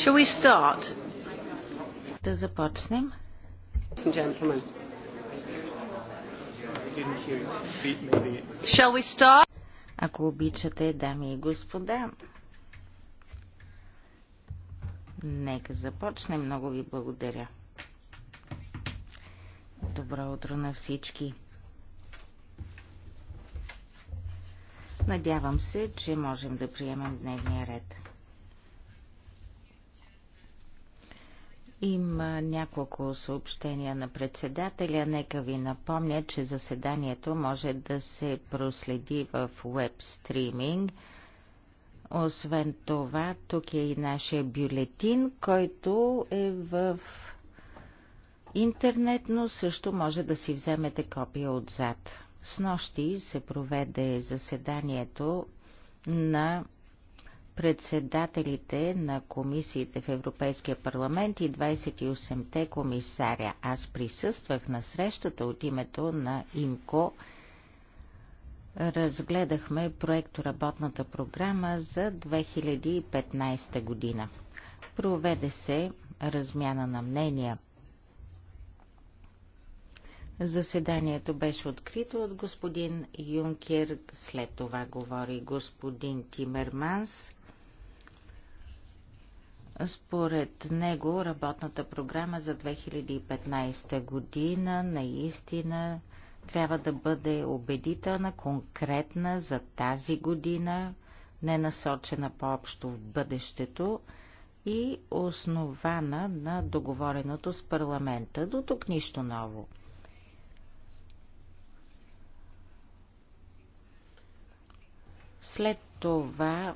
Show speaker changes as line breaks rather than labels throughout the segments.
Shall we start?
Да започнем. Shall we start? Ако обичате, дами и господа, нека започнем. Много ви благодаря. Добро утро на всички. Надявам се, че можем да приемем дневния ред. Има няколко съобщения на председателя. Нека ви напомня, че заседанието може да се проследи в веб стриминг. Освен това, тук е и нашия бюлетин, който е в интернет, но също може да си вземете копия отзад. С нощи се проведе заседанието на председателите на комисиите в Европейския парламент и 28-те комисаря. Аз присъствах на срещата от името на ИМКО. Разгледахме проекто работната програма за 2015 година. Проведе се размяна на мнения. Заседанието беше открито от господин Юнкер, след това говори господин Тимерманс. Според него работната програма за 2015 година наистина трябва да бъде убедителна, конкретна за тази година, не насочена по-общо в бъдещето и основана на договореното с парламента. До тук нищо ново. След това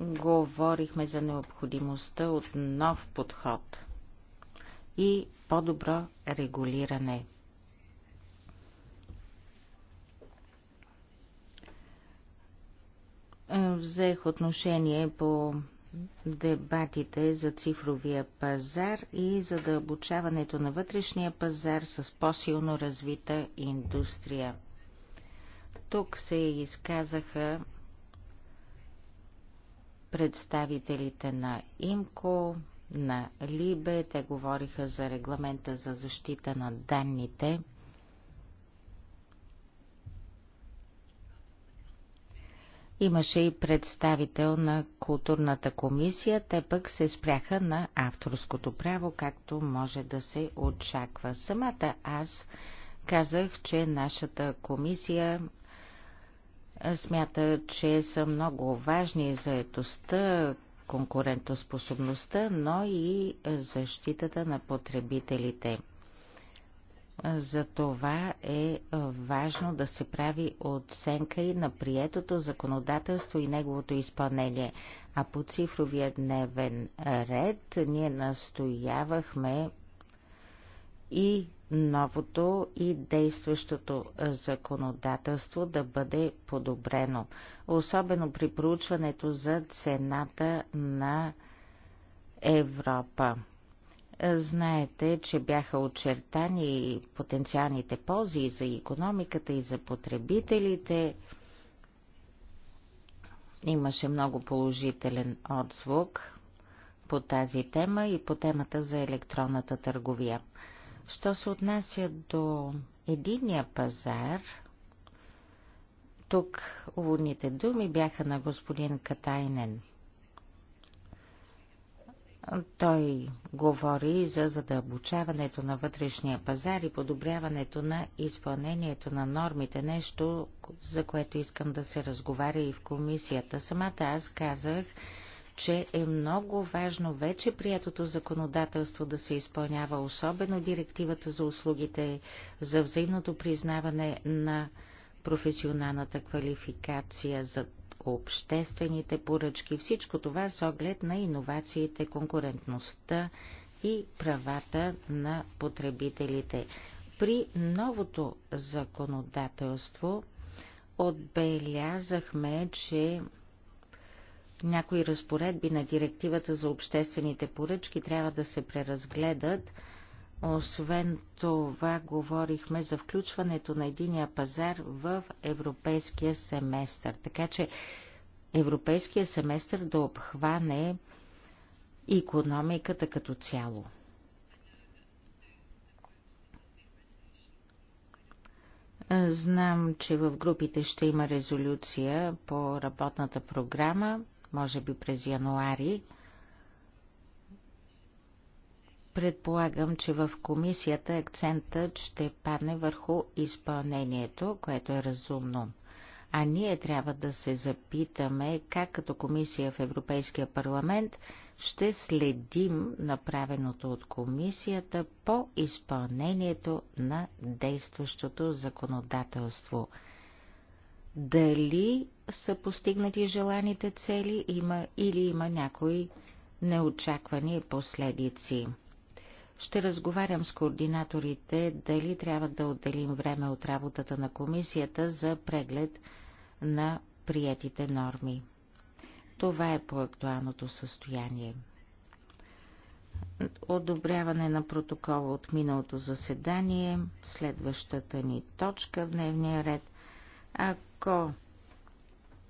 говорихме за необходимостта от нов подход и по-добро регулиране. Е, взех отношение по дебатите за цифровия пазар и за дълбочаването на вътрешния пазар с по-силно развита индустрия. Тук се изказаха представителите на ИМКО, на Либе, те говориха за регламента за защита на данните. Имаше и представител на културната комисия, те пък се спряха на авторското право, както може да се очаква. Самата аз казах, че нашата комисия смята, че са много важни за етостта, конкурентоспособността, но и защитата на потребителите. За това е важно да се прави оценка и на приетото законодателство и неговото изпълнение. А по цифровия дневен ред ние настоявахме и новото и действащото законодателство да бъде подобрено, особено при проучването за цената на Европа. Знаете, че бяха очертани потенциалните ползи и за економиката, и за потребителите. Имаше много положителен отзвук по тази тема и по темата за електронната търговия. Що се отнася до единия пазар, тук уводните думи бяха на господин Катайнен. Той говори за задълбочаването на вътрешния пазар и подобряването на изпълнението на нормите, нещо, за което искам да се разговаря и в комисията. Самата аз казах, че е много важно вече приятото законодателство да се изпълнява, особено директивата за услугите, за взаимното признаване на професионалната квалификация, за обществените поръчки, всичко това с оглед на иновациите, конкурентността и правата на потребителите. При новото законодателство отбелязахме, че някои разпоредби на директивата за обществените поръчки трябва да се преразгледат. Освен това, говорихме за включването на единия пазар в европейския семестър. Така че европейския семестър да обхване економиката като цяло. Знам, че в групите ще има резолюция по работната програма може би през януари. Предполагам, че в комисията акцентът ще падне върху изпълнението, което е разумно. А ние трябва да се запитаме как като комисия в Европейския парламент ще следим направеното от комисията по изпълнението на действащото законодателство – дали са постигнати желаните цели има, или има някои неочаквани последици. Ще разговарям с координаторите дали трябва да отделим време от работата на комисията за преглед на приятите норми. Това е по актуалното състояние. Одобряване на протокола от миналото заседание, следващата ни точка в дневния ред. Ако ако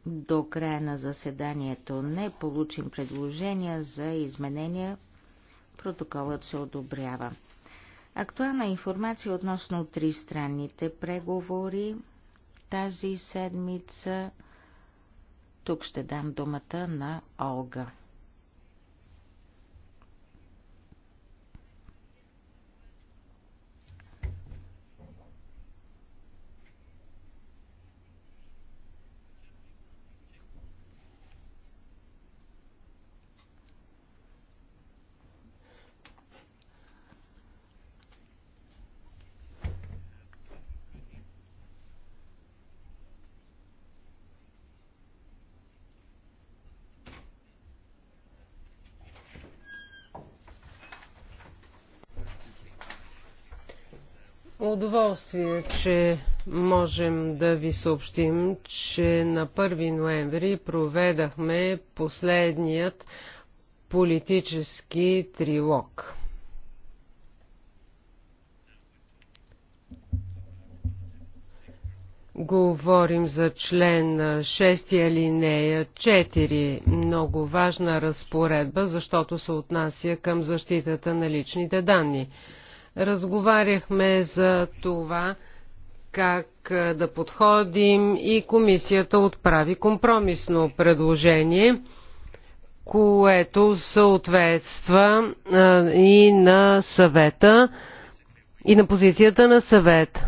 до края на заседанието не получим предложения за изменения, протоколът се одобрява. Актуална информация относно тристранните преговори тази седмица. Тук ще дам думата на Олга.
удоволствие, че можем да ви съобщим, че на 1 ноември проведахме последният политически трилог. Говорим за член 6 алинея 4, много важна разпоредба, защото се отнася към защитата на личните данни. Разговаряхме за това как да подходим и комисията отправи компромисно предложение, което съответства и на съвета, и на позицията на съвет.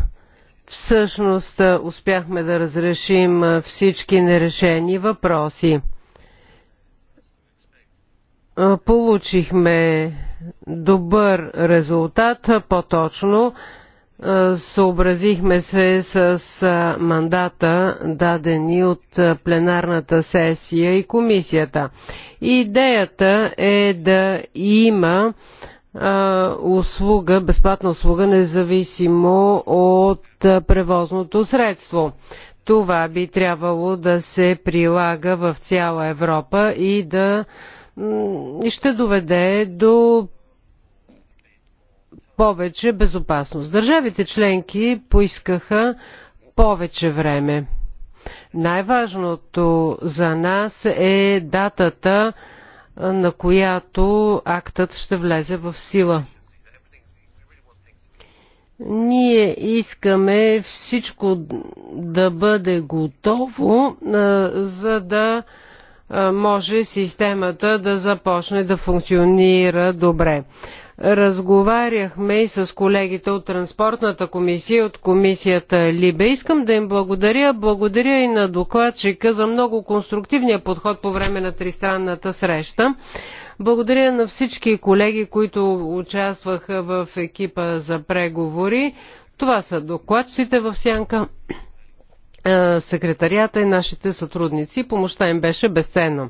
Всъщност успяхме да разрешим всички нерешени въпроси. Е, получихме добър резултат, по-точно е, съобразихме се с е, мандата дадени от пленарната сесия и комисията. Идеята е да има услуга, безплатна услуга, независимо от превозното средство. Това би трябвало да се прилага в цяла Европа и да и ще доведе до повече безопасност. Държавите членки поискаха повече време. Най-важното за нас е датата, на която актът ще влезе в сила. Ние искаме всичко да бъде готово, за да може системата да започне да функционира добре. Разговаряхме и с колегите от Транспортната комисия, от комисията Либе. Искам да им благодаря. Благодаря и на докладчика за много конструктивния подход по време на тристранната среща. Благодаря на всички колеги, които участваха в екипа за преговори. Това са докладчите в Сянка. Е, секретарията и нашите сътрудници. Помощта им беше безценна.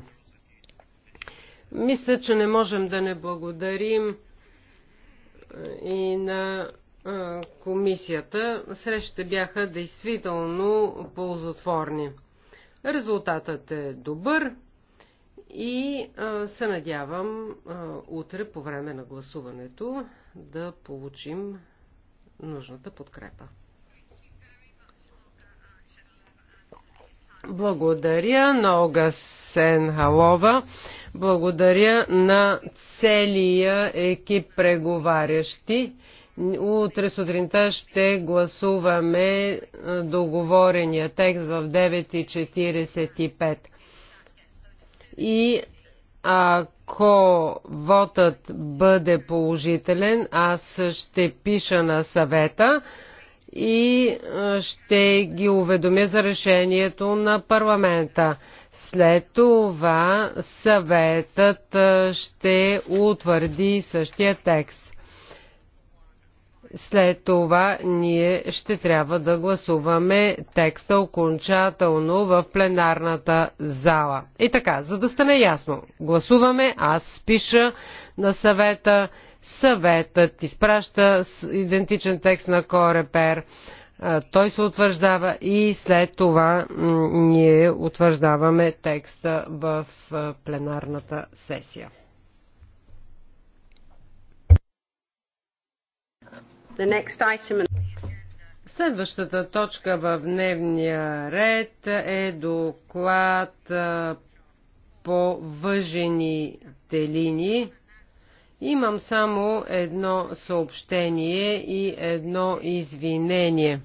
Мисля, че не можем да не благодарим е, и на е, комисията. Срещите бяха действително ползотворни. Резултатът е добър и се надявам утре по време на гласуването да получим нужната подкрепа. Благодаря на Ога Сенхалова. Благодаря на целия екип преговарящи. Утре сутринта ще гласуваме договорения текст в 9.45. И ако вотът бъде положителен, аз ще пиша на съвета и ще ги уведомя за решението на парламента. След това съветът ще утвърди същия текст. След това ние ще трябва да гласуваме текста окончателно в пленарната зала. И така, за да стане ясно, гласуваме, аз пиша на съвета, съветът изпраща идентичен текст на Корепер, той се утвърждава и след това ние утвърждаваме текста в пленарната сесия. Следващата точка в дневния ред е доклад по въжените линии. Имам само едно съобщение и едно извинение.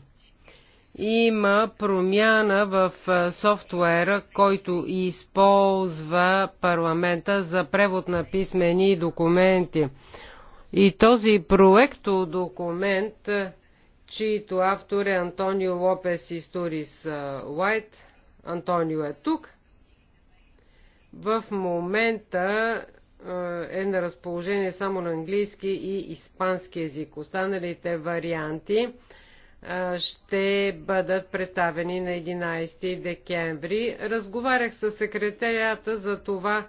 Има промяна в софтуера, който използва парламента за превод на писмени документи. И този проекто документ, чието автор е Антонио Лопес Историс Уайт, Антонио е тук, в момента е на разположение само на английски и испански язик. Останалите варианти е, ще бъдат представени на 11 декември. Разговарях с секретарията за това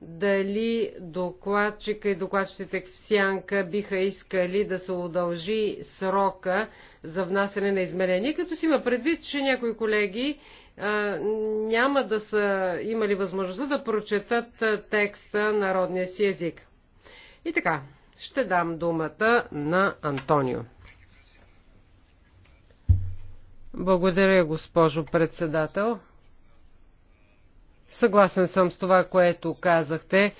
дали докладчика и докладчиците в Сянка биха искали да се удължи срока за внасяне на изменения, като си има предвид, че някои колеги няма да са имали възможността да прочетат текста на родния си език. И така, ще дам думата на Антонио. Благодаря, госпожо председател. Съгласен съм с това, което казахте.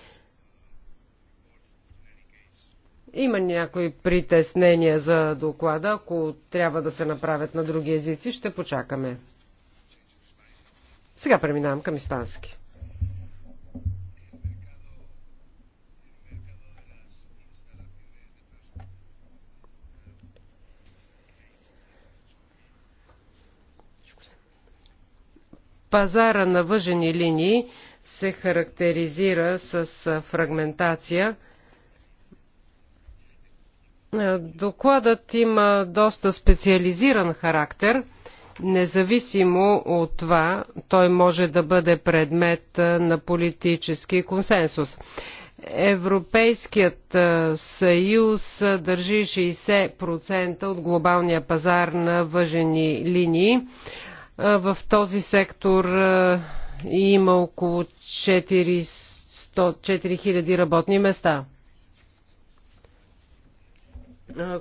Има някои притеснения за доклада. Ако трябва да се направят на други езици, ще почакаме. Сега преминавам към испански. Пазара на въжени линии се характеризира с фрагментация. Докладът има доста специализиран характер – Независимо от това, той може да бъде предмет на политически консенсус. Европейският съюз държи 60% от глобалния пазар на въжени линии. В този сектор има около 400, 4000 работни места.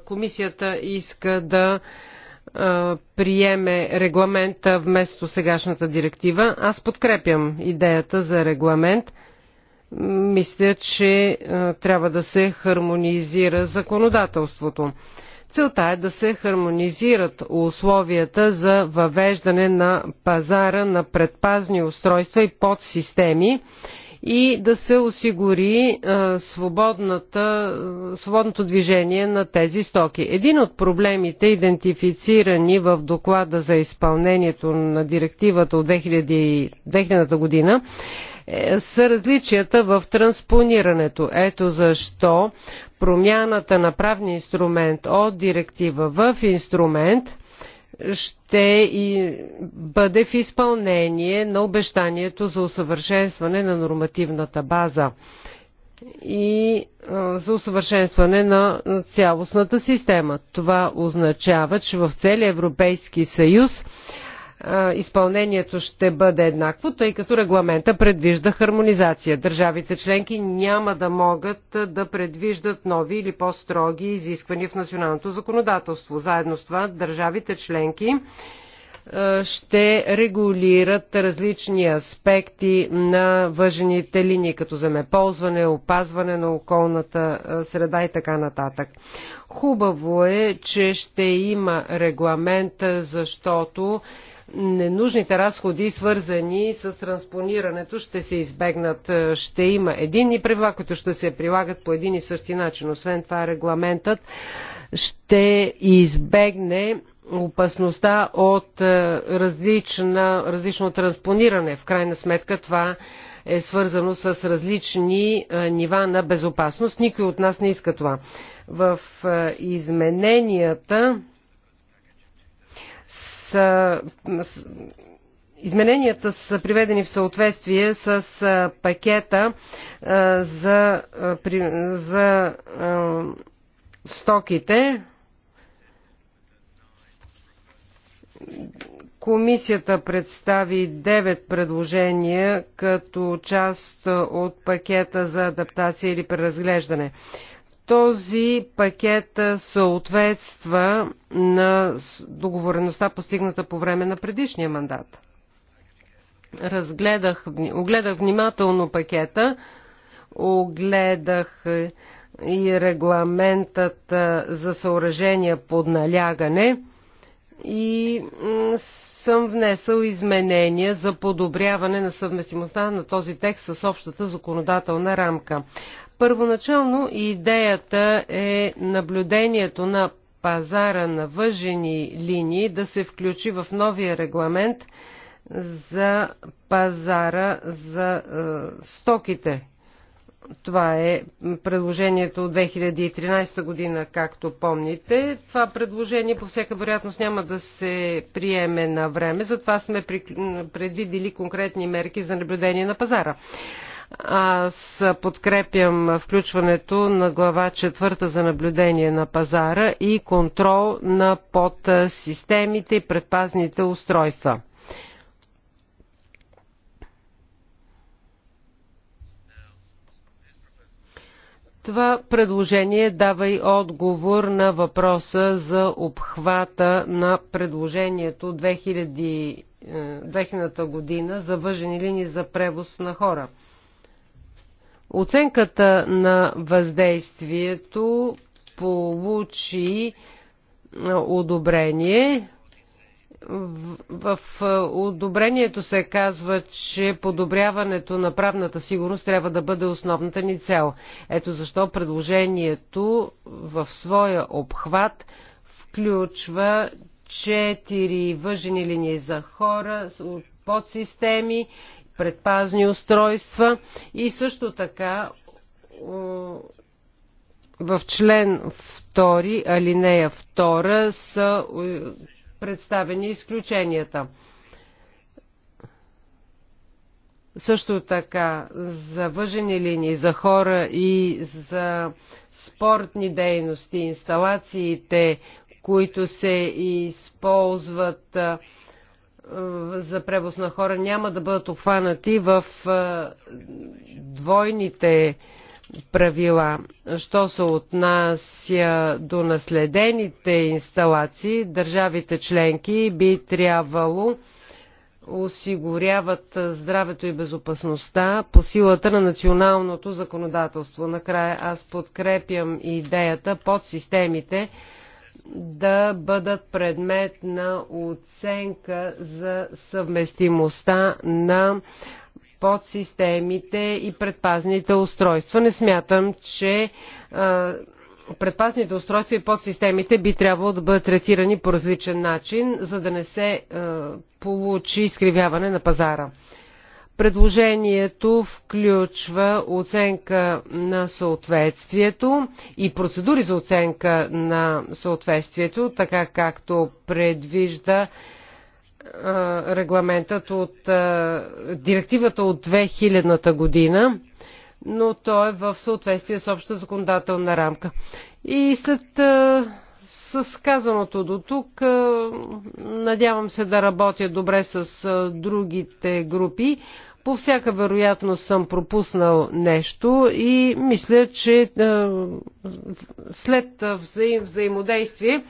Комисията иска да приеме регламента вместо сегашната директива. Аз подкрепям идеята за регламент. Мисля, че трябва да се хармонизира законодателството. Целта е да се хармонизират условията за въвеждане на пазара на предпазни устройства и подсистеми и да се осигури свободното движение на тези стоки. Един от проблемите, идентифицирани в доклада за изпълнението на директивата от 2000, година, е, са различията в транспонирането. Ето защо промяната на правния инструмент от директива в инструмент – ще и бъде в изпълнение на обещанието за усъвършенстване на нормативната база и за усъвършенстване на цялостната система. Това означава, че в целия Европейски съюз изпълнението ще бъде еднакво, тъй като регламента предвижда хармонизация. Държавите членки няма да могат да предвиждат нови или по-строги изисквания в националното законодателство. Заедно с това държавите членки ще регулират различни аспекти на въжените линии, като земеползване, опазване на околната среда и така нататък. Хубаво е, че ще има регламент, защото ненужните разходи, свързани с транспонирането, ще се избегнат. Е, ще има единни правила, които ще се прилагат по един и същи начин. Освен това, регламентът ще избегне опасността от е, различна, различно транспониране. В крайна сметка това е свързано с различни е, нива на безопасност. Никой от нас не иска това. В измененията са Измененията са приведени в съответствие с пакета за, за стоките. Комисията представи 9 предложения като част от пакета за адаптация или преразглеждане. Този пакет съответства на договореността постигната по време на предишния мандат. Разгледах, огледах внимателно пакета, огледах е, и регламентът за съоръжения под налягане и съм внесъл изменения за подобряване на съвместимостта на този текст с общата законодателна рамка. Първоначално идеята е наблюдението на пазара на въжени линии да се включи в новия регламент за пазара за е, стоките. Това е предложението от 2013 година, както помните. Това предложение по всяка вероятност няма да се приеме на време, затова сме предвидили конкретни мерки за наблюдение на пазара. Аз подкрепям включването на глава четвърта за наблюдение на пазара и контрол на подсистемите и предпазните устройства. Това предложение дава и отговор на въпроса за обхвата на предложението 2000, 2000 е, година за въжени линии за превоз на хора – Оценката на въздействието получи одобрение. В, одобрението се казва, че подобряването на правната сигурност трябва да бъде основната ни цел. Ето защо предложението в своя обхват включва четири въжени линии за хора, подсистеми предпазни устройства и също така в член 2, алинея 2 са представени изключенията. Също така за въжени линии, за хора и за спортни дейности, инсталациите, които се използват е, за превоз на хора няма да бъдат обхванати в е, двойните правила. Що се отнася до наследените инсталации, държавите членки би трябвало осигуряват здравето и безопасността по силата на националното законодателство. Накрая аз подкрепям идеята под системите да бъдат предмет на оценка за съвместимостта на подсистемите и предпазните устройства. Не смятам, че а, предпазните устройства и подсистемите би трябвало да бъдат третирани по различен начин, за да не се а, получи изкривяване на пазара. Предложението включва оценка на съответствието и процедури за оценка на съответствието, така както предвижда регламентът от директивата от 2000-та година, но то е в съответствие с обща законодателна рамка. И след с казаното до тук е, надявам се да работя добре с е, другите групи. По всяка вероятност съм пропуснал нещо и мисля, че е, след взаим, взаимодействие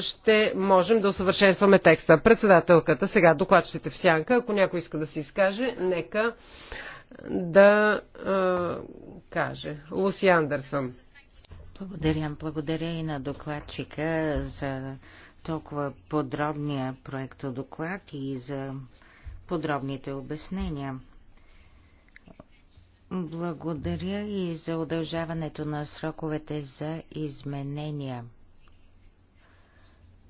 ще можем да усъвършенстваме текста. Председателката, сега докладчите в сянка, ако някой иска да се изкаже, нека да
каже. Луси Андерсън. Благодаря. Благодаря и на докладчика за толкова подробния проектодоклад и за подробните обяснения. Благодаря и за удължаването на сроковете за изменения.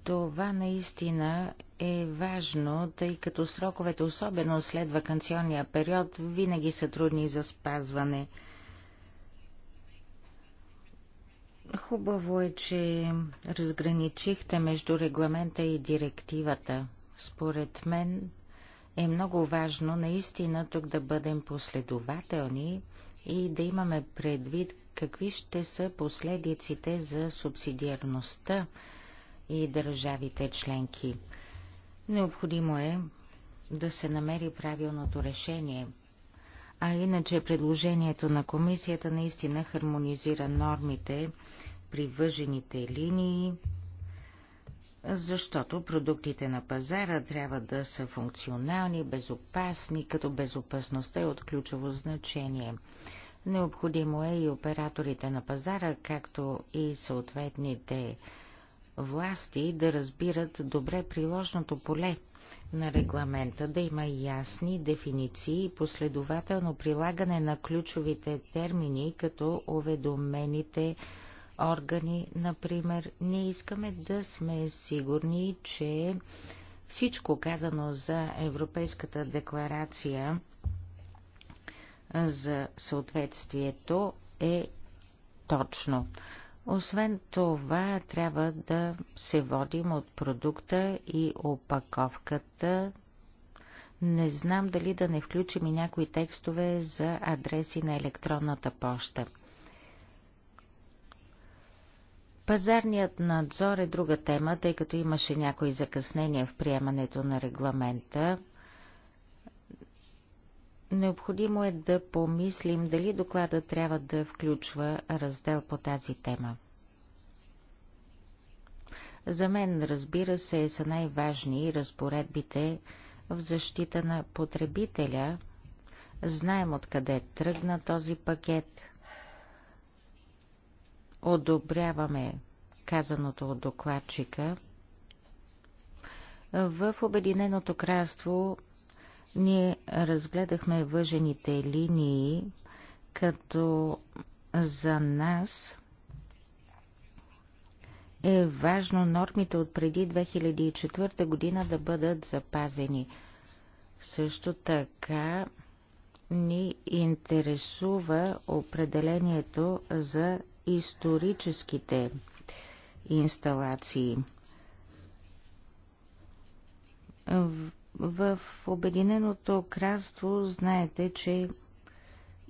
Това наистина е важно, тъй като сроковете, особено след вакансионния период, винаги са трудни за спазване – Хубаво е, че разграничихте между регламента и директивата. Според мен е много важно наистина тук да бъдем последователни и да имаме предвид какви ще са последиците за субсидиарността и държавите членки. Необходимо е да се намери правилното решение – а иначе предложението на комисията наистина хармонизира нормите при въжените линии, защото продуктите на пазара трябва да са функционални, безопасни, като безопасността е от ключово значение. Необходимо е и операторите на пазара, както и съответните власти да разбират добре приложното поле на регламента, да има ясни дефиниции и последователно прилагане на ключовите термини, като уведомените органи, например. Ние искаме да сме сигурни, че всичко казано за Европейската декларация за съответствието е точно. Освен това, трябва да се водим от продукта и опаковката. Не знам дали да не включим и някои текстове за адреси на електронната поща. Пазарният надзор е друга тема, тъй като имаше някои закъснения в приемането на регламента. Необходимо е да помислим дали доклада трябва да включва раздел по тази тема. За мен, разбира се, са най-важни разпоредбите в защита на потребителя. Знаем откъде тръгна този пакет. Одобряваме казаното от докладчика. В Обединеното кралство ние разгледахме въжените линии като за нас е важно нормите от преди 2004 година да бъдат запазени. Също така ни интересува определението за историческите инсталации. В Обединеното кралство знаете, че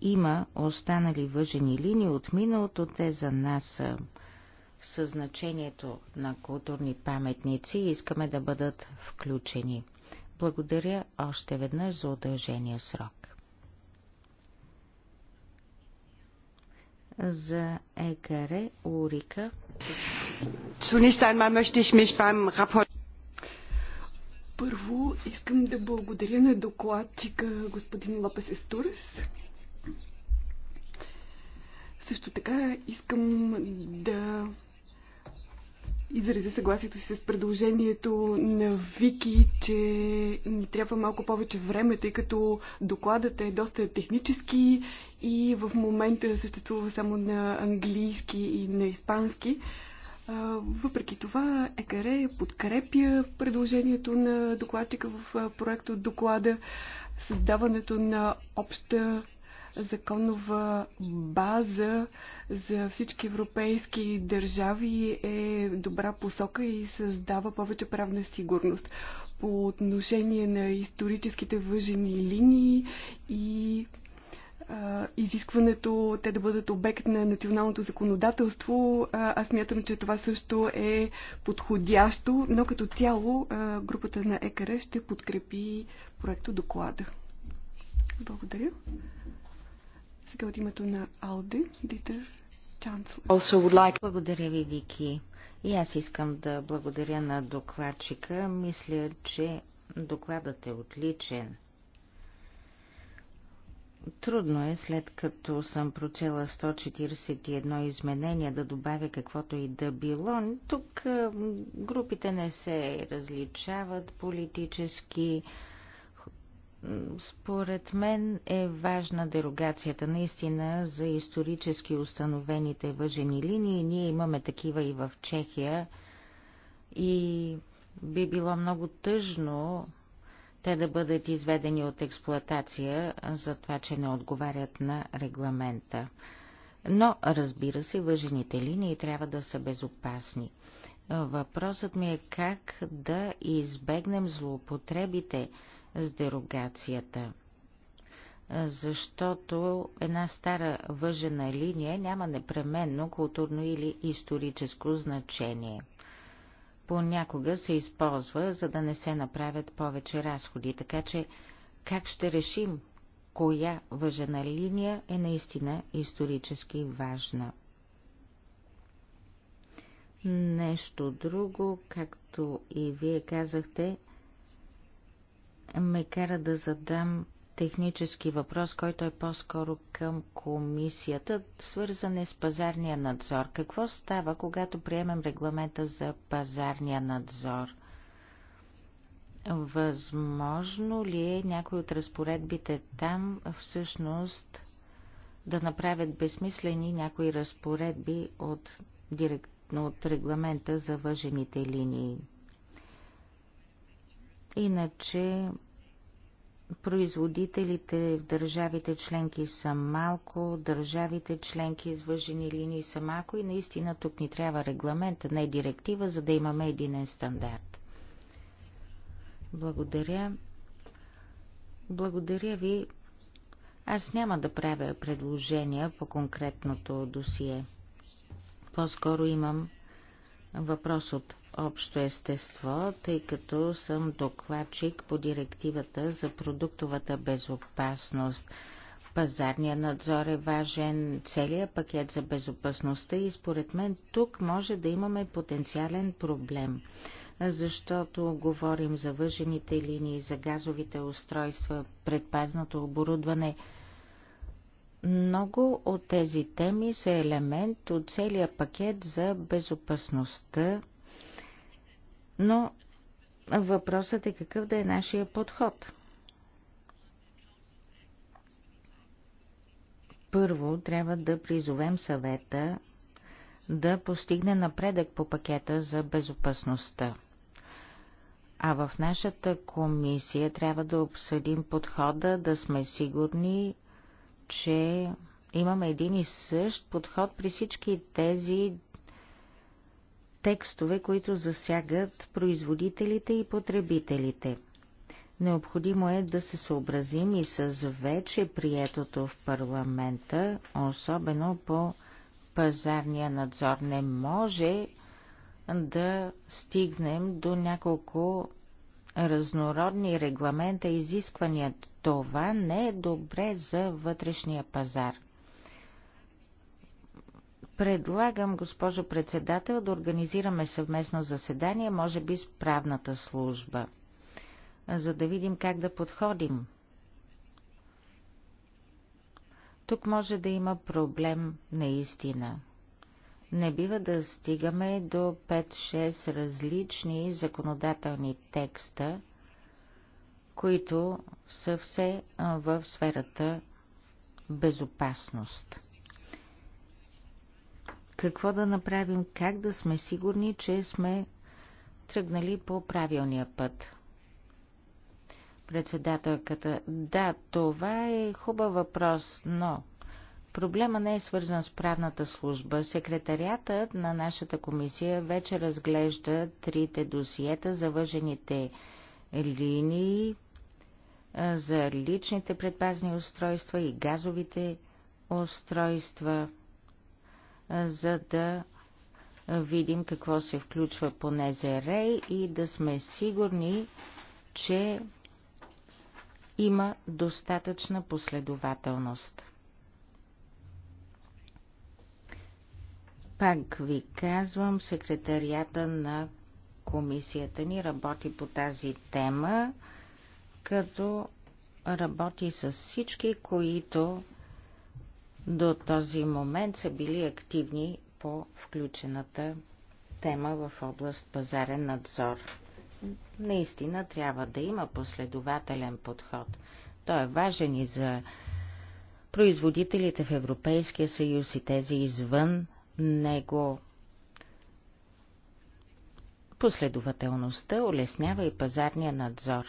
има останали въжени линии от миналото, те за нас са значението на културни паметници и искаме да бъдат включени. Благодаря още веднъж за удължения срок. За Екаре Урика. Zunächst einmal möchte ich mich beim Rapport първо искам да
благодаря на докладчика господин Лопес Естурес. Също така искам да изразя съгласието си с предложението на Вики, че ни трябва малко повече време, тъй като докладът е доста технически и в момента съществува само на английски и на испански. Въпреки това, Екаре подкрепя предложението на докладчика в проекта от доклада създаването на обща законова база за всички европейски държави е добра посока и създава повече правна сигурност по отношение на историческите въжени линии и а, изискването те да бъдат обект на националното законодателство, а, аз мятам, че това също е подходящо, но като цяло а, групата на ЕКР ще подкрепи проекто доклада. Благодаря. Сега от името на Алде, Дитър Чанцл.
Благодаря ви, Вики. И аз искам да благодаря на докладчика. Мисля, че докладът е отличен. Трудно е, след като съм прочела 141 изменения, да добавя каквото и да било. Тук е, групите не се различават политически. Според мен е важна дерогацията наистина за исторически установените въжени линии. Ние имаме такива и в Чехия. И би било много тъжно те да бъдат изведени от експлоатация за това, че не отговарят на регламента. Но, разбира се, въжените линии трябва да са безопасни. Въпросът ми е как да избегнем злоупотребите с дерогацията. Защото една стара въжена линия няма непременно културно или историческо значение – понякога се използва, за да не се направят повече разходи. Така че как ще решим коя въжена линия е наистина исторически важна? Нещо друго, както и вие казахте, ме кара да задам технически въпрос, който е по-скоро към комисията, свързан е с пазарния надзор. Какво става, когато приемем регламента за пазарния надзор? Възможно ли е някои от разпоредбите там всъщност да направят безсмислени някои разпоредби от, директно от регламента за въжените линии? Иначе производителите в държавите членки са малко, държавите членки с въжени линии са малко и наистина тук ни трябва регламент, а не директива, за да имаме единен стандарт. Благодаря. Благодаря ви. Аз няма да правя предложения по конкретното досие. По-скоро имам въпрос от общо естество, тъй като съм докладчик по директивата за продуктовата безопасност. Пазарния надзор е важен, целият пакет за безопасността и според мен тук може да имаме потенциален проблем, защото говорим за въжените линии, за газовите устройства, предпазното оборудване. Много от тези теми са елемент от целия пакет за безопасността но въпросът е какъв да е нашия подход. Първо трябва да призовем съвета да постигне напредък по пакета за безопасността. А в нашата комисия трябва да обсъдим подхода, да сме сигурни, че имаме един и същ подход при всички тези текстове, които засягат производителите и потребителите. Необходимо е да се съобразим и с вече приетото в парламента, особено по пазарния надзор. Не може да стигнем до няколко разнородни регламента и изисквания. Това не е добре за вътрешния пазар. Предлагам, госпожо председател, да организираме съвместно заседание, може би с правната служба, за да видим как да подходим. Тук може да има проблем наистина. Не бива да стигаме до 5-6 различни законодателни текста, които са все в сферата безопасност какво да направим, как да сме сигурни, че сме тръгнали по правилния път. Председателката, да, това е хубав въпрос, но проблема не е свързан с правната служба. Секретариатът на нашата комисия вече разглежда трите досиета за въжените линии, за личните предпазни устройства и газовите устройства за да видим какво се включва по незере и да сме сигурни, че има достатъчна последователност. Пак ви казвам, секретарията на комисията ни работи по тази тема, като работи с всички, които до този момент са били активни по включената тема в област пазарен надзор. Наистина трябва да има последователен подход. Той е важен и за производителите в Европейския съюз и тези извън него. Последователността улеснява и пазарния надзор.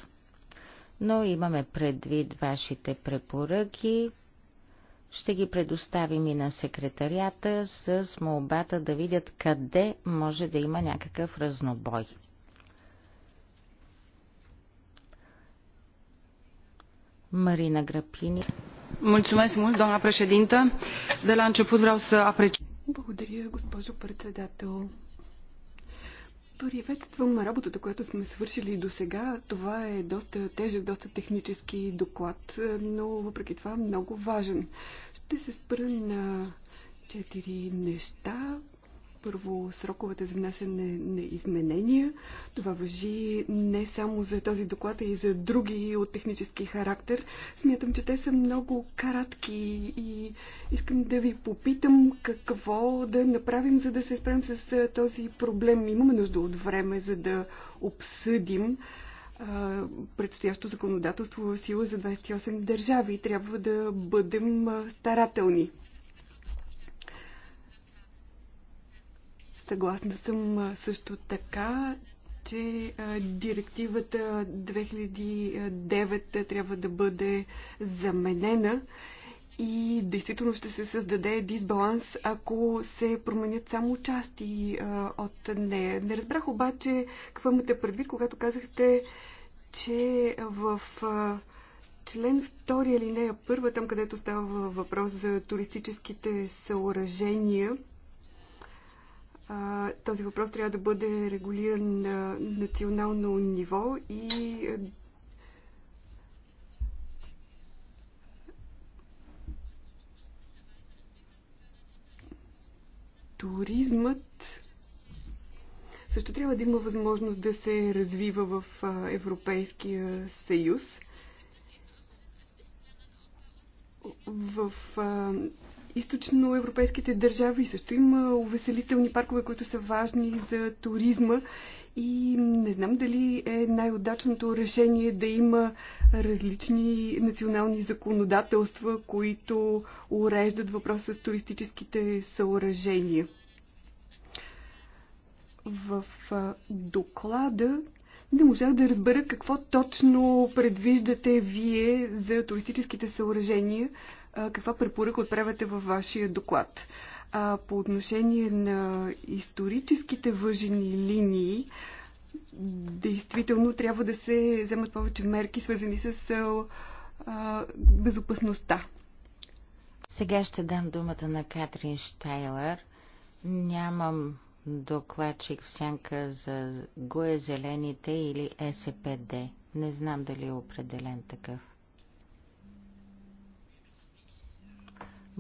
Но имаме предвид вашите препоръки, ще ги предоставим и на секретарията с молбата да видят къде може да има някакъв разнобой. Марина Грапини. Mulțumesc mult, doamna președintă. De la început vreau să apreciez.
Благодаря, госпожо председател. Приветствам работата, която сме свършили до сега. Това е доста тежък, доста технически доклад, но въпреки това много важен. Ще се спра на четири неща. Първо, сроковете за внасяне на изменения. Това въжи не само за този доклад, а и за други от технически характер. Смятам, че те са много кратки и искам да ви попитам какво да направим, за да се справим с този проблем. Имаме нужда от време, за да обсъдим предстоящо законодателство в сила за 28 държави. Трябва да бъдем старателни. Съгласна съм също така, че директивата 2009 трябва да бъде заменена и действително ще се създаде дисбаланс, ако се променят само части от нея. Не разбрах обаче какво имате предвид, когато казахте, че в член 2 нея, 1, там където става въпрос за туристическите съоръжения, този въпрос трябва да бъде регулиран на национално ниво и е, туризмът също трябва да има възможност да се развива в Европейския съюз. В източноевропейските държави. Също има увеселителни паркове, които са важни за туризма и не знам дали е най-удачното решение да има различни национални законодателства, които уреждат въпроса с туристическите съоръжения. В доклада не можах да разбера какво точно предвиждате вие за туристическите съоръжения, каква препоръка отправяте във вашия доклад. А по отношение на историческите въжени линии, действително трябва да се вземат повече мерки, свързани с
а, безопасността. Сега ще дам думата на Катрин Штайлер. Нямам докладчик в сянка за гое Зелените или СПД. Не знам дали е определен такъв.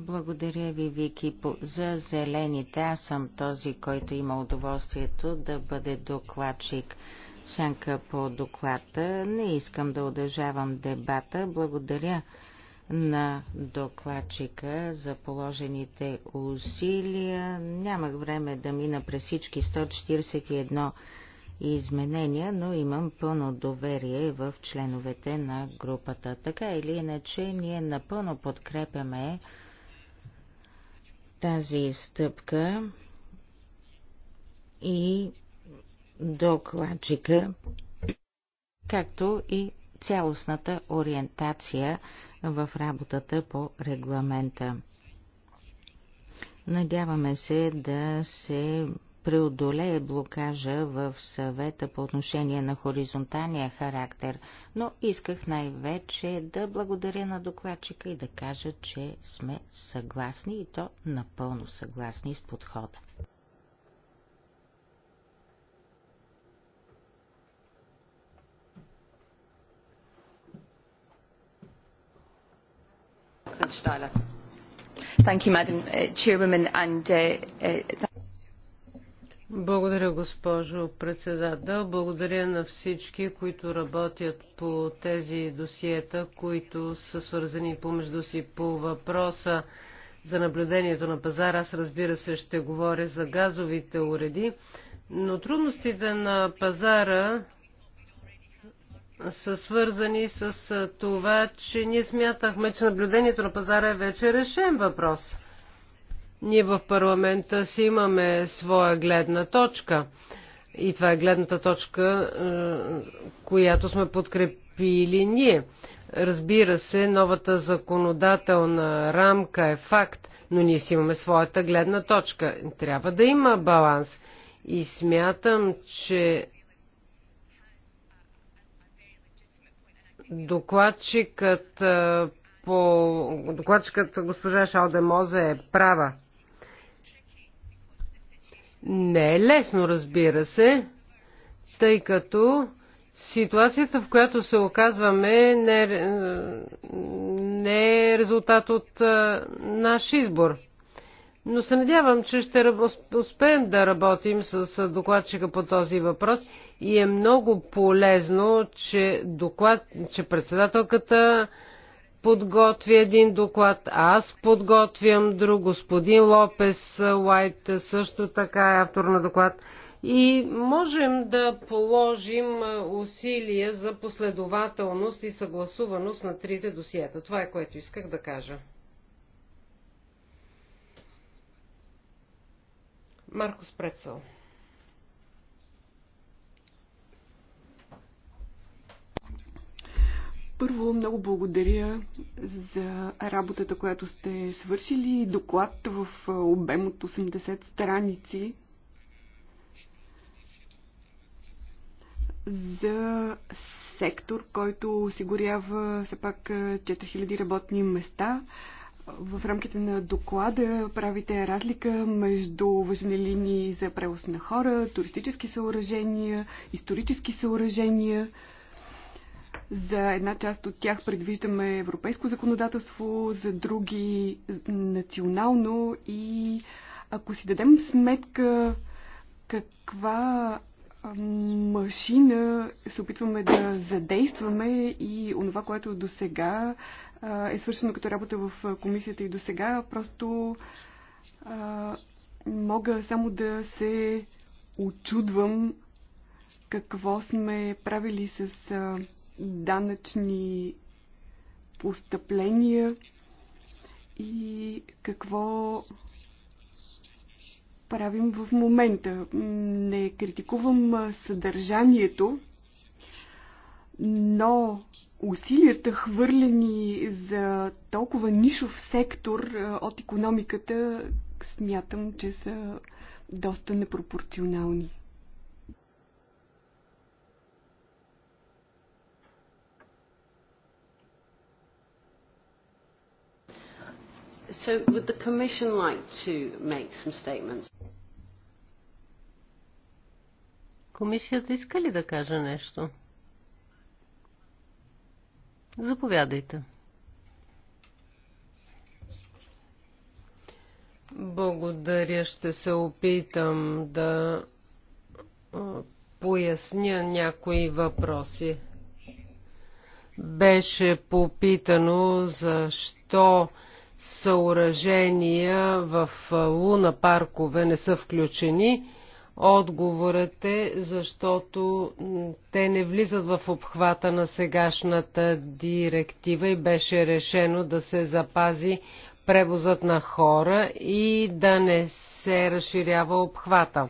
Благодаря ви, Вики, за зелените. Аз съм този, който има удоволствието да бъде докладчик. Сянка по доклада. Не искам да удължавам дебата. Благодаря на докладчика за положените усилия. Нямах време да мина през всички 141 изменения, но имам пълно доверие в членовете на групата. Така или иначе, ние напълно подкрепяме тази стъпка и докладчика, както и цялостната ориентация в работата по регламента. Надяваме се да се преодолее блокажа в съвета по отношение на хоризонталния характер, но исках най-вече да благодаря на докладчика и да кажа, че сме съгласни и то напълно съгласни с подхода. Thank you, Madam uh, Chairwoman, and uh, uh,
благодаря, госпожо председател. Благодаря на всички, които работят по тези досиета, които са свързани помежду си по въпроса за наблюдението на пазара. Аз разбира се ще говоря за газовите уреди, но трудностите на пазара са свързани с това, че ние смятахме, че наблюдението на пазара е вече решен въпрос. Ние в парламента си имаме своя гледна точка. И това е гледната точка, е, която сме подкрепили ние. Разбира се, новата законодателна рамка е факт, но ние си имаме своята гледна точка. Трябва да има баланс. И смятам, че докладчикът, е, по... докладчикът госпожа Шалдемоза е права. Не е лесно, разбира се, тъй като ситуацията, в която се оказваме, не е, не е резултат от а, наш избор. Но се надявам, че ще успеем да работим с докладчика по този въпрос и е много полезно, че, доклад, че председателката подготви един доклад, аз подготвям друг, господин Лопес Лайт също така е автор на доклад. И можем да положим усилия за последователност и съгласуваност на трите досиета. Това е което исках да кажа. Маркус Прецел. Първо,
много благодаря за работата, която сте свършили. Доклад в обем от 80 страници за сектор, който осигурява все пак 4000 работни места. В рамките на доклада правите разлика между въжени линии за превоз на хора, туристически съоръжения, исторически съоръжения – за една част от тях предвиждаме европейско законодателство, за други национално и ако си дадем сметка каква машина се опитваме да задействаме и онова, което до сега е свършено като работа в комисията и до сега, просто а, мога само да се очудвам какво сме правили с а, данъчни постъпления и какво правим в момента. Не критикувам съдържанието, но усилията хвърлени за толкова нишов сектор от економиката смятам, че са доста непропорционални.
So would the Commission like to make some statements? Комисията иска ли да каже нещо? Заповядайте. Благодаря. Ще се опитам да поясня някои въпроси. Беше попитано защо съоръжения в луна паркове не са включени? Отговорът е, защото те не влизат в обхвата на сегашната директива и беше решено да се запази превозът на хора и да не се разширява обхвата.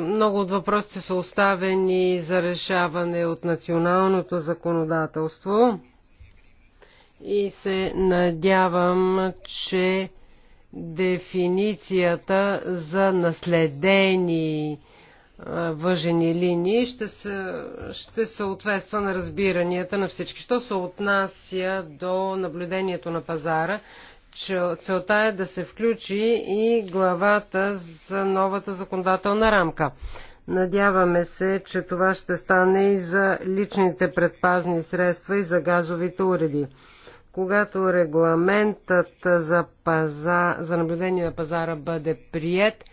Много от въпросите са оставени за решаване от националното законодателство и се надявам, че дефиницията за наследени въжени линии ще, се, ще съответства на разбиранията на всички. Що се отнася до наблюдението на пазара, целта е да се включи и главата за новата законодателна рамка. Надяваме се, че това ще стане и за личните предпазни средства и за газовите уреди. Когато регламентът за, паза, за наблюдение на пазара бъде прият,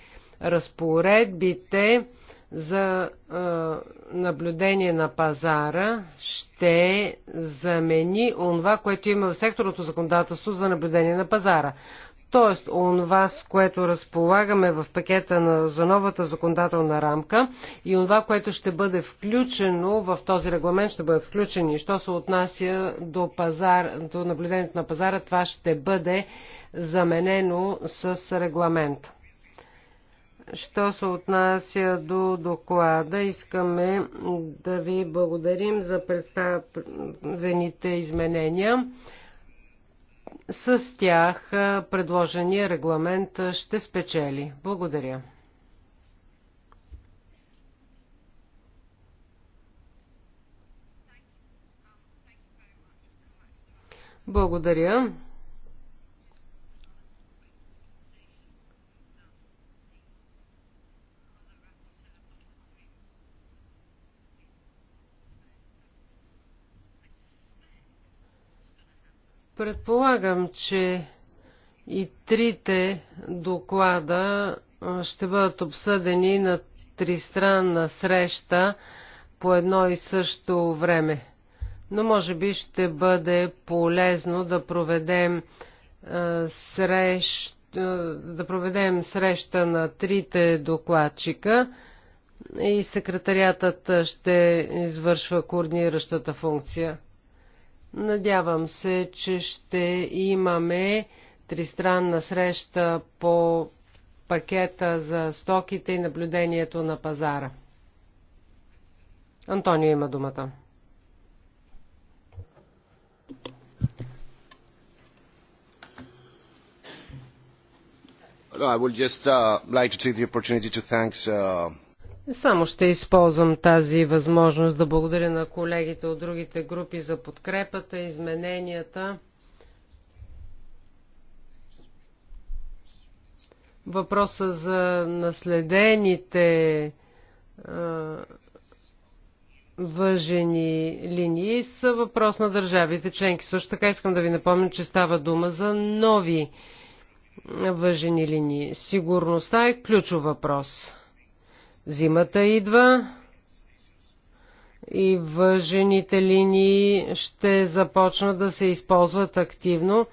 разпоредбите за е, наблюдение на пазара ще замени онова, което има в секторното законодателство за наблюдение на пазара. Тоест, онова, с което разполагаме в пакета на, за новата законодателна рамка и онова, което ще бъде включено в този регламент, ще бъдат включени. Що се отнася до, пазар, до наблюдението на пазара, това ще бъде заменено с регламент. Що се отнася до доклада, искаме да ви благодарим за представените изменения. С тях предложения регламент ще спечели. Благодаря. Благодаря. Предполагам, че и трите доклада ще бъдат обсъдени на тристранна среща по едно и също време. Но може би ще бъде полезно да проведем, срещ, да проведем среща на трите докладчика и секретариатът ще извършва координиращата функция. Надявам се, че ще имаме тристранна среща по пакета за стоките и наблюдението на пазара. Антонио има думата.
I would just uh, like to take the opportunity to thank uh,
само ще използвам тази възможност да благодаря на колегите от другите групи за подкрепата, измененията. Въпроса за наследените а, въжени линии са въпрос на държавите членки. Също така искам да ви напомня, че става дума за нови въжени линии. Сигурността е ключов въпрос Зимата идва и въжените линии ще започнат да се използват активно.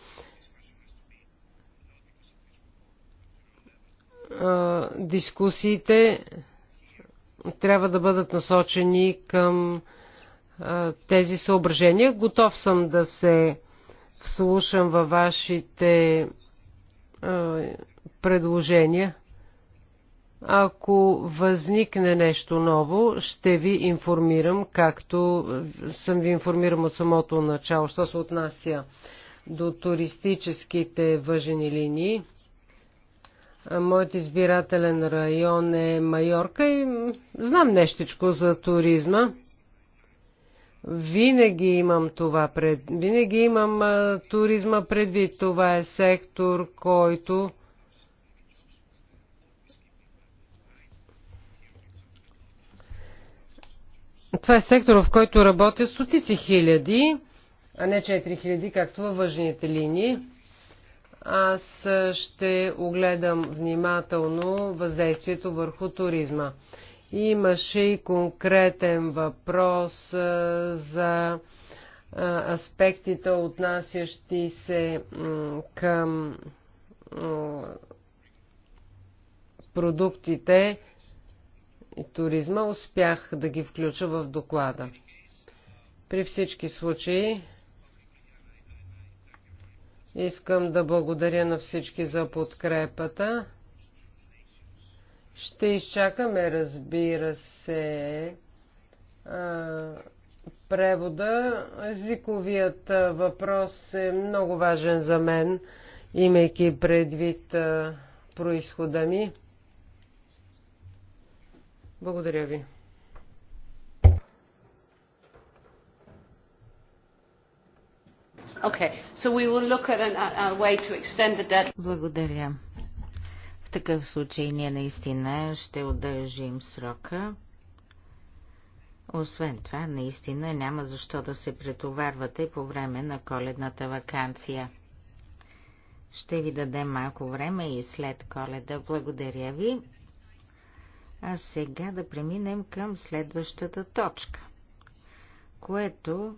Дискусиите трябва да бъдат насочени към тези съображения. Готов съм да се вслушам във вашите предложения. Ако възникне нещо ново, ще ви информирам, както съм ви информирам от самото начало, що се отнася до туристическите въжени линии. Моят избирателен район е Майорка и знам нещичко за туризма. Винаги имам това пред... Винаги имам а, туризма предвид. Това е сектор, който Това е сектор, в който работят стотици хиляди, а не 4 хиляди, както във въжните линии. Аз ще огледам внимателно въздействието върху туризма. Имаше и конкретен въпрос за аспектите, отнасящи се към продуктите и туризма, успях да ги включа в доклада. При всички случаи искам да благодаря на всички за подкрепата. Ще изчакаме, разбира се, превода. Езиковият въпрос е много важен за мен, имайки предвид происхода ми. Благодаря ви. Okay. So we will look at an, a way to
extend the Благодаря. В такъв случай ние наистина ще удължим срока. Освен това, наистина няма защо да се претоварвате по време на коледната вакансия. Ще ви дадем малко време и след коледа. Благодаря ви. А сега да преминем към следващата точка, което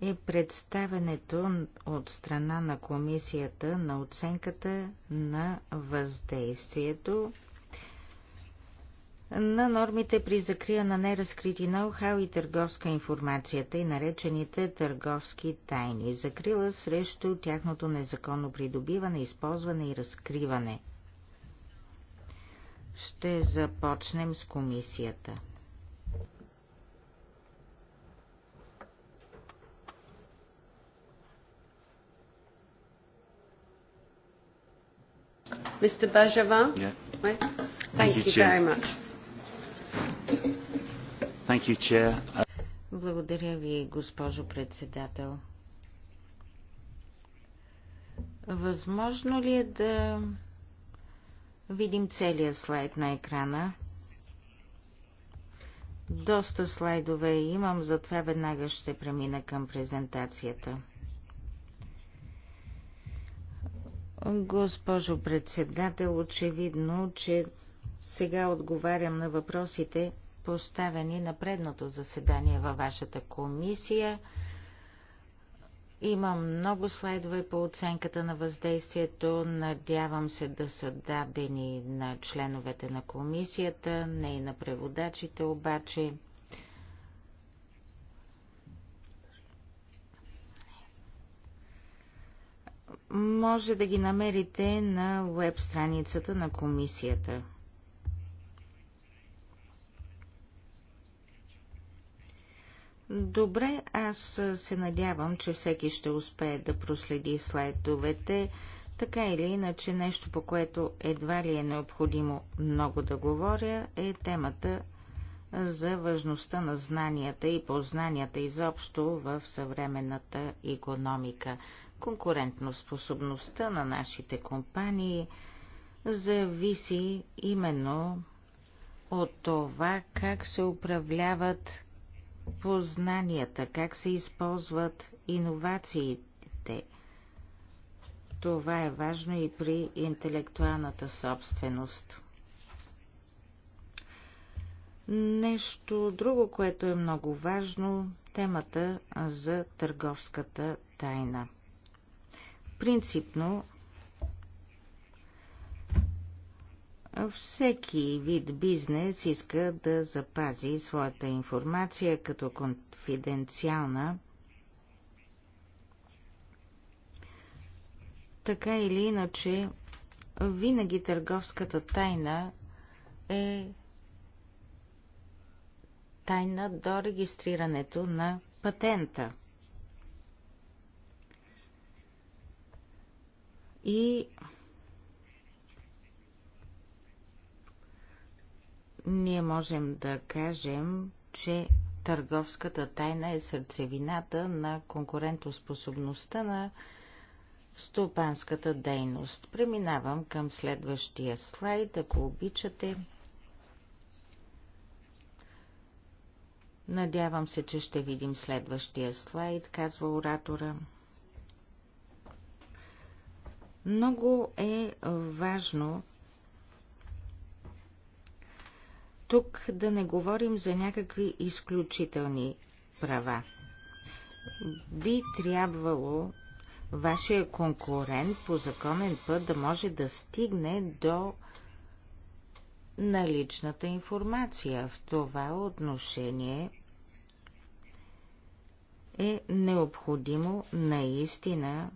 е представенето от страна на комисията на оценката на въздействието на нормите при закрия на неразкрити ноу-хау и търговска информацията и наречените търговски тайни, закрила срещу тяхното незаконно придобиване, използване и разкриване – ще започнем с комисията.
Mr. Bajava? Yeah. Thank, Thank
you, you very much. Thank you, Chair. Благодаря ви, госпожо председател. Възможно ли е да видим целия слайд на екрана. Доста слайдове имам, затова веднага ще премина към презентацията. Госпожо председател, очевидно, че сега отговарям на въпросите, поставени на предното заседание във вашата комисия – има много слайдове по оценката на въздействието. Надявам се да са дадени на членовете на комисията, не и на преводачите обаче. Може да ги намерите на веб страницата на комисията. Добре, аз се надявам, че всеки ще успее да проследи слайдовете, така или иначе нещо, по което едва ли е необходимо много да говоря, е темата за важността на знанията и познанията изобщо в съвременната економика, конкурентно способността на нашите компании зависи именно от това как се управляват познанията, как се използват иновациите. Това е важно и при интелектуалната собственост. Нещо друго, което е много важно, темата за търговската тайна. Принципно Всеки вид бизнес иска да запази своята информация като конфиденциална. Така или иначе, винаги търговската тайна е тайна до регистрирането на патента. И ние можем да кажем, че търговската тайна е сърцевината на конкурентоспособността на стопанската дейност. Преминавам към следващия слайд, ако обичате. Надявам се, че ще видим следващия слайд, казва оратора. Много е важно Тук да не говорим за някакви изключителни права. Би трябвало вашия конкурент по законен път да може да стигне до наличната информация. В това отношение е необходимо наистина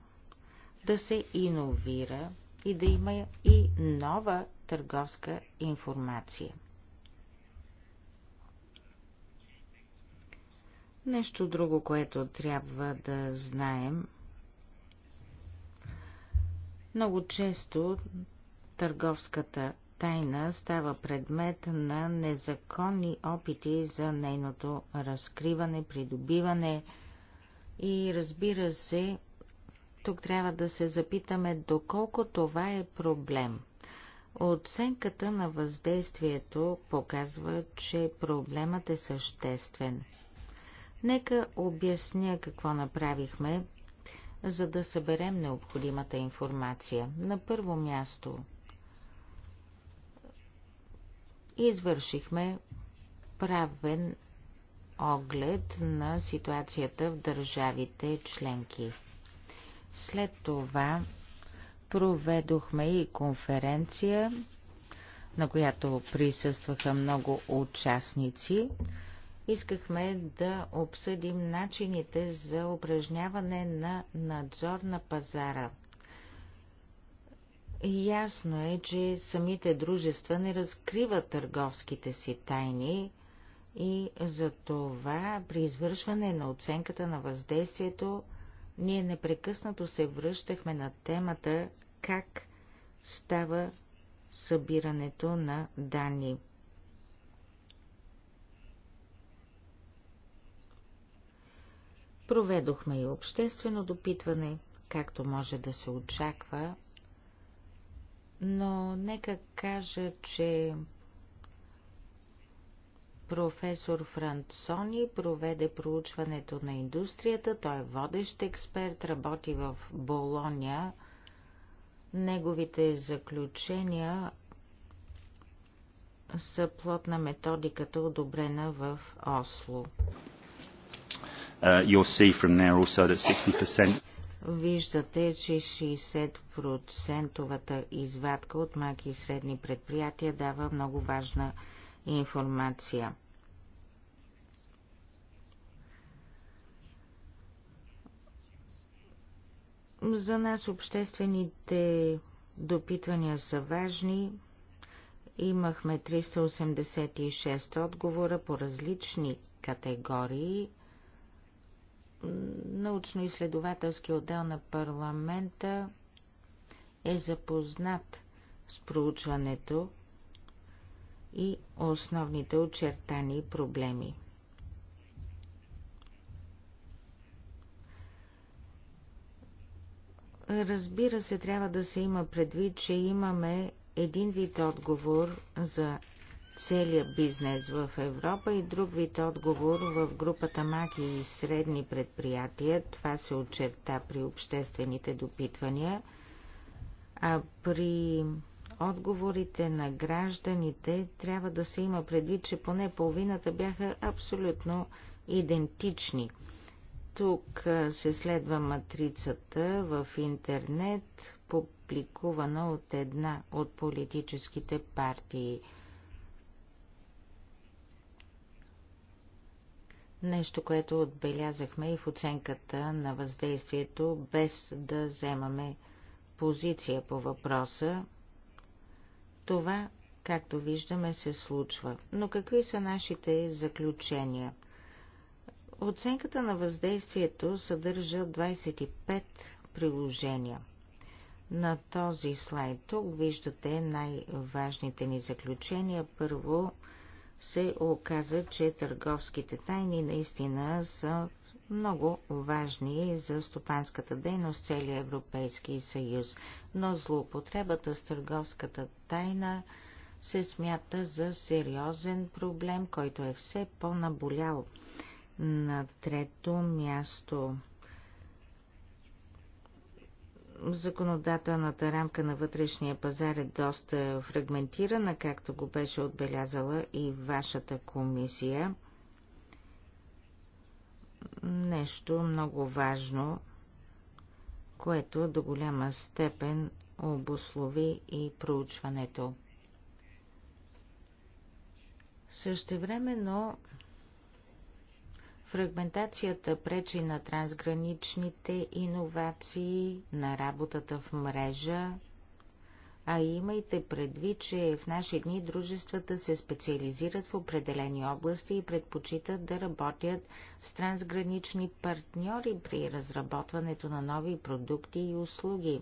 да се иновира и да има и нова търговска информация. Нещо друго, което трябва да знаем. Много често търговската тайна става предмет на незаконни опити за нейното разкриване, придобиване и разбира се, тук трябва да се запитаме доколко това е проблем. Оценката на въздействието показва, че проблемът е съществен – Нека обясня какво направихме, за да съберем необходимата информация. На първо място извършихме правен оглед на ситуацията в държавите членки. След това проведохме и конференция, на която присъстваха много участници искахме да обсъдим начините за упражняване на надзор на пазара. Ясно е, че самите дружества не разкриват търговските си тайни и за това при извършване на оценката на въздействието ние непрекъснато се връщахме на темата как става събирането на данни. Проведохме и обществено допитване, както може да се очаква, но нека кажа, че професор Францони проведе проучването на индустрията. Той е водещ експерт, работи в Болония. Неговите заключения са плод на методиката, одобрена в Осло. Uh, you'll see from there also that 60% Виждате, че 60 извадка от малки и средни предприятия дава много важна информация. За нас обществените допитвания са важни. Имахме 386 отговора по различни категории научно-изследователски отдел на парламента е запознат с проучването и основните очертани проблеми. Разбира се, трябва да се има предвид, че имаме един вид отговор за целия бизнес в Европа и друг вид отговор в групата маки и средни предприятия. Това се очерта при обществените допитвания. А при отговорите на гражданите трябва да се има предвид, че поне половината бяха абсолютно идентични. Тук се следва матрицата в интернет, публикувана от една от политическите партии – Нещо, което отбелязахме и в оценката на въздействието, без да вземаме позиция по въпроса. Това, както виждаме, се случва. Но какви са нашите заключения? Оценката на въздействието съдържа 25 приложения. На този слайд тук виждате най-важните ни заключения. Първо, се оказа, че търговските тайни наистина са много важни за стопанската дейност целия Европейски съюз, но злоупотребата с търговската тайна се смята за сериозен проблем, който е все по-наболял. На трето място Законодателната рамка на вътрешния пазар е доста фрагментирана, както го беше отбелязала и вашата комисия. Нещо много важно, което до голяма степен обослови и проучването. но Фрагментацията пречи на трансграничните иновации, на работата в мрежа, а имайте предвид, че в наши дни дружествата се специализират в определени области и предпочитат да работят с трансгранични партньори при разработването на нови продукти и услуги.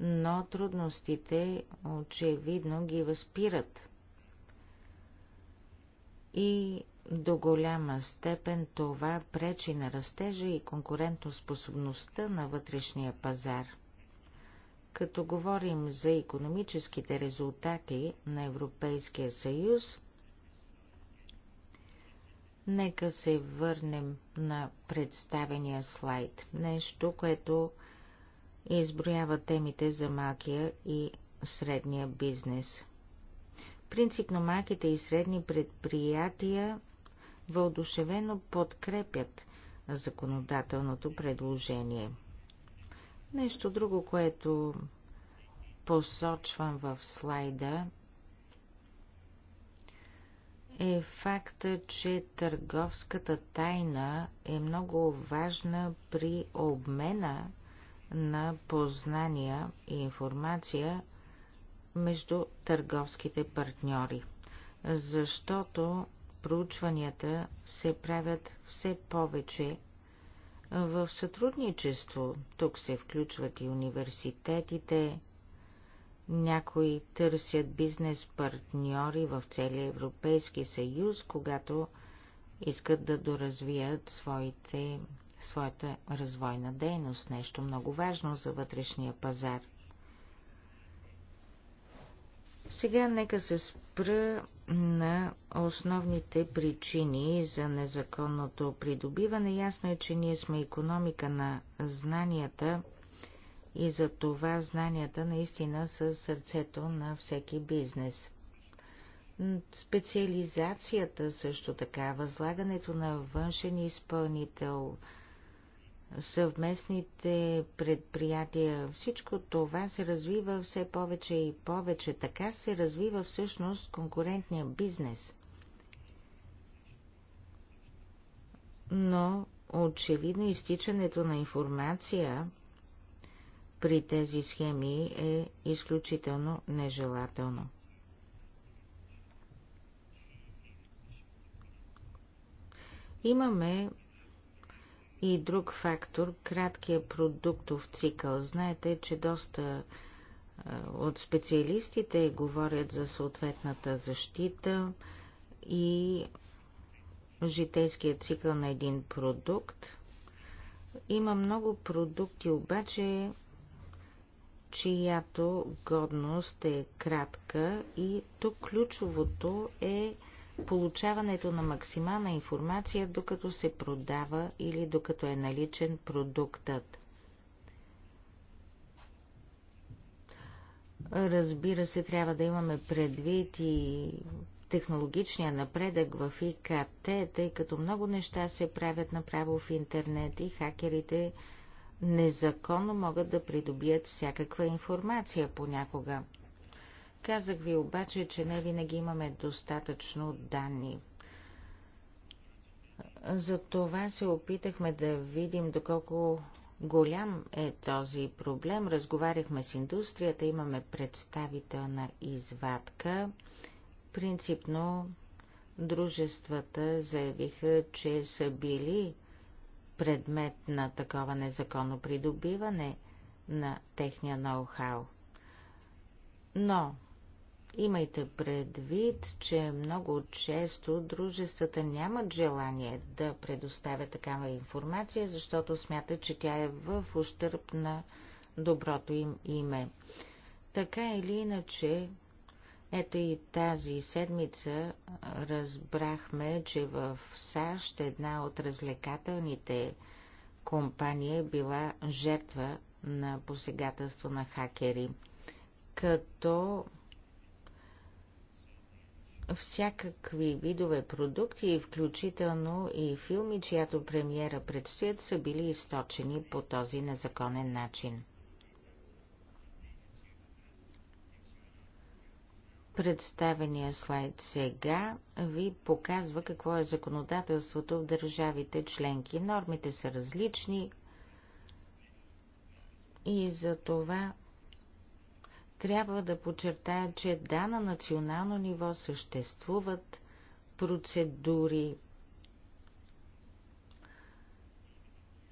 Но трудностите очевидно ги възпират. И до голяма степен това пречи на растежа и конкурентоспособността на вътрешния пазар. Като говорим за економическите резултати на Европейския съюз, нека се върнем на представения слайд. Нещо, което изброява темите за малкия и средния бизнес. Принципно малките и средни предприятия вълдушевено подкрепят законодателното предложение. Нещо друго, което посочвам в слайда, е факта, че търговската тайна е много важна при обмена на познания и информация между търговските партньори, защото проучванията се правят все повече в сътрудничество. Тук се включват и университетите, някои търсят бизнес партньори в целия Европейски съюз, когато искат да доразвият своите, своята развойна дейност, нещо много важно за вътрешния пазар. Сега нека се спра на основните причини за незаконното придобиване. Ясно е, че ние сме економика на знанията и за това знанията наистина са сърцето на всеки бизнес. Специализацията също така, възлагането на външен изпълнител – съвместните предприятия. Всичко това се развива все повече и повече. Така се развива всъщност конкурентния бизнес. Но очевидно изтичането на информация при тези схеми е изключително нежелателно. Имаме и друг фактор – краткия продуктов цикъл. Знаете, че доста от специалистите говорят за съответната защита и житейския цикъл на един продукт. Има много продукти обаче, чиято годност е кратка и тук ключовото е – получаването на максимална информация, докато се продава или докато е наличен продуктът. Разбира се, трябва да имаме предвид и технологичния напредък в ИКТ, тъй като много неща се правят направо в интернет и хакерите незаконно могат да придобият всякаква информация понякога. Казах ви обаче, че не винаги имаме достатъчно данни. За това се опитахме да видим доколко голям е този проблем. Разговаряхме с индустрията, имаме представителна извадка. Принципно дружествата заявиха, че са били предмет на такова незаконно придобиване на техния ноу-хау. Но Имайте предвид, че много често дружествата нямат желание да предоставят такава информация, защото смятат, че тя е в ущърп на доброто им име. Така или иначе, ето и тази седмица разбрахме, че в САЩ една от развлекателните компании е била жертва на посегателство на хакери, като всякакви видове продукти, включително и филми, чиято премиера предстоят, са били източени по този незаконен начин. Представения слайд сега ви показва какво е законодателството в държавите членки. Нормите са различни и за това трябва да подчертая, че да, на национално ниво съществуват процедури,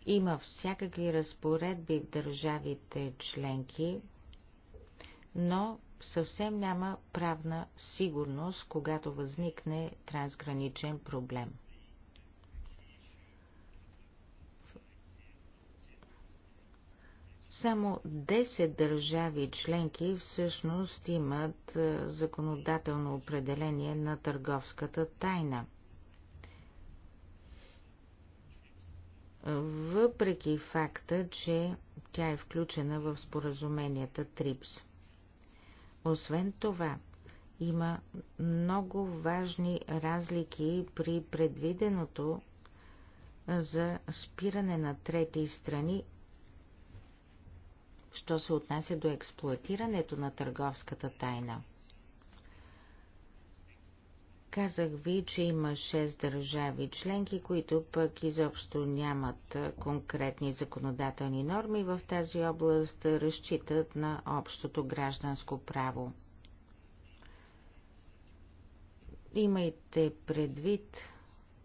има всякакви разпоредби в държавите членки, но съвсем няма правна сигурност, когато възникне трансграничен проблем. Само 10 държави членки всъщност имат е, законодателно определение на търговската тайна. Въпреки факта, че тя е включена в споразуменията ТРИПС. Освен това, има много важни разлики при предвиденото за спиране на трети страни що се отнася до експлуатирането на търговската тайна. Казах ви, че има 6 държави членки, които пък изобщо нямат конкретни законодателни норми в тази област, разчитат на общото гражданско право. Имайте предвид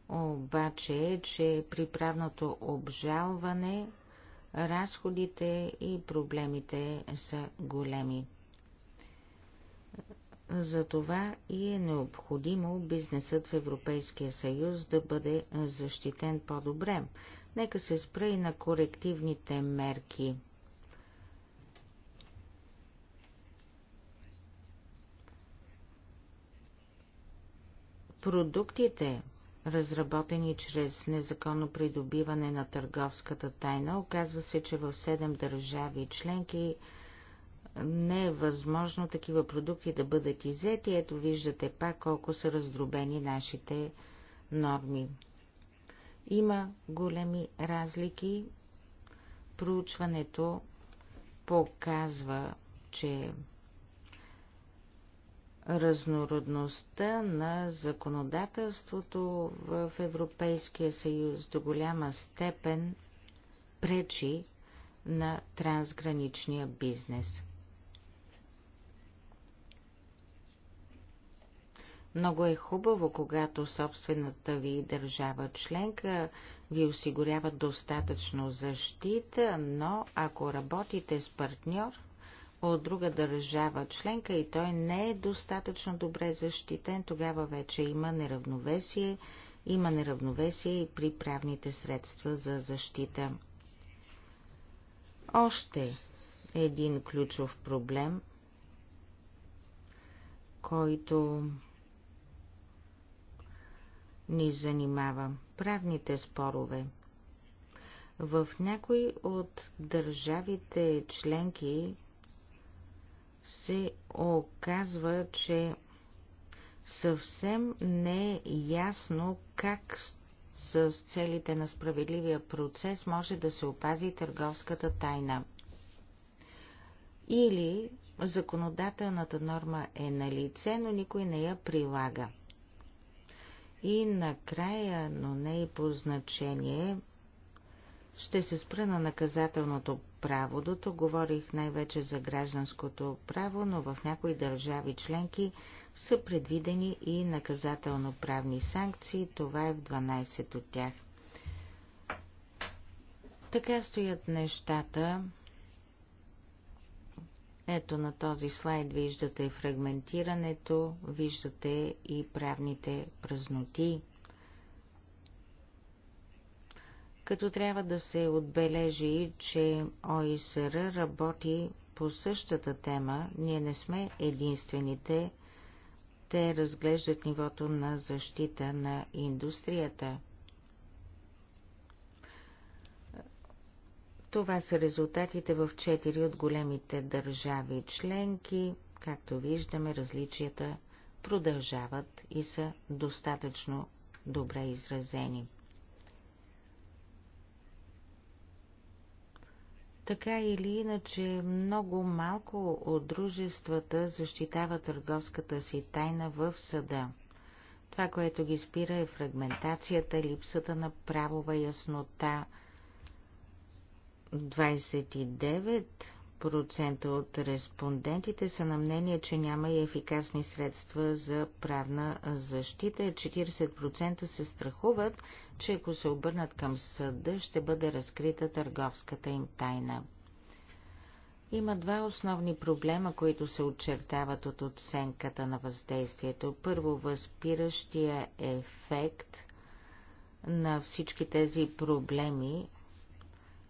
обаче, че при правното обжалване разходите и проблемите са големи. Затова и е необходимо бизнесът в Европейския съюз да бъде защитен по-добре. Нека се спра и на корективните мерки. Продуктите, разработени чрез незаконно придобиване на търговската тайна. Оказва се, че в 7 държави и членки не е възможно такива продукти да бъдат изети. Ето виждате пак колко са раздробени нашите норми. Има големи разлики. Проучването показва, че разнородността на законодателството в Европейския съюз до голяма степен пречи на трансграничния бизнес. Много е хубаво, когато собствената ви държава членка ви осигурява достатъчно защита, но ако работите с партньор, от друга държава членка и той не е достатъчно добре защитен, тогава вече има неравновесие, има неравновесие и при правните средства за защита. Още един ключов проблем, който ни занимава правните спорове. В някои от държавите членки се оказва, че съвсем не е ясно как с целите на справедливия процес може да се опази търговската тайна. Или законодателната норма е на лице, но никой не я прилага. И накрая, но не и по значение, ще се спра на наказателното право. дото говорих най-вече за гражданското право, но в някои държави членки са предвидени и наказателно-правни санкции. Това е в 12 от тях. Така стоят нещата. Ето на този слайд виждате фрагментирането, виждате и правните празноти. като трябва да се отбележи, че ОИСР работи по същата тема. Ние не сме единствените. Те разглеждат нивото на защита на индустрията. Това са резултатите в четири от големите държави членки. Както виждаме, различията продължават и са достатъчно добре изразени. Така или иначе, много малко от дружествата защитава търговската си тайна в съда. Това, което ги спира е фрагментацията, липсата на правова яснота. 29 процента от респондентите са на мнение, че няма и ефикасни средства за правна защита. 40% се страхуват, че ако се обърнат към съда, ще бъде разкрита търговската им тайна. Има два основни проблема, които се очертават от оценката на въздействието. Първо, възпиращия ефект на всички тези проблеми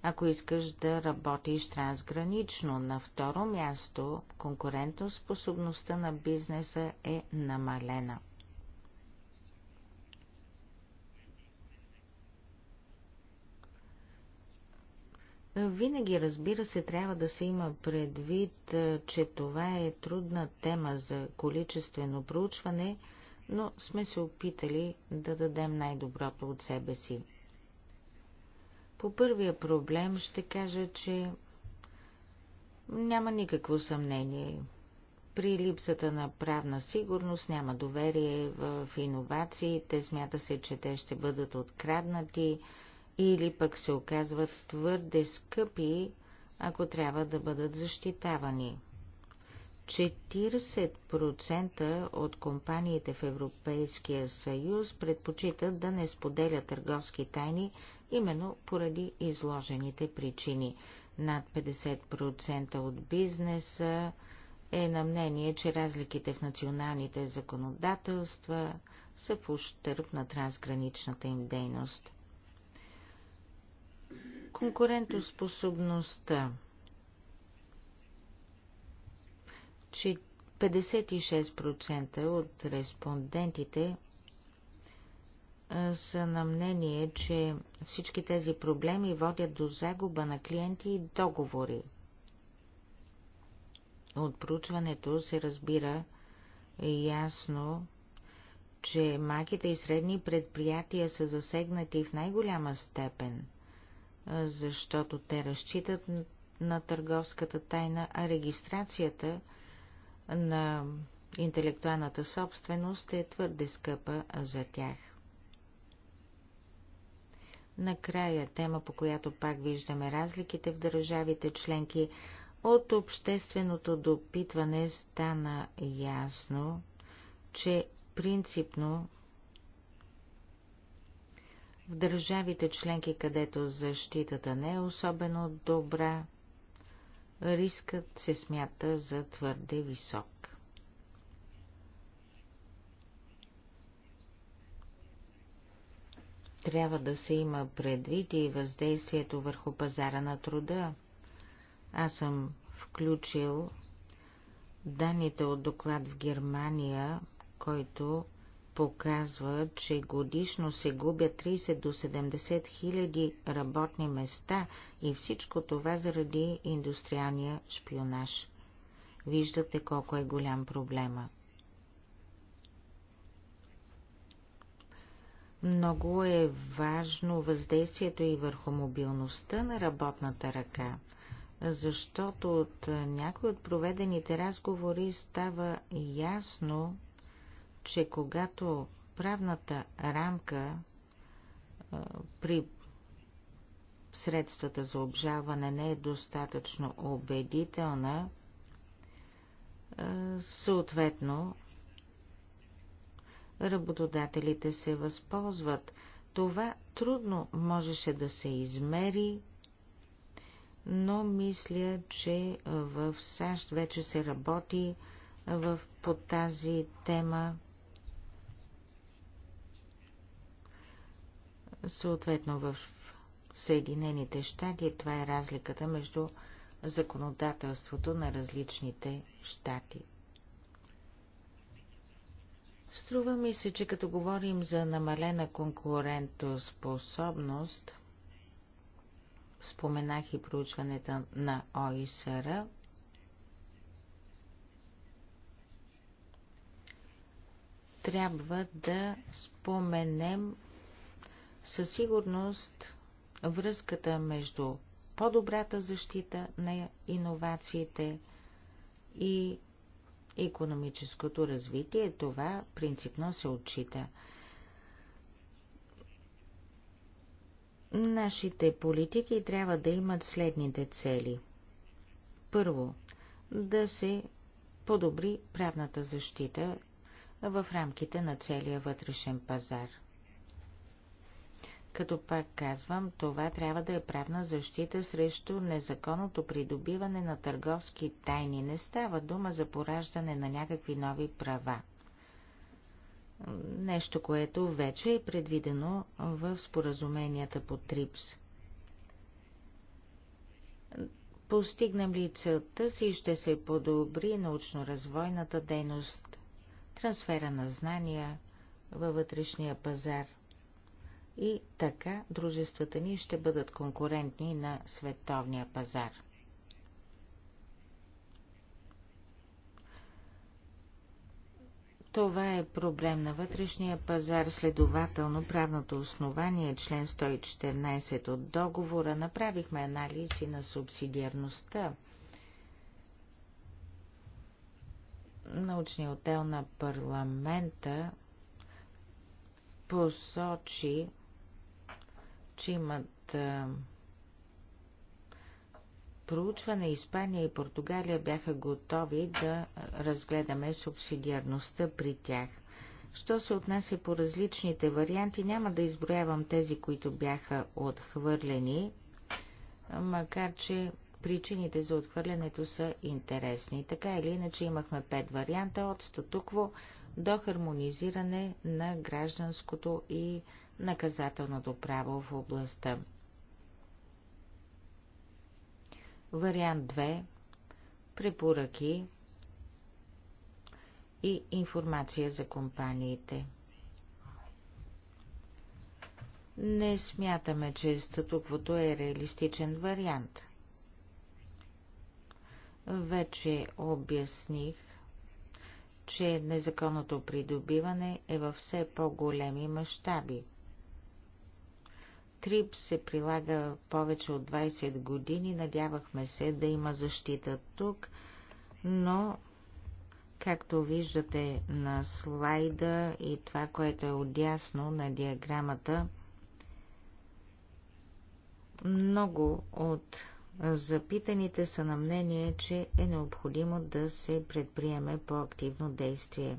ако искаш да работиш трансгранично. На второ място, конкурентоспособността на бизнеса е намалена. Винаги, разбира се, трябва да се има предвид, е, че това е трудна тема за количествено проучване, но сме се опитали да дадем най-доброто от себе си. По първия проблем ще кажа, че няма никакво съмнение. При липсата на правна сигурност няма доверие в иновациите, смята се, че те ще бъдат откраднати или пък се оказват твърде скъпи, ако трябва да бъдат защитавани. 40% от компаниите в Европейския съюз предпочитат да не споделят търговски тайни именно поради изложените причини. Над 50% от бизнеса е на мнение, че разликите в националните законодателства са в ущърп на трансграничната им дейност. Конкурентоспособността 56% от респондентите са на мнение, че всички тези проблеми водят до загуба на клиенти и договори. От проучването се разбира ясно, че маките и средни предприятия са засегнати в най-голяма степен, защото те разчитат на търговската тайна, а регистрацията на интелектуалната собственост е твърде скъпа за тях. Накрая тема, по която пак виждаме разликите в държавите членки, от общественото допитване стана ясно, че принципно в държавите членки, където защитата не е особено добра, рискът се смята за твърде висок. трябва да се има предвид и въздействието върху пазара на труда. Аз съм включил данните от доклад в Германия, който показва, че годишно се губят 30 до 70 хиляди работни места и всичко това заради индустриалния шпионаж. Виждате колко е голям проблема. Много е важно въздействието и върху мобилността на работната ръка, защото от някои от проведените разговори става ясно, че когато правната рамка при средствата за обжалване не е достатъчно убедителна, съответно работодателите се възползват. Това трудно можеше да се измери, но мисля, че в САЩ вече се работи в, по тази тема. Съответно в Съединените щати това е разликата между законодателството на различните щати. Струва ми се, че като говорим за намалена конкурентоспособност, споменах и проучването на ОИСР, трябва да споменем със сигурност връзката между по-добрата защита на иновациите и економическото развитие. Това принципно се отчита. Нашите политики трябва да имат следните цели. Първо, да се подобри правната защита в рамките на целия вътрешен пазар – като пак казвам, това трябва да е правна защита срещу незаконното придобиване на търговски тайни. Не става дума за пораждане на някакви нови права. Нещо, което вече е предвидено в споразуменията по ТРИПС. Постигнем ли целта си, ще се подобри научно-развойната дейност, трансфера на знания във вътрешния пазар – и така дружествата ни ще бъдат конкурентни на световния пазар. Това е проблем на вътрешния пазар, следователно правното основание, член 114 от договора, направихме анализ и на субсидиарността. Научният отдел на парламента посочи че имат проучване Испания и Португалия бяха готови да разгледаме субсидиарността при тях. Що се отнася по различните варианти, няма да изброявам тези, които бяха отхвърлени, макар че причините за отхвърлянето са интересни. Така или иначе имахме пет варианта от статукво до хармонизиране на гражданското и наказателното право в областта. Вариант 2. Препоръки и информация за компаниите. Не смятаме, че статуквото е реалистичен вариант. Вече обясних, че незаконното придобиване е във все по-големи мащаби – ТРИП се прилага повече от 20 години. Надявахме се да има защита тук, но както виждате на слайда и това, което е отясно на диаграмата, много от запитаните са на мнение, че е необходимо да се предприеме по-активно действие.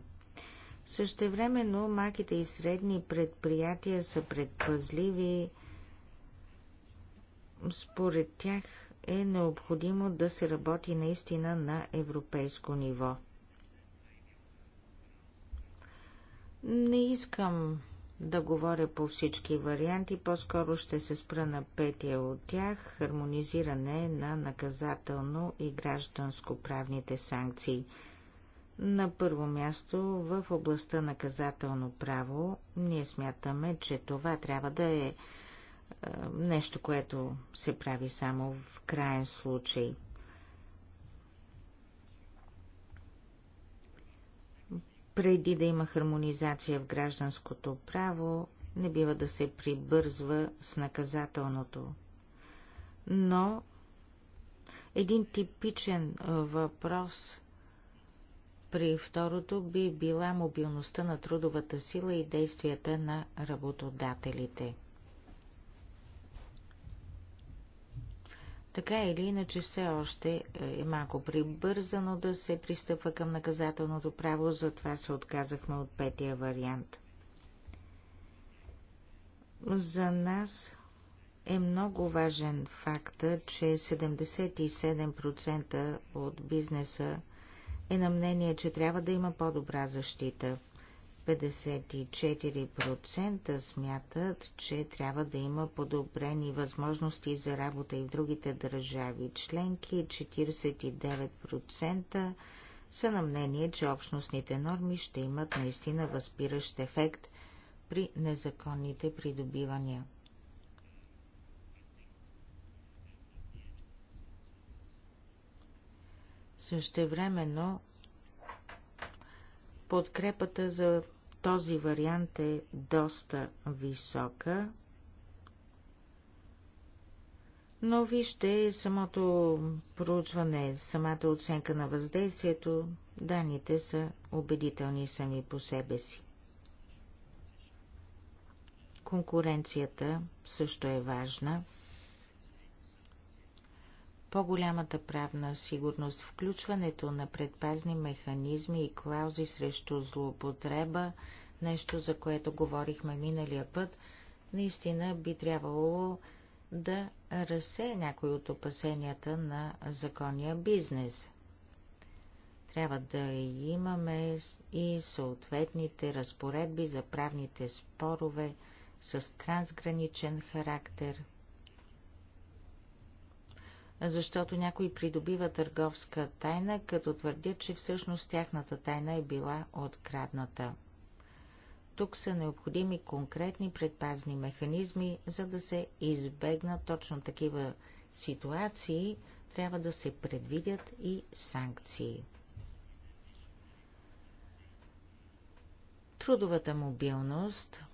Същевременно малките и средни предприятия са предпазливи, според тях е необходимо да се работи наистина на европейско ниво. Не искам да говоря по всички варианти, по-скоро ще се спра на петия от тях – хармонизиране на наказателно и гражданско-правните санкции. На първо място в областта наказателно право ние смятаме, че това трябва да е е, нещо, което се прави само в крайен случай. Преди да има хармонизация в гражданското право, не бива да се прибързва с наказателното. Но един типичен е, въпрос при второто би била мобилността на трудовата сила и действията на работодателите – Така или иначе все още е, е малко прибързано да се пристъпва към наказателното право, затова се отказахме от петия вариант. За нас е много важен факта, че 77% от бизнеса е на мнение, че трябва да има по-добра защита – 54% смятат, че трябва да има подобрени възможности за работа и в другите държави членки. 49% са на мнение, че общностните норми ще имат наистина възпиращ ефект при незаконните придобивания. Същевременно подкрепата за този вариант е доста висока, но вижте самото проучване, самата оценка на въздействието, данните са убедителни сами по себе си. Конкуренцията също е важна – по-голямата правна сигурност, включването на предпазни механизми и клаузи срещу злоупотреба, нещо за което говорихме миналия път, наистина би трябвало да разсее някои от опасенията на законния бизнес. Трябва да имаме и съответните разпоредби за правните спорове с трансграничен характер – защото някои придобива търговска тайна, като твърдят, че всъщност тяхната тайна е била открадната. Тук са необходими конкретни предпазни механизми, за да се избегнат точно такива ситуации, трябва да се предвидят и санкции. Трудовата мобилност –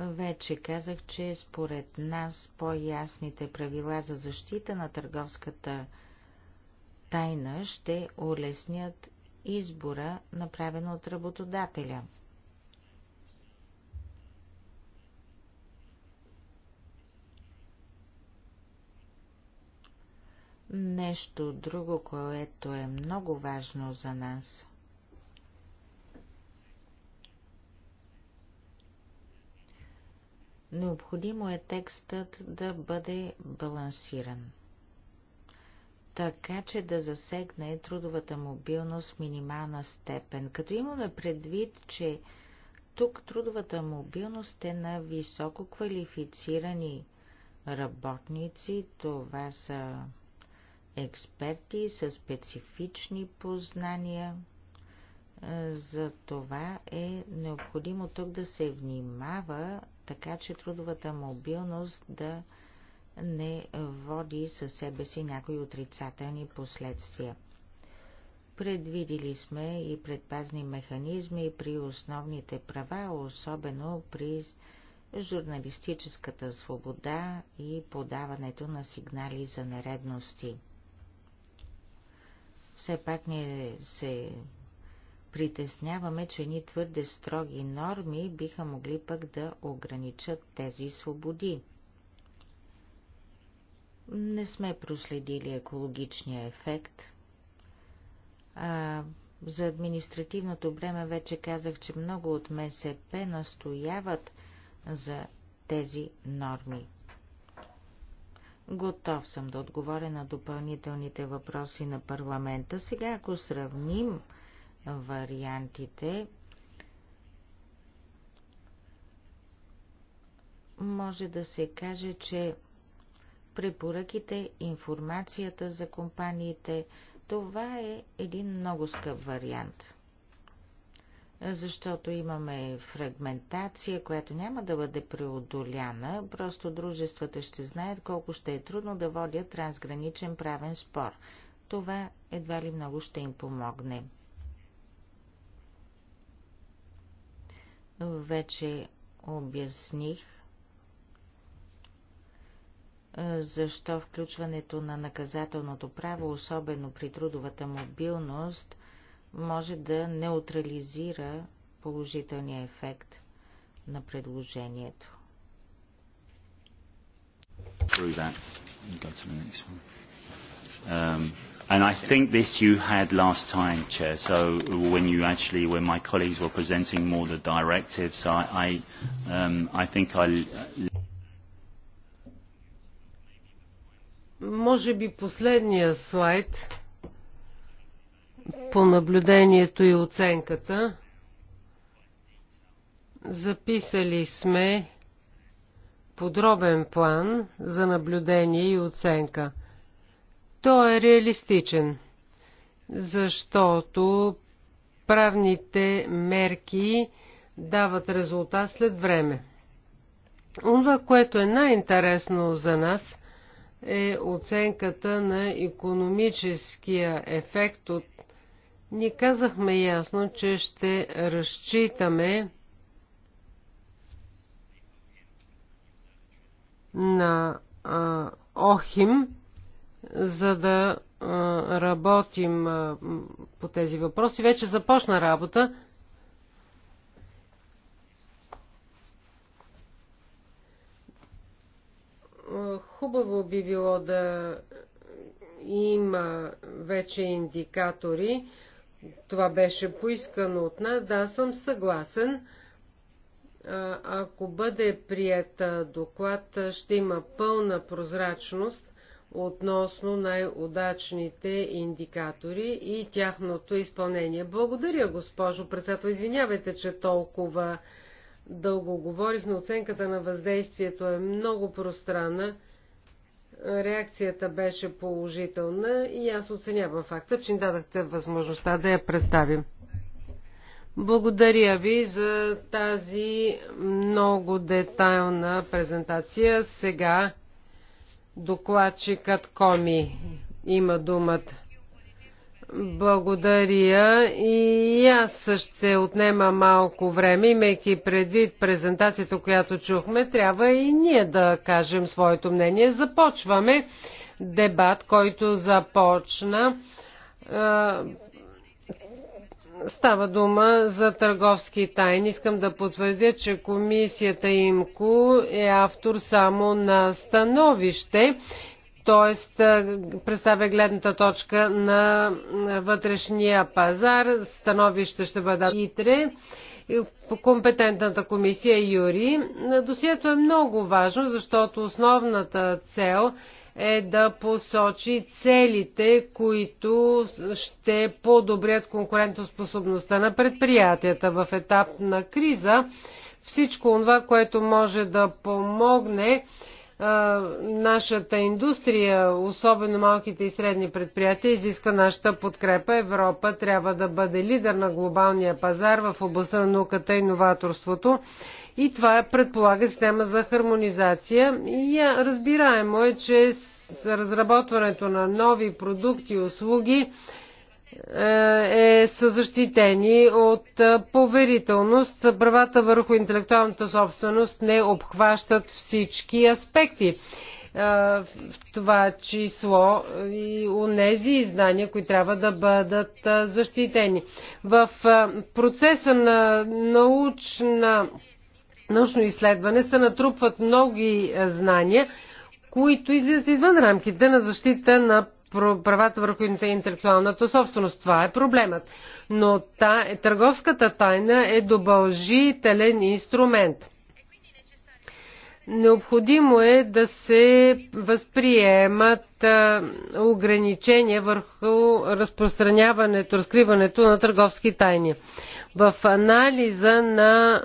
Вече казах, че според нас по-ясните правила за защита на търговската тайна ще улеснят избора, направен от работодателя. Нещо друго, което е много важно за нас. Необходимо е текстът да бъде балансиран, така че да засегне трудовата мобилност в минимална степен, като имаме предвид, че тук трудовата мобилност е на високо квалифицирани работници, това са експерти със специфични познания. За това е необходимо тук да се внимава така че трудовата мобилност да не води със себе си някои отрицателни последствия. Предвидили сме и предпазни механизми при основните права, особено при журналистическата свобода и подаването на сигнали за нередности. Все пак ние се притесняваме, че ни твърде строги норми биха могли пък да ограничат тези свободи. Не сме проследили екологичния ефект. А, за административното време вече казах, че много от МСП настояват за тези норми. Готов съм да отговоря на допълнителните въпроси на парламента. Сега, ако сравним вариантите. Може да се каже, че препоръките, информацията за компаниите, това е един много скъп вариант. Защото имаме фрагментация, която няма да бъде преодоляна, просто дружествата ще знаят колко ще е трудно да водят трансграничен правен спор. Това едва ли много ще им помогне. Вече обясних защо включването на наказателното право, особено при трудовата мобилност, може да неутрализира положителния ефект на предложението. Through that, go to the next one. Um, And I think this you had last time, Chair. So when you actually, when my colleagues were presenting more the so I, I, um, I think I.
Може би последния слайд по наблюдението и оценката. Записали сме подробен план за наблюдение и оценка – той е реалистичен, защото правните мерки дават резултат след време. Това, което е най-интересно за нас, е оценката на економическия ефект от... Ни казахме ясно, че ще разчитаме на а, Охим, за да работим по тези въпроси. Вече започна работа. Хубаво би било да има вече индикатори. Това беше поискано от нас. Да, съм съгласен. Ако бъде прият доклад, ще има пълна прозрачност относно най-удачните индикатори и тяхното изпълнение. Благодаря, госпожо председател. Извинявайте, че толкова дълго говорих, но оценката на въздействието е много пространна. Реакцията беше положителна и аз оценявам факта, че ни дадахте възможността да я представим. Благодаря ви за тази много детайлна презентация. Сега Докладчикът Коми има думата. Благодаря и аз ще отнема малко време, имайки предвид презентацията, която чухме, трябва и ние да кажем своето мнение. Започваме дебат, който започна Става дума за търговски тайни. Искам да потвърдя, че комисията ИМКО е автор само на становище, т.е. представя гледната точка на вътрешния пазар. Становище ще бъде ИТРЕ компетентната комисия Юри. Досието е много важно, защото основната цел е е да посочи целите, които ще подобрят конкурентоспособността на предприятията в етап на криза. Всичко това, което може да помогне а, нашата индустрия, особено малките и средни предприятия, изиска нашата подкрепа. Европа трябва да бъде лидер на глобалния пазар в областта на науката и новаторството и това предполага система за хармонизация. И разбираемо е, че с разработването на нови продукти и услуги е, е са защитени от е, поверителност. Правата върху интелектуалната собственост не обхващат всички аспекти. Е, в това число и онези издания, които трябва да бъдат защитени. В процеса на научна научно изследване се натрупват много е, знания, които излизат извън рамките на защита на правата върху интелектуалната собственост. Това е проблемът. Но та, търговската тайна е добължителен инструмент. Необходимо е да се възприемат е, ограничения върху разпространяването, разкриването на търговски тайни в анализа на,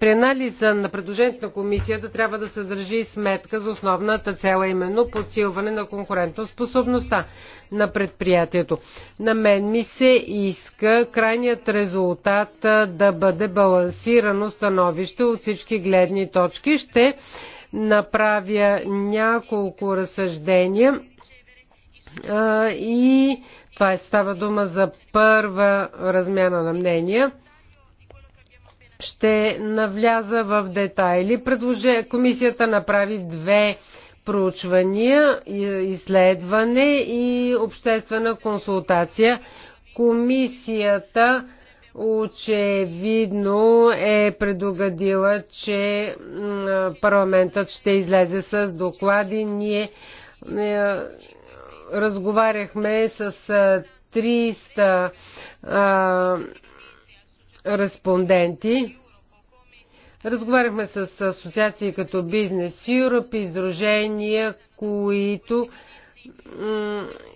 при анализа на предложението на комисията трябва да се държи сметка за основната цела, именно подсилване на конкурентоспособността на предприятието. На мен ми се иска крайният резултат да бъде балансирано становище от всички гледни точки. Ще направя няколко разсъждения и това е става дума за първа размяна на мнения. Ще навляза в детайли. Предложение, комисията направи две проучвания, изследване и обществена консултация. Комисията очевидно е предугадила, че парламентът ще излезе с доклади. Ние е, разговаряхме с 300 а, респонденти. Разговаряхме с асоциации като Бизнес Europe, издружения, които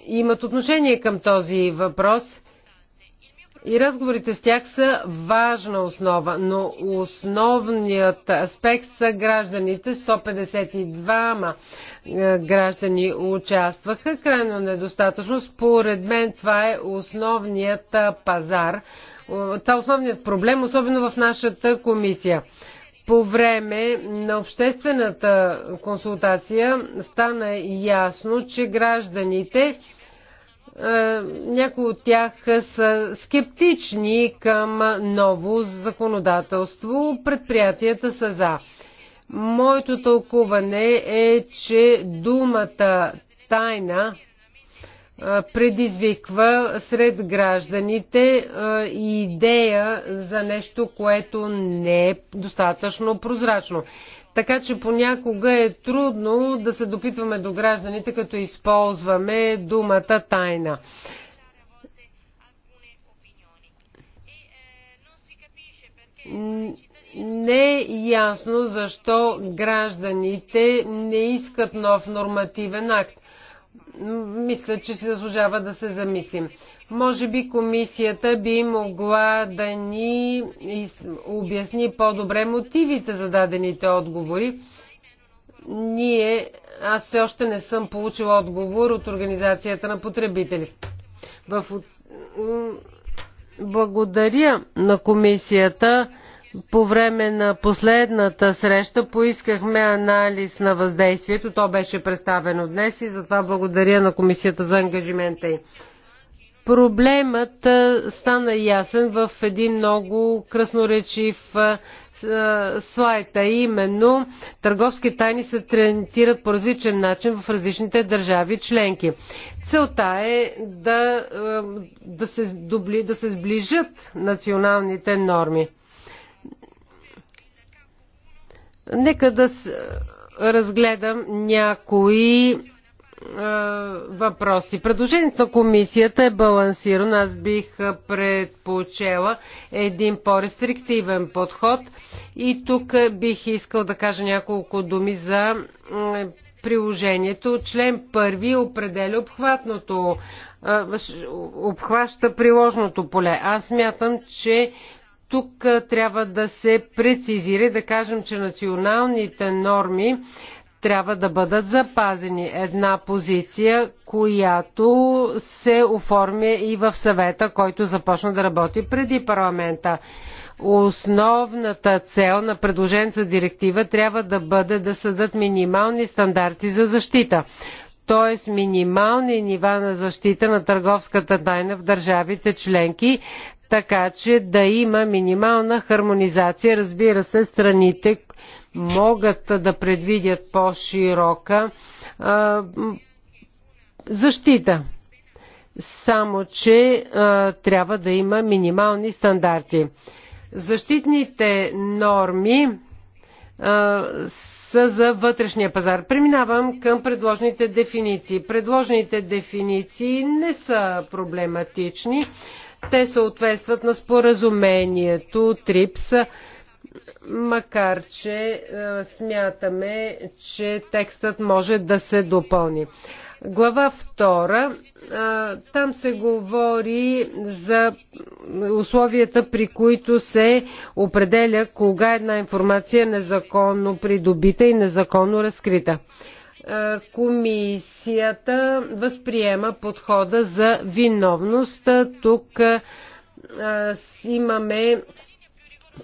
имат отношение към този въпрос и разговорите с тях са важна основа, но основният аспект са гражданите. 152 е, граждани участваха. Крайно недостатъчно. Според мен това е основният пазар. Това е основният проблем, особено в нашата комисия. По време на обществената консултация стана ясно, че гражданите е, някои от тях са скептични към ново законодателство. Предприятията са за. Моето тълкуване е, че думата тайна е, предизвиква сред гражданите е, идея за нещо, което не е достатъчно прозрачно. Така че понякога е трудно да се допитваме до гражданите, като използваме думата тайна. Не е ясно защо гражданите не искат нов нормативен акт мисля, че си заслужава да се замислим. Може би комисията би могла да ни обясни по-добре мотивите за дадените отговори. Ние, аз все още не съм получила отговор от Организацията на потребители. В... Благодаря на комисията по време на последната среща поискахме анализ на въздействието. То беше представено днес и затова благодаря на комисията за ангажимента й. Проблемът стана ясен в един много красноречив слайд, а именно търговски тайни се третират по различен начин в различните държави членки. Целта е да, да, се, да се сближат националните норми. Нека да разгледам някои въпроси. Предложението на комисията е балансирано. Аз бих предпочела един по-рестриктивен подход и тук бих искал да кажа няколко думи за приложението. Член първи определя обхватното, обхваща приложното поле. Аз мятам, че тук трябва да се прецизира да кажем, че националните норми трябва да бъдат запазени. Една позиция, която се оформя и в съвета, който започна да работи преди парламента. Основната цел на предложението за директива трябва да бъде да съдат минимални стандарти за защита, т.е. минимални нива на защита на търговската тайна в държавите членки, така че да има минимална хармонизация. Разбира се, страните могат да предвидят по-широка защита. Само, че а, трябва да има минимални стандарти. Защитните норми а, са за вътрешния пазар. Преминавам към предложените дефиниции. Предложените дефиниции не са проблематични. Те съответстват на споразумението ТРИПС, макар че е, смятаме, че текстът може да се допълни. Глава 2. Е, там се говори за условията, при които се определя кога една информация е незаконно придобита и незаконно разкрита. Е, комисията възприема подхода за виновност. Тук е, имаме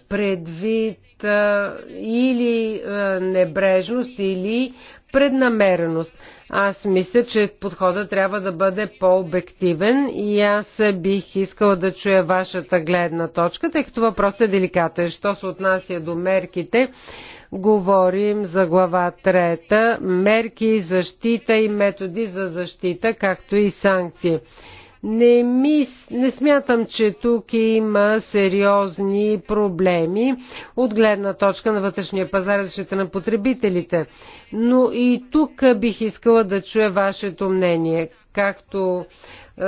предвид е, или небрежност, или преднамереност. Аз мисля, че подходът трябва да бъде по-обективен и аз бих искала да чуя вашата гледна точка, тъй като въпросът е деликатен. Що се отнася до мерките, говорим за глава 3, мерки, и защита и методи за защита, както и санкции. Не, ми, не смятам, че тук има сериозни проблеми от гледна точка на вътрешния пазар за защита на потребителите. Но и тук бих искала да чуя вашето мнение. Както е,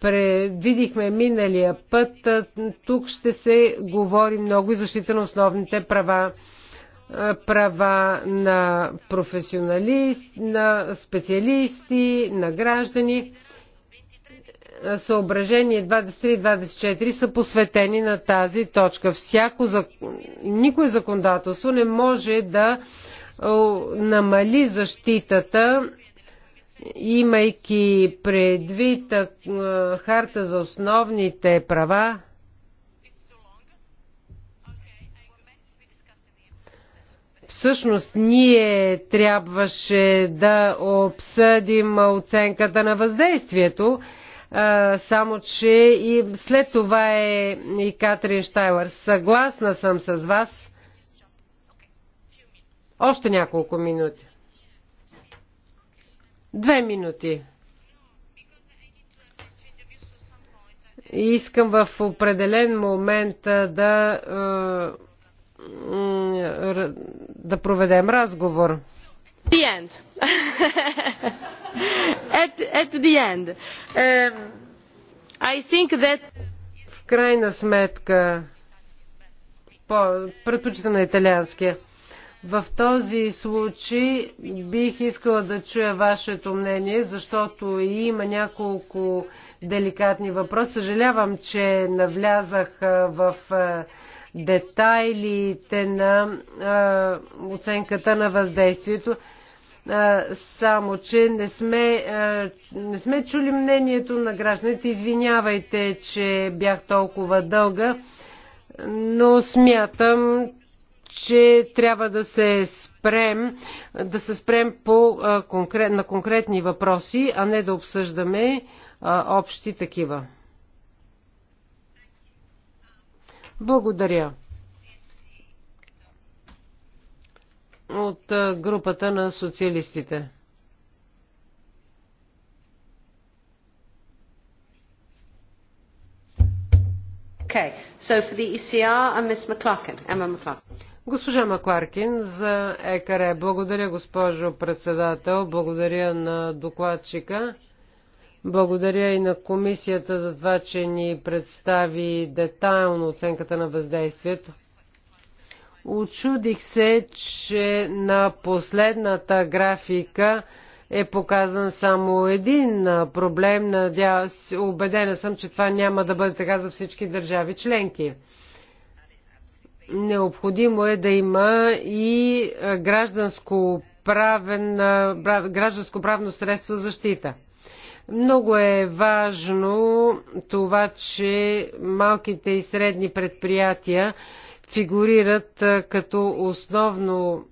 предвидихме миналия път, е, тук ще се говори много и защита на основните права права на професионалисти, на специалисти, на граждани. Съображение 23 и 24 са посветени на тази точка. Всяко, никое законодателство не може да намали защитата, имайки предвид харта за основните права, Всъщност ние трябваше да обсъдим оценката на въздействието, само че и след това е и Катрин Штайлер. Съгласна съм с вас. Още няколко минути. Две минути. И искам в определен момент да да проведем разговор. The end. at, at the end. I think that... В крайна сметка, по, предпочитам на италианския. В този случай бих искала да чуя вашето мнение, защото има няколко деликатни въпроси. Съжалявам, че навлязах в детайлите на а, оценката на въздействието. А, само, че не сме, а, не сме чули мнението на гражданите. Извинявайте, че бях толкова дълга, но смятам, че трябва да се спрем, да се спрем по, а, конкрет, на конкретни въпроси, а не да обсъждаме а, общи такива. Благодаря. От групата на социалистите. Okay. So for the ECR, I'm Ms. Emma Госпожа Макларкин за ЕКР. Благодаря, госпожо председател. Благодаря на докладчика. Благодаря и на комисията за това, че ни представи детайлно оценката на въздействието. Очудих се, че на последната графика е показан само един проблем. Надя... Обедена съм, че това няма да бъде така за всички държави членки. Необходимо е да има и гражданско, правен, гражданско правно средство защита. Много е важно това, че малките и средни предприятия фигурират като, основно,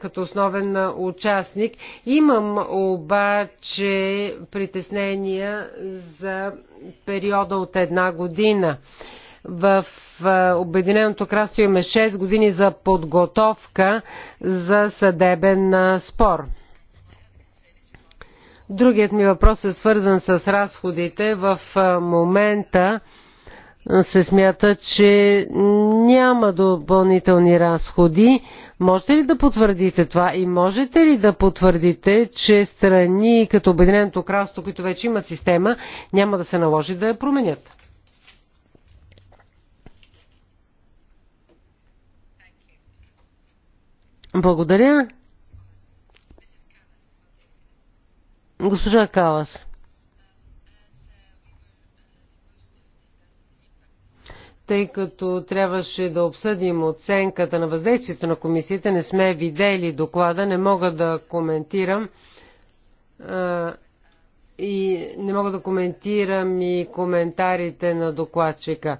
като основен участник. Имам обаче притеснения за периода от една година. В Обединеното кралство имаме 6 години за подготовка за съдебен спор. Другият ми въпрос е свързан с разходите. В момента се смята, че няма допълнителни разходи. Можете ли да потвърдите това и можете ли да потвърдите, че страни като Обединеното кралство, които вече имат система, няма да се наложи да я променят? Благодаря. Госпожа Калас. Тъй като трябваше да обсъдим оценката на въздействието на комисията, не сме видели доклада, не мога да коментирам и не мога да коментирам и коментарите на докладчика.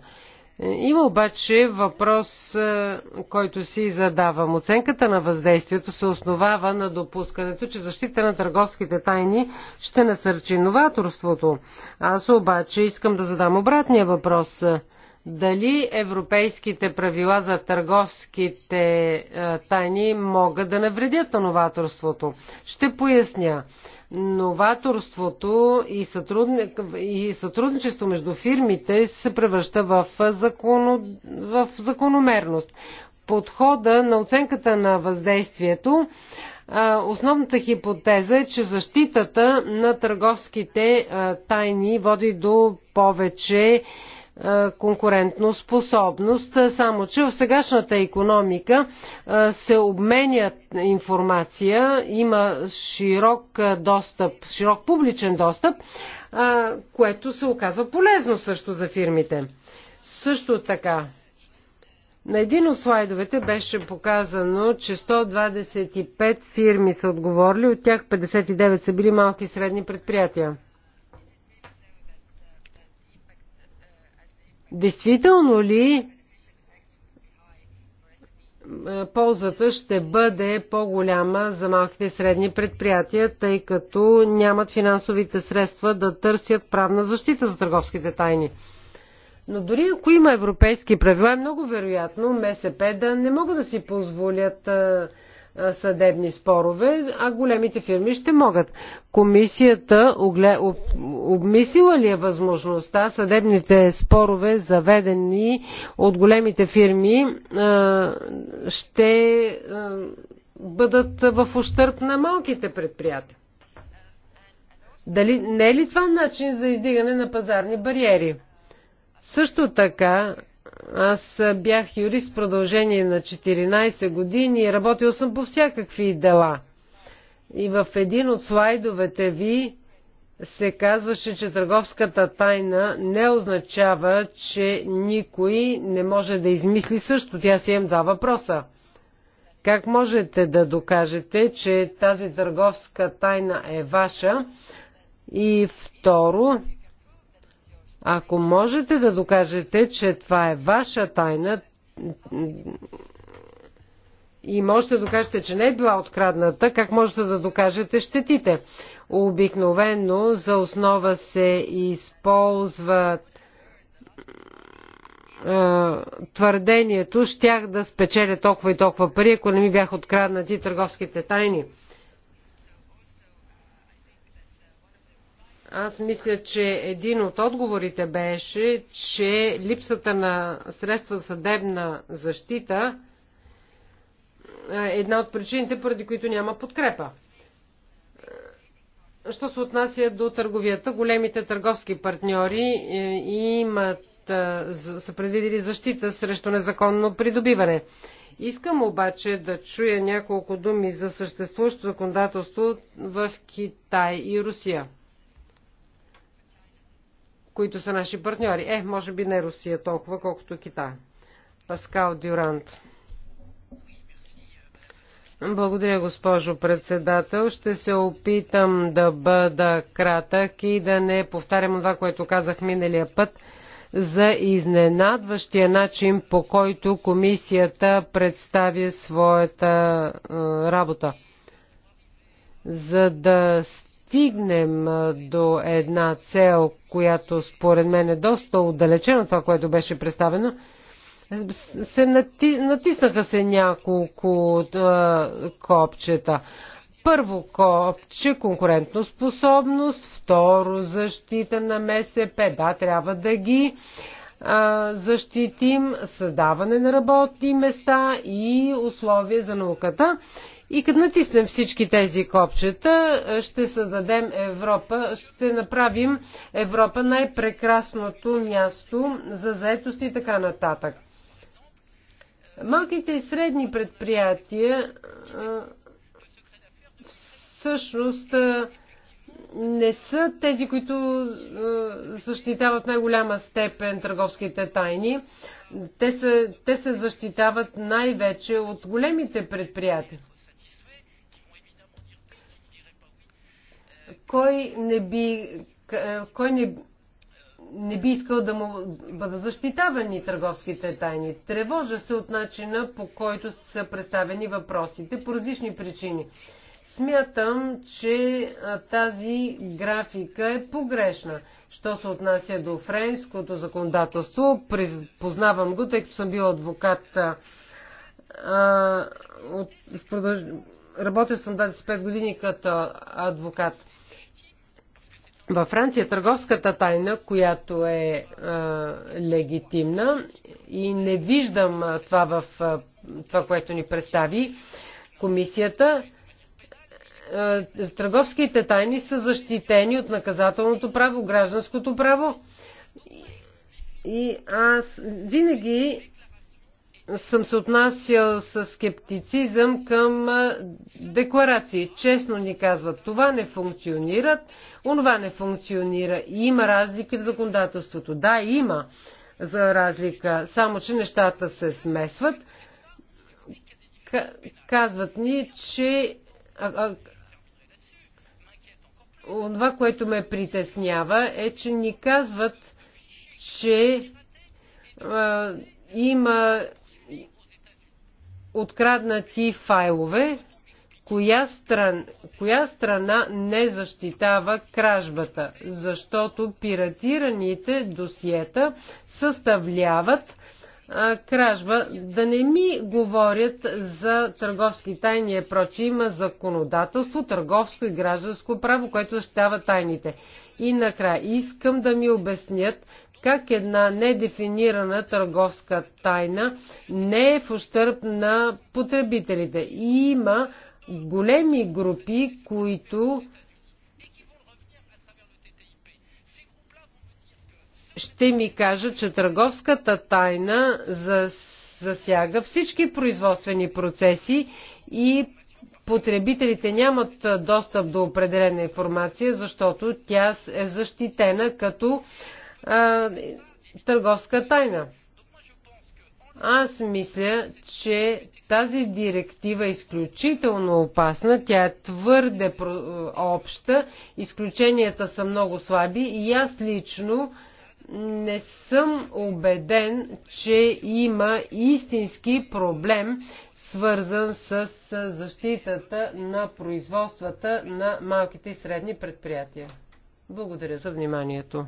Е, има обаче въпрос, е, който си задавам. Оценката на въздействието се основава на допускането, че защита на търговските тайни ще насърчи новаторството. Аз обаче искам да задам обратния въпрос – дали европейските правила за търговските е, тайни могат да навредят на новаторството. Ще поясня. Новаторството и, сътрудни... и сътрудничество между фирмите се превръща в, закон... в закономерност. Подхода на оценката на въздействието е, основната хипотеза е, че защитата на търговските е, тайни води до повече е, конкурентно способност. Само, че в сегашната економика е, се обменя информация, има широк е, достъп, широк публичен достъп, което се оказва полезно също за фирмите. Също така, на един от слайдовете беше показано, че 125 фирми са отговорили, от тях 59 са били малки и средни предприятия. Действително ли е, ползата ще бъде по-голяма за малките и средни предприятия, тъй като нямат финансовите средства да търсят правна защита за търговските тайни. Но дори ако има европейски правила, е много вероятно МСП да не могат да си позволят е, съдебни спорове, а големите фирми ще могат. Комисията огле... об... обмислила ли е възможността съдебните спорове, заведени от големите фирми, ще бъдат в ущърп на малките предприятия? Дали, не е ли това начин за издигане на пазарни бариери? Също така аз бях юрист в продължение на 14 години и работил съм по всякакви дела. И в един от слайдовете ви се казваше, че търговската тайна не означава, че никой не може да измисли също. Тя си имам два въпроса. Как можете да докажете, че тази търговска тайна е ваша? И второ, ако можете да докажете, че това е ваша тайна и можете да докажете, че не е била открадната, как можете да докажете щетите? Обикновено за основа се използва твърдението, щях да спечеля толкова и толкова пари, ако не ми бяха откраднати търговските тайни. Аз мисля, че един от отговорите беше, че липсата на средства за съдебна защита е една от причините, поради които няма подкрепа. Що се отнася до търговията, големите търговски партньори е, имат, е, са предвидили защита срещу незаконно придобиване. Искам обаче да чуя няколко думи за съществуващото законодателство в Китай и Русия които са наши партньори. Е, може би не Русия толкова, колкото Китай. Паскал Дюрант. Благодаря, госпожо председател. Ще се опитам да бъда кратък и да не повтарям това, което казах миналия път за изненадващия начин, по който комисията представи своята работа. За да стигнем до една цел, която според мен е доста отдалечена от това, което беше представено, се нати... натиснаха се няколко а, копчета. Първо копче конкурентно способност, второ защита на МСП. Да, трябва да ги а, защитим, създаване на работни места и условия за науката. И като натиснем всички тези копчета, е, ще създадем Европа, ще направим Европа най-прекрасното място за заетост и така нататък. Малките и средни предприятия е, всъщност е, не са тези, които защитават най-голяма степен търговските тайни. Те се, те се защитават най-вече от големите предприятия. Кой не би, е, кой не, не би искал да му бъдат защитавани търговските тайни? Тревожа се от начина по който са представени въпросите по различни причини. Смятам, че тази графика е погрешна. Що се отнася до френското законодателство, познавам го, тъй като съм бил адвокат. А, от, продълж... Работил съм 25 години като адвокат. Във Франция търговската тайна, която е а, легитимна и не виждам а, това в а, това, което ни представи комисията, а, търговските тайни са защитени от наказателното право, гражданското право. И аз винаги съм се отнасял с скептицизъм към декларации. Честно ни казват, това не функционира, онова не функционира. И има разлики в законодателството. Да, има за разлика, само че нещата се смесват. Казват ни, че това, което ме притеснява, е, че ни казват, че има откраднати файлове, коя, стран, коя страна не защитава кражбата, защото пиратираните досиета съставляват а, кражба. Да не ми говорят за търговски тайни е прочи. Има законодателство, търговско и гражданско право, което защитава тайните. И накрая искам да ми обяснят как една недефинирана търговска тайна не е в ущърп на потребителите. И има големи групи, които ще ми кажат, че търговската тайна засяга всички производствени процеси и потребителите нямат достъп до определена информация, защото тя е защитена като а, търговска тайна. Аз мисля, че тази директива е изключително опасна, тя е твърде обща, изключенията са много слаби и аз лично не съм убеден, че има истински проблем, свързан с защитата на производствата на малките и средни предприятия. Благодаря за
вниманието.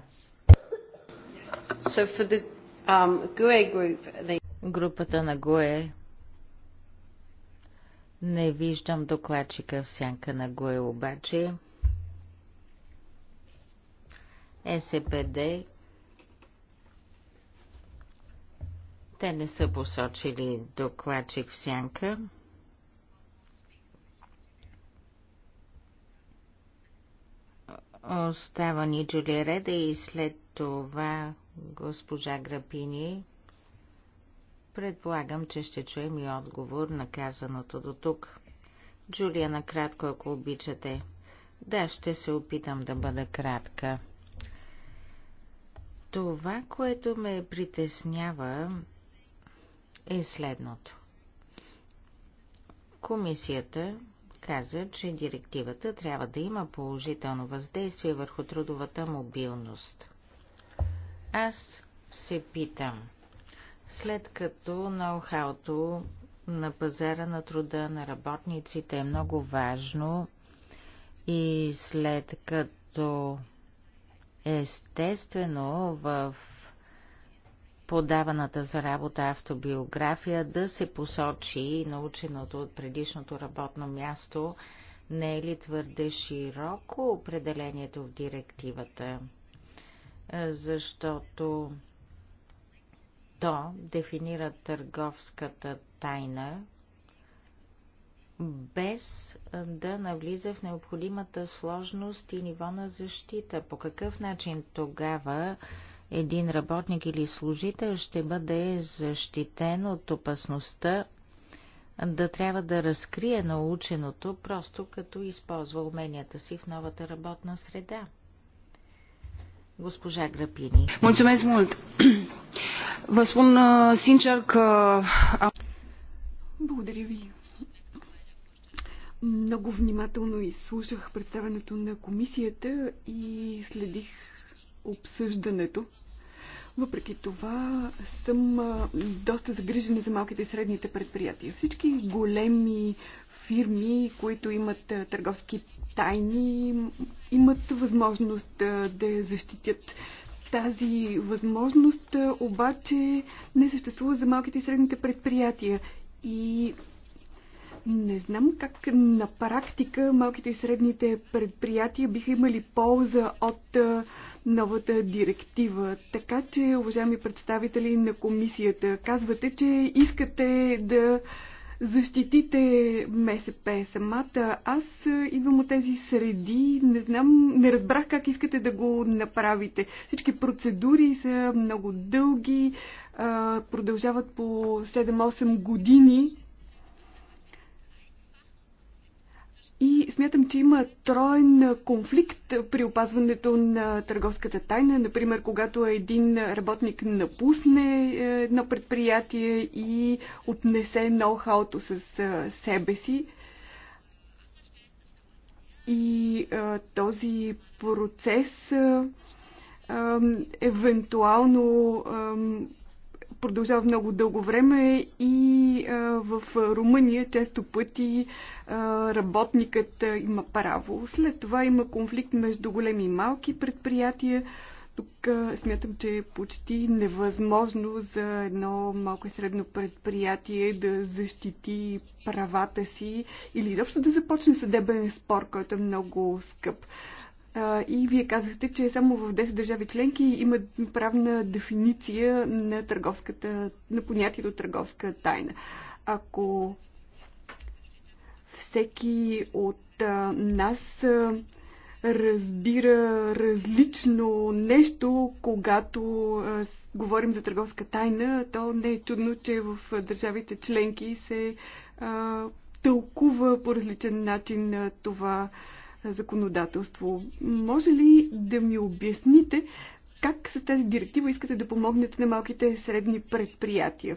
So for the um, GUE group, the... Групата на ГУЕ не виждам докладчика в сянка на ГУЕ, обаче СПД е те не са посочили докладчик в сянка. Остава ни Джулия Реда и след това госпожа Грапини. Предполагам, че ще чуем и отговор на казаното до тук. Джулия, накратко, ако обичате. Да, ще се опитам да бъда кратка. Това, което ме притеснява, е следното. Комисията каза, че директивата трябва да има положително въздействие върху трудовата мобилност. Аз се питам, след като ноу-хауто на пазара на труда на работниците е много важно и след като естествено в подаваната за работа автобиография да се посочи наученото от предишното работно място, не е ли твърде широко определението в директивата? Е, защото то дефинира търговската тайна без да навлиза в необходимата сложност и ниво на защита. По какъв начин тогава един работник или служител ще бъде защитен от опасността да трябва да разкрие наученото, просто като използва уменията си в новата работна среда? Госпожа Грапини. Mulțumesc
mult! Vă spun uh, sincer
că...
Благодаря ви.
Много внимателно изслушах представенето на комисията и следих обсъждането. Въпреки това съм доста загрижена за малките и средните предприятия. Всички големи фирми, които имат търговски тайни, имат възможност да я защитят. Тази възможност обаче не съществува за малките и средните предприятия. И не знам как на практика малките и средните предприятия биха имали полза от новата директива. Така че, уважаеми представители на комисията, казвате, че искате да защитите МСП самата. Аз е, идвам от тези среди, не знам, не разбрах как искате да го направите. Всички процедури са много дълги, продължават по 7-8 години. смятам, че има троен конфликт при опазването на търговската тайна. Например, когато един работник напусне е, едно предприятие и отнесе ноу-хауто с е, себе си. И а, е, този процес а, евентуално а, продължава много дълго време и в Румъния често пъти работникът има право. След това има конфликт между големи и малки предприятия. Тук смятам, че е почти невъзможно за едно малко и средно предприятие да защити правата си или изобщо да започне съдебен спор, който е много скъп. И вие казахте, че само в 10 държави членки има правна дефиниция на, търговската, на понятието търговска тайна. Ако всеки от нас разбира различно нещо, когато а, с, говорим за търговска тайна, то не е чудно, че в а, държавите членки се а, тълкува по различен начин а, това законодателство. Може ли да ми обясните как с тази директива искате да помогнете на малките и средни предприятия?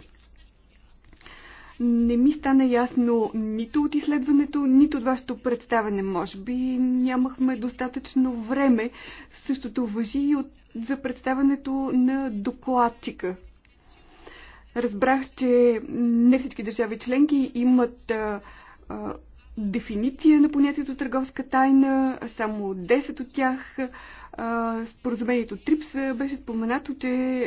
Не ми стана ясно нито от изследването, нито от вашето представене. Може би нямахме достатъчно време. Същото въжи и от, за представенето на докладчика. Разбрах, че не всички държави членки имат а, а, дефиниция на понятието търговска тайна, само 10 от тях. Споразумението ТРИПС беше споменато, че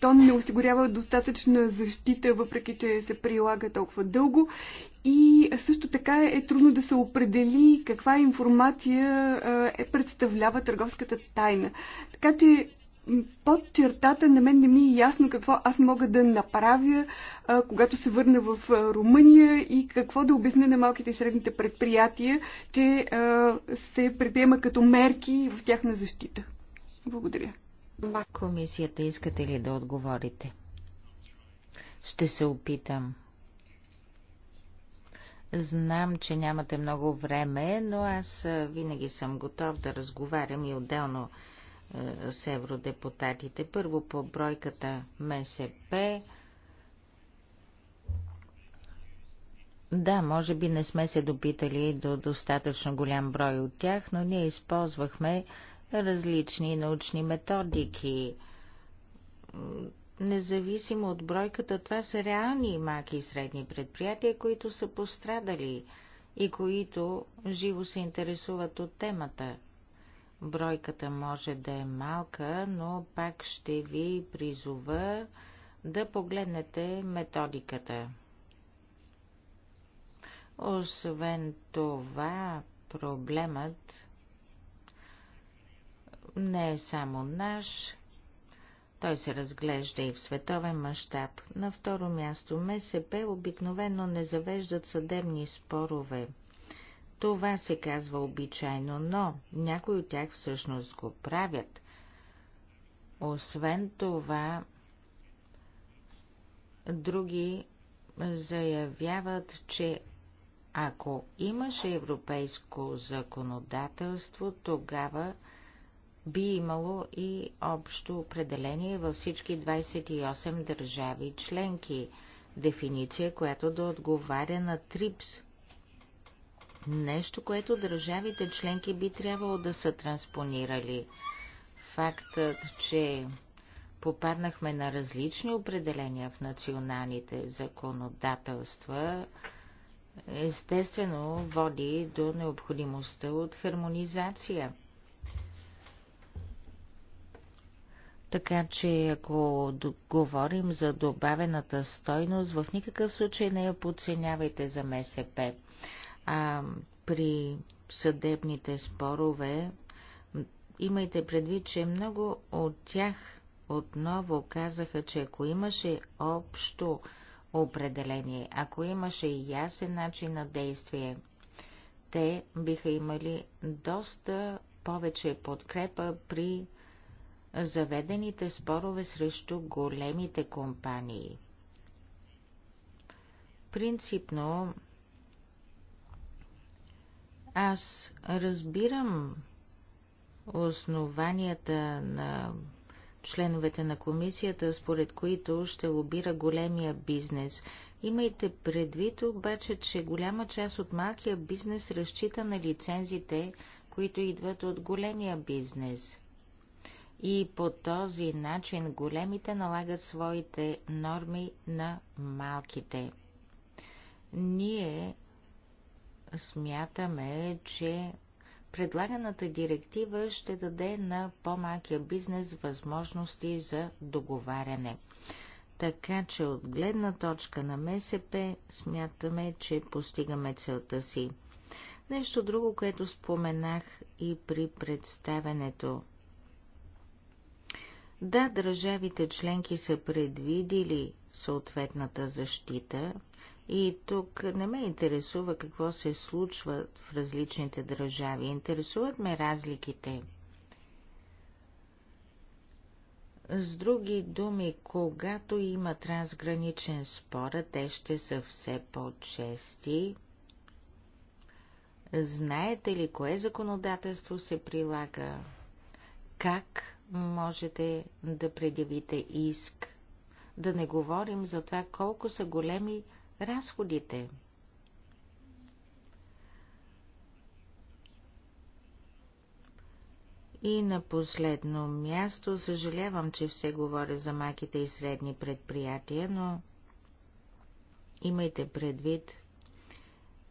то не осигурява достатъчна защита, въпреки че се прилага толкова дълго. И също така е трудно да се определи каква информация е представлява търговската тайна. Така че под чертата на мен не ми е ясно какво аз мога да направя, а, когато се върна в а, Румъния и какво да обясня на малките и средните предприятия, че а, се предприема като мерки в тяхна защита.
Благодаря. Комисията, искате ли да отговорите? Ще се опитам. Знам, че нямате много време, но аз винаги съм готов да разговарям и отделно е, с евродепутатите. Първо по бройката МСП. Да, може би не сме се допитали до достатъчно голям брой от тях, но ние използвахме различни научни методики. Независимо от бройката, това са реални маки и средни предприятия, които са пострадали и които живо се интересуват от темата. Бройката може да е малка, но пак ще ви призова да погледнете методиката. Освен това, проблемът не е само наш, той се разглежда и в световен мащаб. На второ място МСП обикновено не завеждат съдебни спорове – това се казва обичайно, но някои от тях всъщност го правят. Освен това, други заявяват, че ако имаше европейско законодателство, тогава би имало и общо определение във всички 28 държави членки, дефиниция, която да отговаря на ТРИПС Нещо, което държавите членки би трябвало да са транспонирали. Фактът, че попаднахме на различни определения в националните законодателства, естествено води до необходимостта от хармонизация. Така че ако говорим за добавената стойност, в никакъв случай не я подценявайте за МСПП. А, при съдебните спорове имайте предвид, че много от тях отново казаха, че ако имаше общо определение, ако имаше ясен начин на действие, те биха имали доста повече подкрепа при заведените спорове срещу големите компании. Принципно аз разбирам основанията на членовете на комисията, според които ще лобира големия бизнес. Имайте предвид обаче, че голяма част от малкия бизнес разчита на лицензите, които идват от големия бизнес. И по този начин големите налагат своите норми на малките. Ние смятаме, че предлаганата директива ще даде на по-малкия бизнес възможности за договаряне. Така че от гледна точка на МСП смятаме, че постигаме целта си. Нещо друго, което споменах и при представенето. Да, държавите членки са предвидили съответната защита, и тук не ме интересува какво се случва в различните държави. Интересуват ме разликите. С други думи, когато има трансграничен спор, те ще са все по-чести. Знаете ли кое законодателство се прилага? Как можете да предявите иск? Да не говорим за това колко са големи разходите. И на последно място, съжалявам, че все говоря за маките и средни предприятия, но имайте предвид,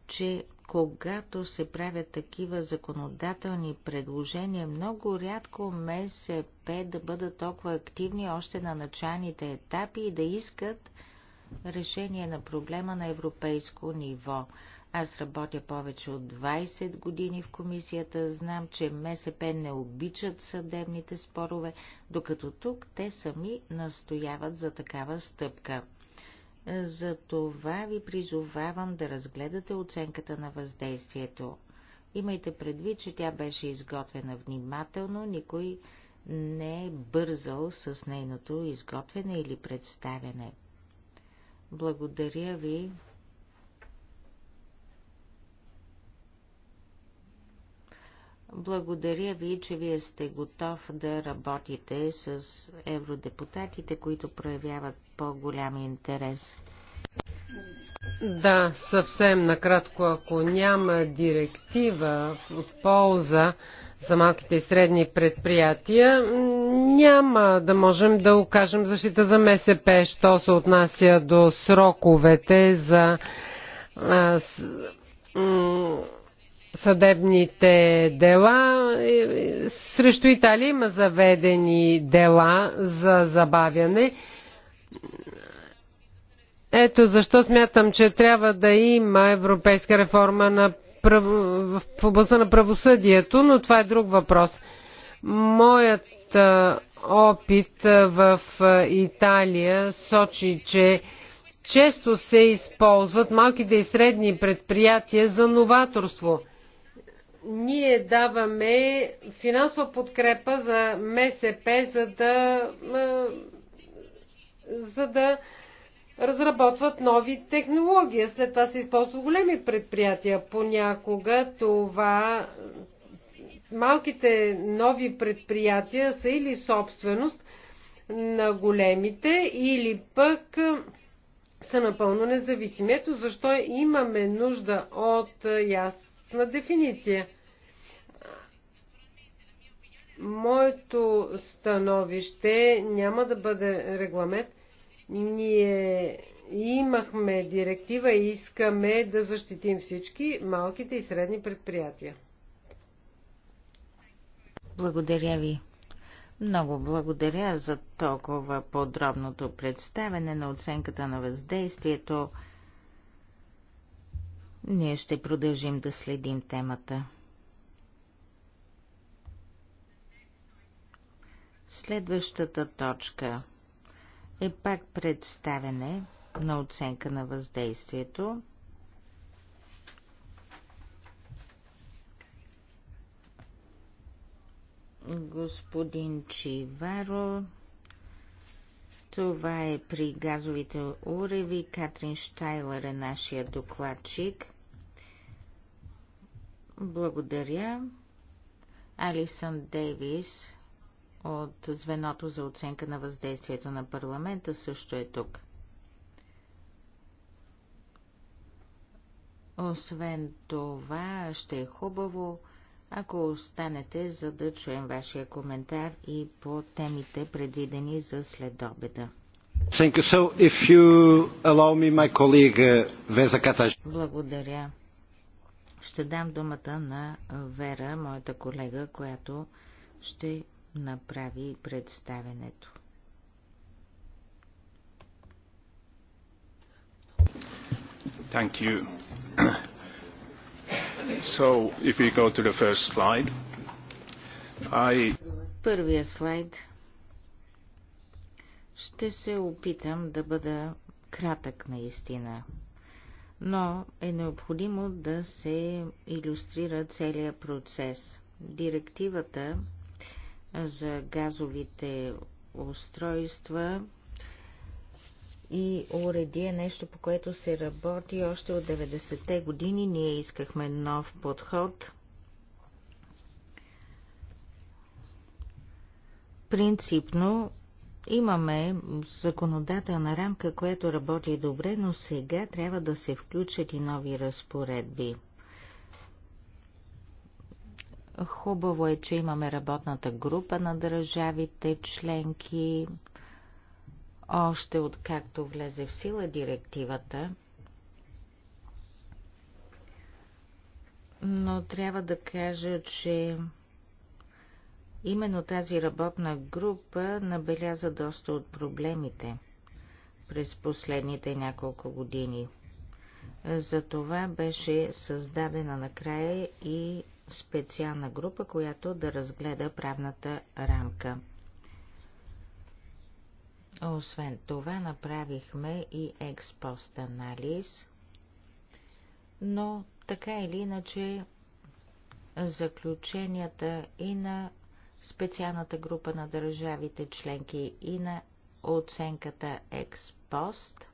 че когато се правят такива законодателни предложения, много рядко МСП да бъдат толкова активни още на началните етапи и да искат решение на проблема на европейско ниво. Аз работя повече от 20 години в комисията, знам, че МСП не обичат съдебните спорове, докато тук те сами настояват за такава стъпка. За това ви призовавам да разгледате оценката на въздействието. Имайте предвид, че тя беше изготвена внимателно, никой не е бързал с нейното изготвяне или представяне. Благодаря ви. Благодаря ви, че вие сте готов да работите с евродепутатите, които проявяват по-голям интерес.
Да, съвсем накратко, ако няма директива от полза за малките и средни предприятия, няма да можем да окажем защита за МСП, що се отнася до сроковете за а, с, съдебните дела. Срещу Италия има заведени дела за забавяне. Ето защо смятам, че трябва да има европейска реформа на прав... в областта на правосъдието, но това е друг въпрос. Моят опит в Италия сочи, че често се използват малките и средни предприятия за новаторство. Ние даваме финансова подкрепа за МСП, за да, за да разработват нови технологии. След това се използват големи предприятия. Понякога това малките нови предприятия са или собственост на големите, или пък са напълно независими. Ето защо имаме нужда от ясна дефиниция. Моето становище няма да бъде регламент, ние имахме директива и искаме да защитим всички малките и средни предприятия.
Благодаря ви. Много благодаря за толкова подробното представене на оценката на въздействието. Ние ще продължим да следим темата. Следващата точка е пак представяне на оценка на въздействието. Господин Чиваро, това е при газовите уреви. Катрин Штайлер е нашия докладчик. Благодаря. Алисън Дейвис от звеното за оценка на въздействието на парламента също е тук. Освен това, ще е хубаво, ако останете, за да чуем вашия коментар и по темите, предвидени за следобеда. Благодаря. Ще дам думата на Вера, моята колега, която ще направи представенето. Thank you. So, if we go to the first slide, I... Първия слайд. Ще се опитам да бъда кратък наистина, но е необходимо да се иллюстрира целият процес. Директивата за газовите устройства и уреди е нещо, по което се работи още от 90-те години. Ние искахме нов подход. Принципно имаме законодателна рамка, която работи добре, но сега трябва да се включат и нови разпоредби. Хубаво е, че имаме работната група на държавите членки. Още откакто влезе в сила директивата, но трябва да кажа, че именно тази работна група набеляза доста от проблемите през последните няколко години. Затова беше създадена накрая и специална група, която да разгледа правната рамка. Освен това направихме и експост анализ, но така или иначе заключенията и на специалната група на държавите членки и на оценката експост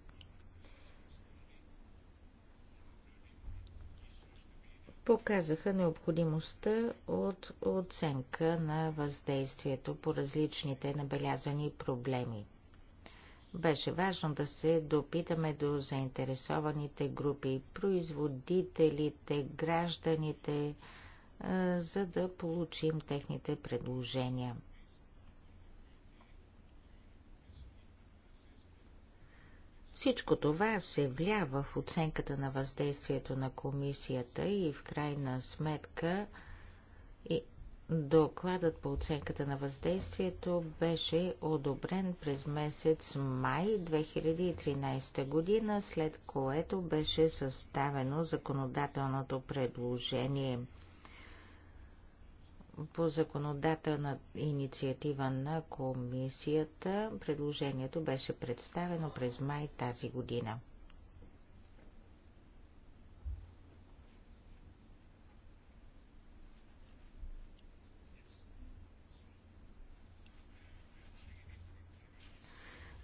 показаха необходимостта от оценка на въздействието по различните набелязани проблеми. Беше важно да се допитаме до заинтересованите групи, производителите, гражданите, за да получим техните предложения – Всичко това се влява в оценката на въздействието на комисията и в крайна сметка и докладът по оценката на въздействието беше одобрен през месец май 2013 година, след което беше съставено законодателното предложение – по законодателна инициатива на комисията. Предложението беше представено през май тази година.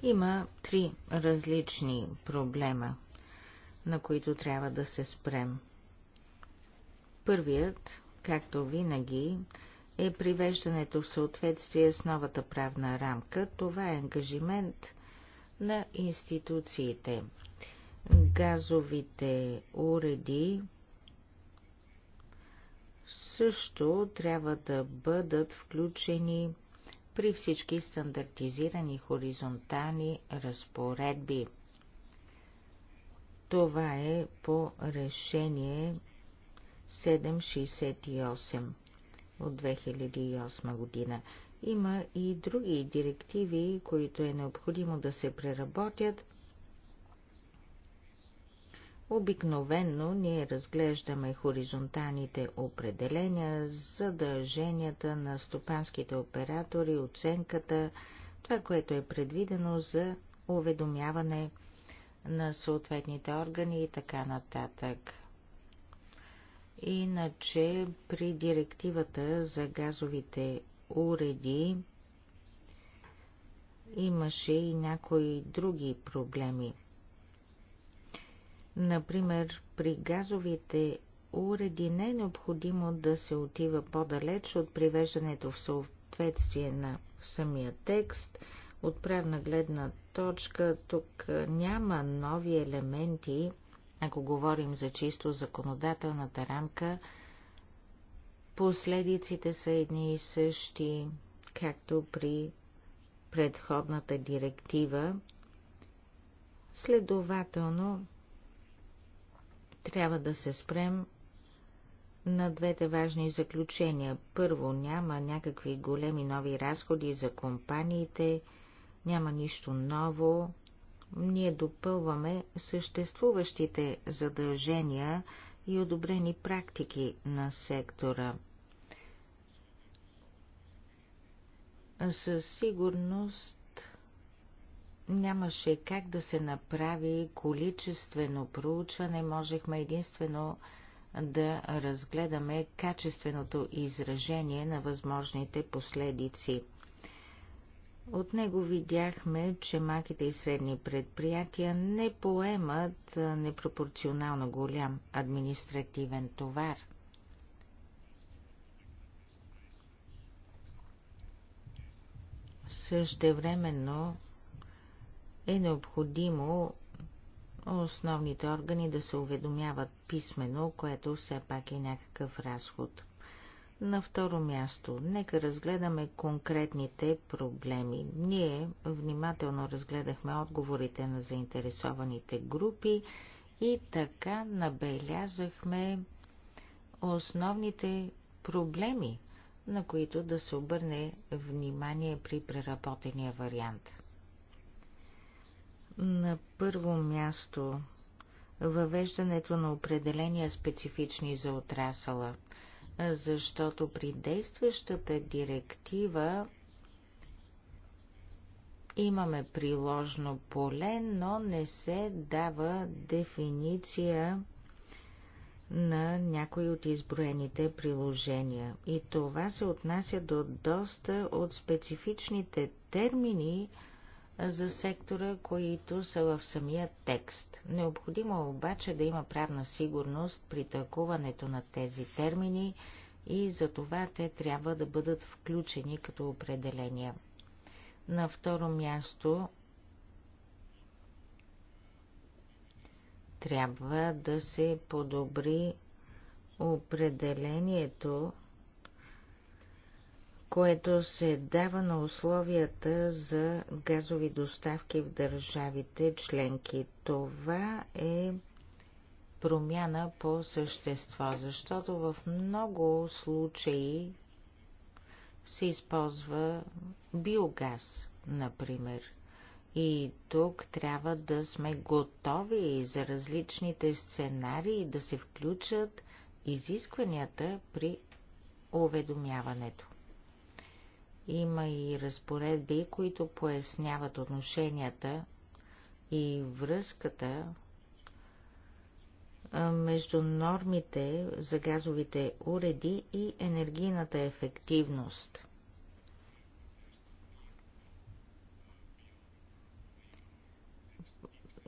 Има три различни проблема, на които трябва да се спрем. Първият както винаги, е привеждането в съответствие с новата правна рамка. Това е ангажимент на институциите. Газовите уреди също трябва да бъдат включени при всички стандартизирани хоризонтални разпоредби. Това е по решение 768 от 2008 година. Има и други директиви, които е необходимо да се преработят. Обикновенно ние разглеждаме хоризонталните определения, задълженията на стопанските оператори, оценката, това, което е предвидено за уведомяване на съответните органи и така нататък. Иначе при директивата за газовите уреди имаше и някои други проблеми. Например, при газовите уреди не е необходимо да се отива по-далеч от привеждането в съответствие на самия текст. От правна гледна точка тук няма нови елементи – ако говорим за чисто законодателната рамка, последиците са едни и същи, както при предходната директива. Следователно, трябва да се спрем на двете важни заключения. Първо, няма някакви големи нови разходи за компаниите, няма нищо ново, ние допълваме съществуващите задължения и одобрени практики на сектора. Със сигурност нямаше как да се направи количествено проучване, можехме единствено да разгледаме качественото изражение на възможните последици. От него видяхме, че малките и средни предприятия не поемат непропорционално голям административен товар. Същевременно е необходимо основните органи да се уведомяват писменно, което все пак е някакъв разход. На второ място, нека разгледаме конкретните проблеми. Ние внимателно разгледахме отговорите на заинтересованите групи и така набелязахме основните проблеми, на които да се обърне внимание при преработения вариант. На първо място въвеждането на определения специфични за отрасъла – защото при действащата директива имаме приложно поле, но не се дава дефиниция на някои от изброените приложения. И това се отнася до доста от специфичните термини, за сектора, които са в самия текст. Необходимо е обаче да има правна сигурност при тълкуването на тези термини и за това те трябва да бъдат включени като определения. На второ място трябва да се подобри определението което се дава на условията за газови доставки в държавите членки. Това е промяна по същество, защото в много случаи се използва биогаз, например. И тук трябва да сме готови за различните сценарии да се включат изискванията при уведомяването. Има и разпоредби, които поясняват отношенията и връзката между нормите за газовите уреди и енергийната ефективност.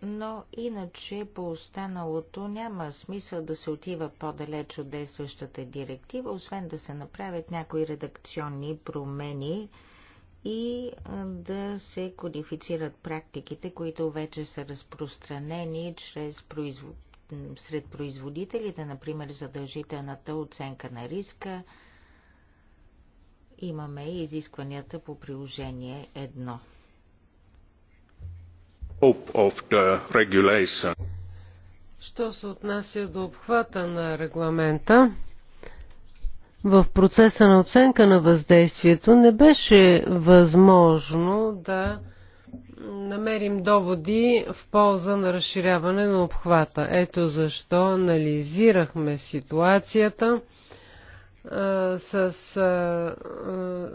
но иначе по останалото няма смисъл да се отива по-далеч от действащата директива, освен да се направят някои редакционни промени и да се кодифицират практиките, които вече са разпространени чрез производ... сред производителите, например задължителната оценка на риска. Имаме изискванията по приложение 1.
Що се отнася до обхвата на регламента, в процеса на оценка на въздействието не беше възможно да намерим доводи в полза на разширяване на обхвата. Ето защо анализирахме ситуацията а, с а, а,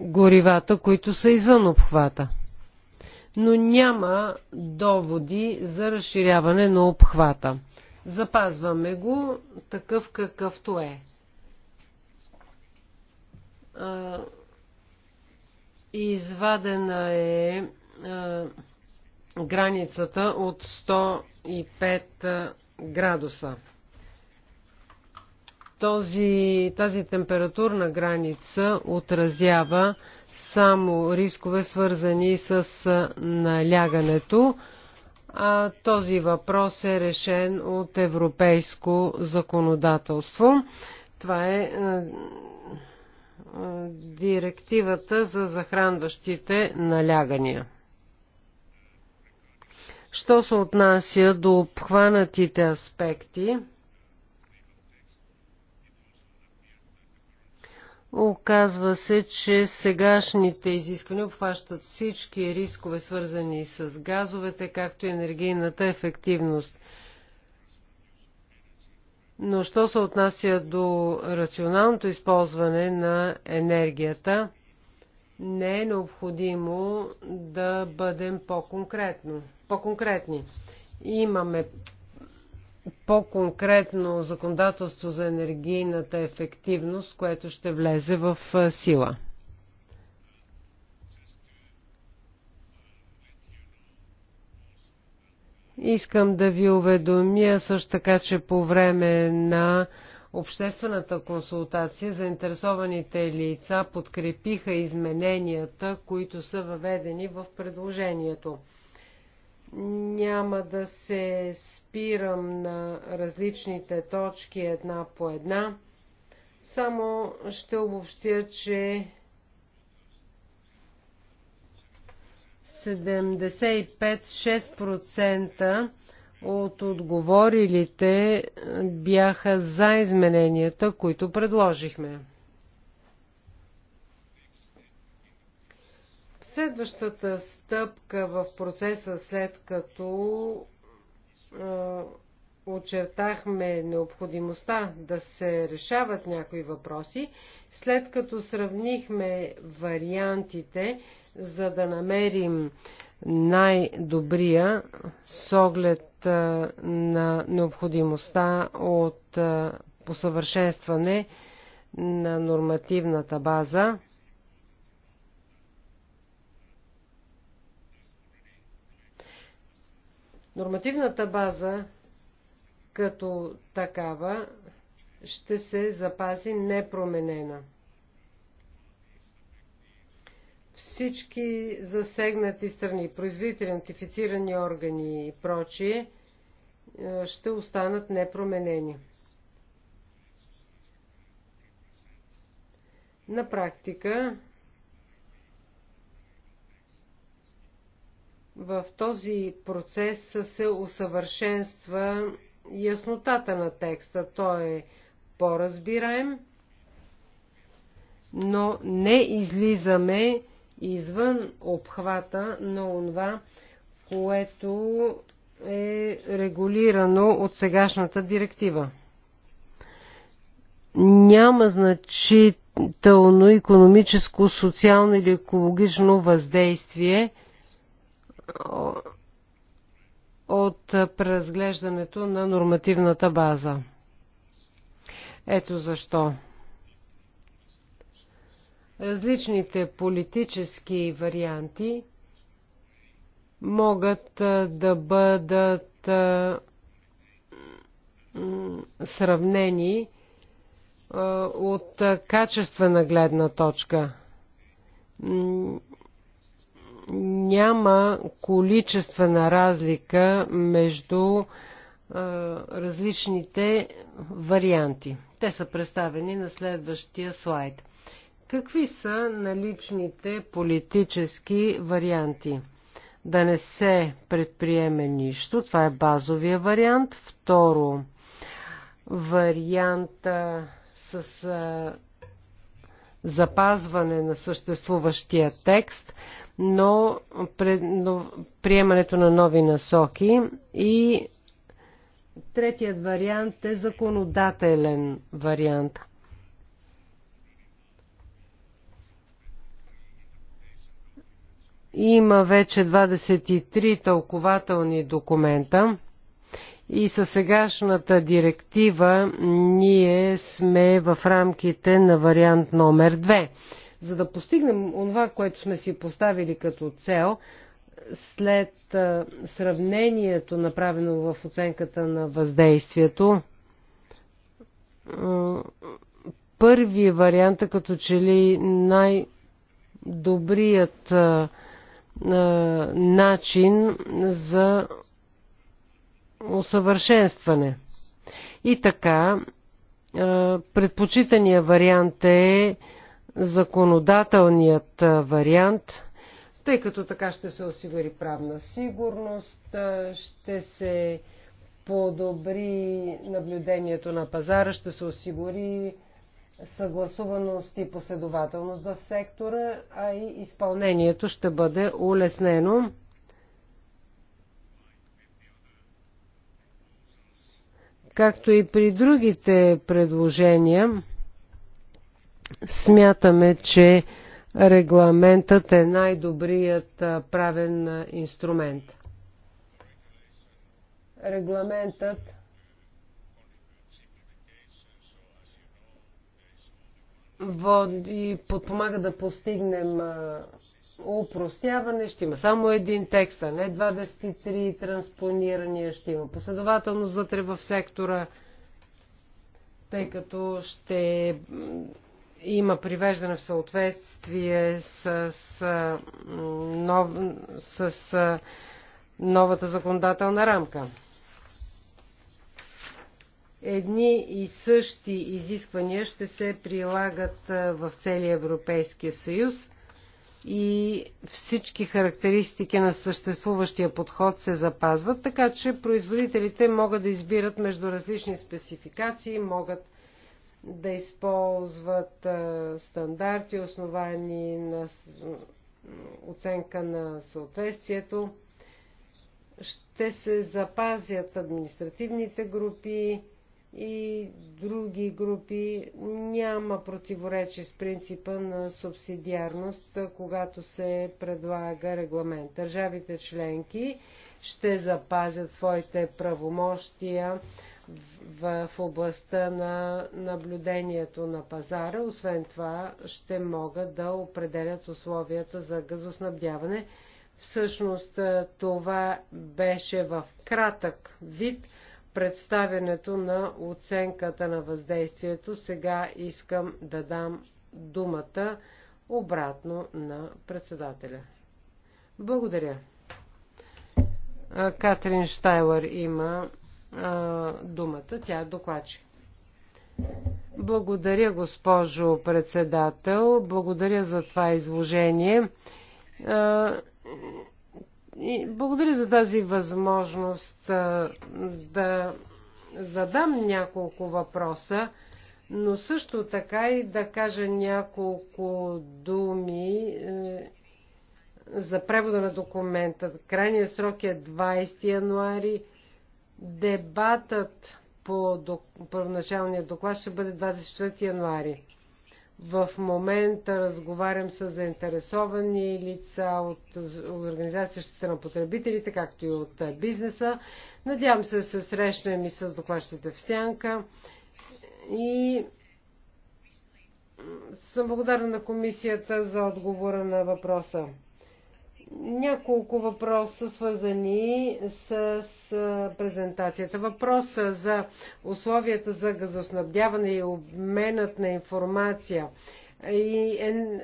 горивата, които са извън обхвата но няма доводи за разширяване на обхвата. Запазваме го такъв какъвто е. Извадена е границата от 105 градуса. Този, тази температурна граница отразява само рискове, свързани с налягането. А този въпрос е решен от европейско законодателство. Това е директивата за захранващите налягания. Що се отнася до обхванатите аспекти, Оказва се, че сегашните изисквания обхващат всички рискове, свързани с газовете, както и енергийната ефективност. Но що се отнася до рационалното използване на енергията, не е необходимо да бъдем по-конкретно, по-конкретни. Имаме по-конкретно законодателство за енергийната ефективност, което ще влезе в сила. Искам да ви уведомя също така, че по време на обществената консултация заинтересованите лица подкрепиха измененията, които са въведени в предложението. Няма да се спирам на различните точки една по една. Само ще обобщя, че 75-6% от отговорилите бяха за измененията, които предложихме. Следващата стъпка в процеса, след като очертахме необходимостта да се решават някои въпроси, след като сравнихме вариантите, за да намерим най-добрия с оглед на необходимостта от посъвършенстване на нормативната база. Нормативната база като такава ще се запази непроменена. Всички засегнати страни, производители, нотифицирани органи и прочие, ще останат непроменени. На практика В този процес се усъвършенства яснотата на текста. Той е по-разбираем, но не излизаме извън обхвата на онова, което е регулирано от сегашната директива. Няма значително економическо, социално или екологично въздействие – от преразглеждането на нормативната база. Ето защо. Различните политически варианти могат да бъдат сравнени от качествена гледна точка няма количествена разлика между различните варианти. Те са представени на следващия слайд. Какви са наличните политически варианти? Да не се предприеме нищо, това е базовия вариант. Второ, варианта с а, запазване на съществуващия текст – но, пред, но приемането на нови насоки и третият вариант е законодателен вариант. Има вече 23 тълкователни документа и със сегашната директива ние сме в рамките на вариант номер 2. За да постигнем това, което сме си поставили като цел, след сравнението, направено в оценката на въздействието, първи вариант, е като че ли най-добрият начин за усъвършенстване. И така, предпочитания вариант е законодателният вариант, тъй като така ще се осигури правна сигурност, ще се подобри наблюдението на пазара, ще се осигури съгласуваност и последователност в сектора, а и изпълнението ще бъде улеснено. Както и при другите предложения, Смятаме, че регламентът е най-добрият правен инструмент. Регламентът води, подпомага да постигнем упростяване, ще има само един текст, а не 23 транспонирания, ще има последователност вътре в сектора, тъй като ще има привеждане в съответствие с, с, нов, с, с новата законодателна рамка. Едни и същи изисквания ще се прилагат в целия Европейския съюз и всички характеристики на съществуващия подход се запазват, така че производителите могат да избират между различни спецификации, могат да използват стандарти, основани на оценка на съответствието. Ще се запазят административните групи и други групи. Няма противоречие с принципа на субсидиарност, когато се предлага регламент. Държавите членки ще запазят своите правомощия в областта на наблюдението на пазара. Освен това, ще могат да определят условията за газоснабдяване. Всъщност, е, това беше в кратък вид представянето на оценката на въздействието. Сега искам да дам думата обратно на председателя. Благодаря. Е, Катрин Штайлер има а, думата. Тя е докладче. Благодаря, госпожо председател. Благодаря за това изложение. А, и благодаря за тази възможност а, да задам няколко въпроса, но също така и да кажа няколко думи е, за превода на документа. Крайният срок е 20 януари Дебатът по първоначалния доклад ще бъде 24 януари. В момента разговарям с заинтересовани лица от Организацията на потребителите, както и от бизнеса. Надявам се да се срещнем и с докладчите в Сянка. И съм благодарна на комисията за отговора на въпроса няколко въпроса, свързани с презентацията. Въпроса за условията за газоснабдяване и обменът на информация и е,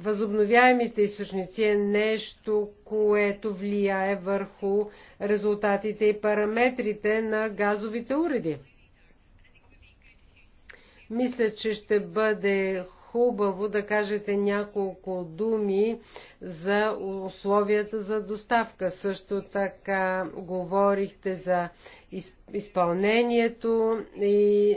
възобновяемите източници е нещо, което влияе върху резултатите и параметрите на газовите уреди. Мисля, че ще бъде хубаво да кажете няколко думи за условията за доставка. Също така говорихте за изпълнението и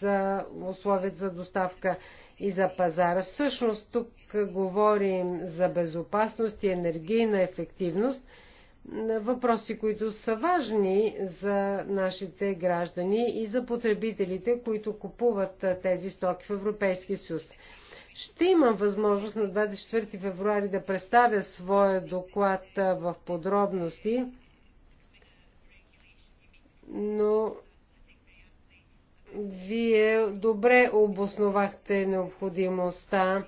за условията за доставка и за пазара. Всъщност тук говорим за безопасност и енергийна ефективност – въпроси, които са важни за нашите граждани и за потребителите, които купуват тези стоки в Европейския съюз. Ще имам възможност на 24 февруари да представя своя доклад в подробности, но вие добре обосновахте необходимостта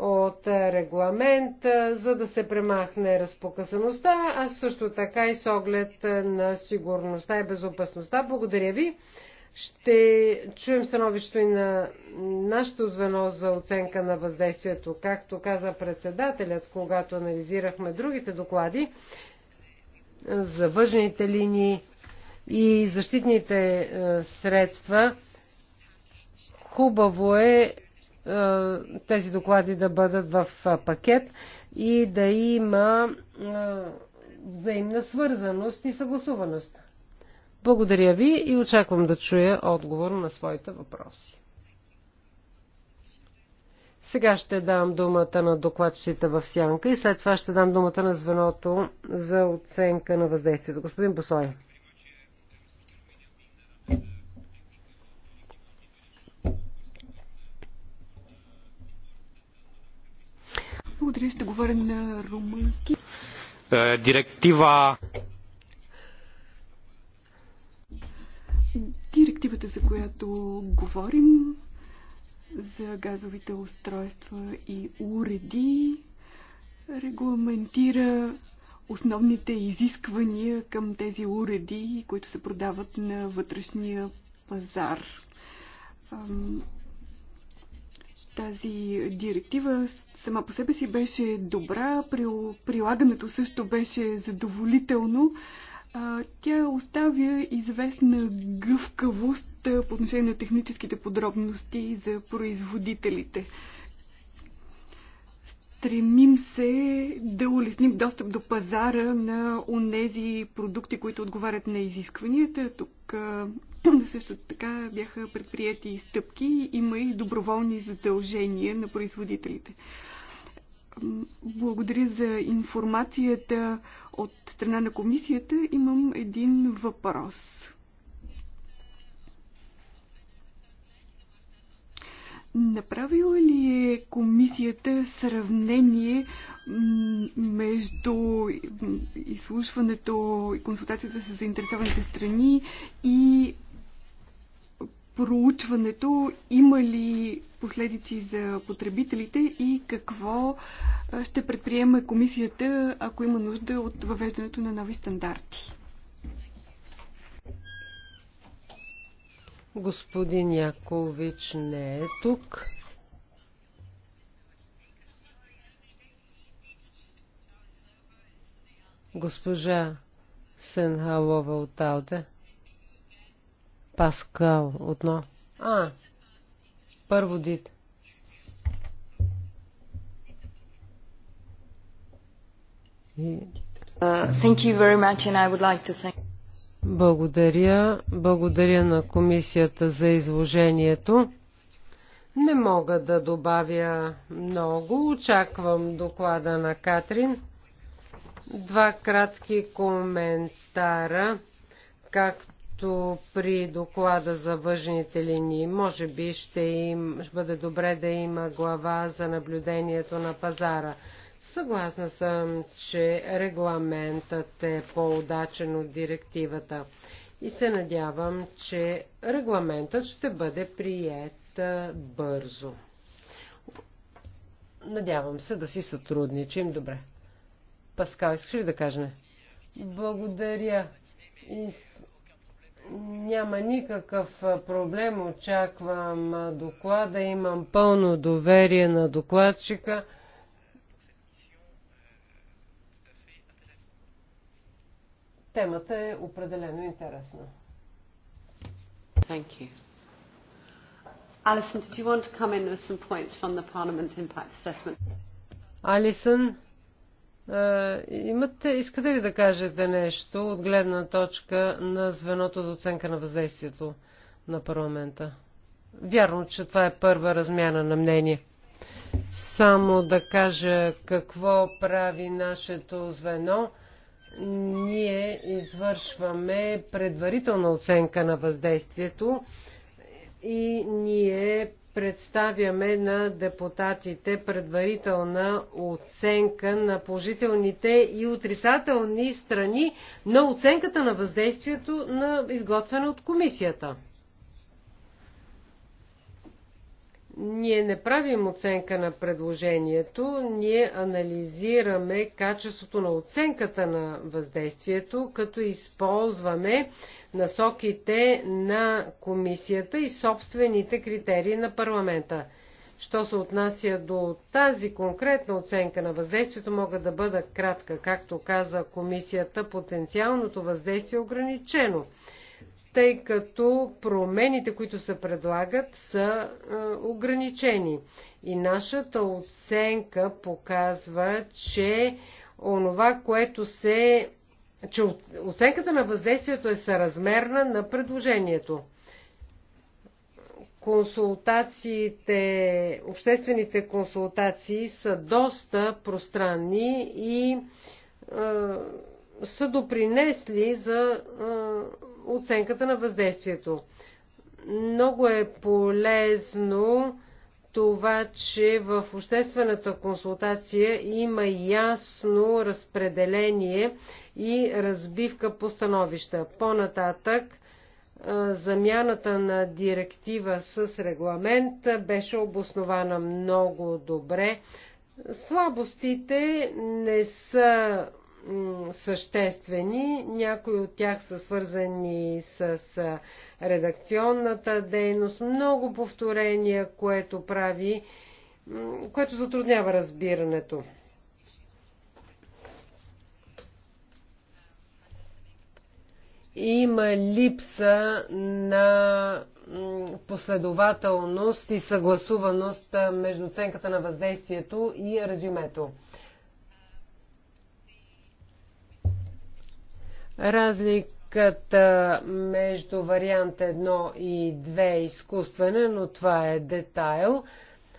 от регламент, за да се премахне разпокъсаността, а също така и с оглед на сигурността и безопасността. Благодаря ви. Ще чуем становището и на нашето звено за оценка на въздействието. Както каза председателят, когато анализирахме другите доклади за въжените линии и защитните средства, хубаво е е, тези доклади да бъдат в е, пакет и да има е, взаимна свързаност и съгласуваност. Благодаря ви и очаквам да чуя отговор на своите въпроси. Сега ще дам думата на докладчите в Сянка и след това ще дам думата на звеното за оценка на въздействието. Господин Босой.
Благодаря, ще говоря на румънски.
Е, директива.
Директивата, за която говорим, за газовите устройства и уреди, регламентира основните изисквания към тези уреди, които се продават на вътрешния пазар. Тази директива сама по себе си беше добра, прилагането също беше задоволително. Тя оставя известна гъвкавост по отношение на техническите подробности за производителите. Стремим се да улесним достъп до пазара на онези продукти, които отговарят на изискванията. Тук също така бяха предприяти стъпки, има и доброволни задължения на производителите. Благодаря за информацията от страна на комисията. Имам един въпрос. Направила ли е комисията сравнение между изслушването и консултацията с заинтересованите страни и проучването има ли последици за потребителите и какво ще предприеме комисията, ако има нужда от въвеждането на нови стандарти?
Господин Якович не е тук. Госпожа Сенхалова от Алде. Паскал отно. А, първо дит. Благодаря. Благодаря на комисията за изложението. Не мога да добавя много. Очаквам доклада на Катрин. Два кратки коментара, както също при доклада за въжените линии. Може би ще им, ще бъде добре да има глава за наблюдението на пазара. Съгласна съм, че регламентът е по-удачен от директивата и се надявам, че регламентът ще бъде прият бързо. Надявам се да си сътрудничим добре. Паскал, искаш ли да кажа не? Благодаря. И няма никакъв проблем. Очаквам доклада. Имам пълно доверие на докладчика. Темата е определено интересна. Thank you. Alison, did you want to come in with some points from the Parliament Impact Assessment? Alison, е, имате, искате ли да кажете нещо от гледна точка на звеното за оценка на въздействието на парламента? Вярно, че това е първа размяна на мнение. Само да кажа какво прави нашето звено. Ние извършваме предварителна оценка на въздействието и ние представяме на депутатите предварителна оценка на положителните и отрицателни страни на оценката на въздействието на изготвена от комисията. Ние не правим оценка на предложението, ние анализираме качеството на оценката на въздействието, като използваме насоките на комисията и собствените критерии на парламента. Що се отнася до тази конкретна оценка на въздействието, мога да бъда кратка. Както каза комисията, потенциалното въздействие е ограничено – тъй като промените, които се предлагат, са е, ограничени. И нашата оценка показва, че онова, което се. че оценката на въздействието е съразмерна на предложението. Консултациите, обществените консултации са доста пространни и е, са допринесли за е, оценката на въздействието. Много е полезно това, че в обществената консултация има ясно разпределение и разбивка по становища. По-нататък замяната на директива с регламент беше обоснована много добре. Слабостите не са съществени. Някои от тях са свързани с редакционната дейност, много повторения, което прави, което затруднява разбирането. Има липса на последователност и съгласуваност между оценката на въздействието и резюмето. Разликата между вариант 1 и 2 е изкуствена, но това е детайл.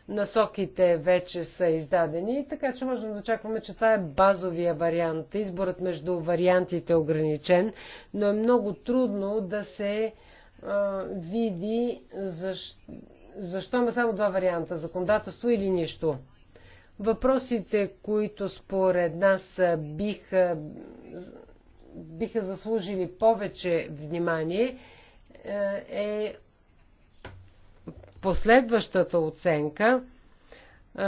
Насоките вече са издадени, така че можем да очакваме, че това е базовия вариант. Изборът между вариантите е ограничен, но е много трудно да се а, види защо, защо има само два варианта законодателство или нищо. Въпросите, които според нас биха биха заслужили повече внимание, е, е последващата оценка. Е,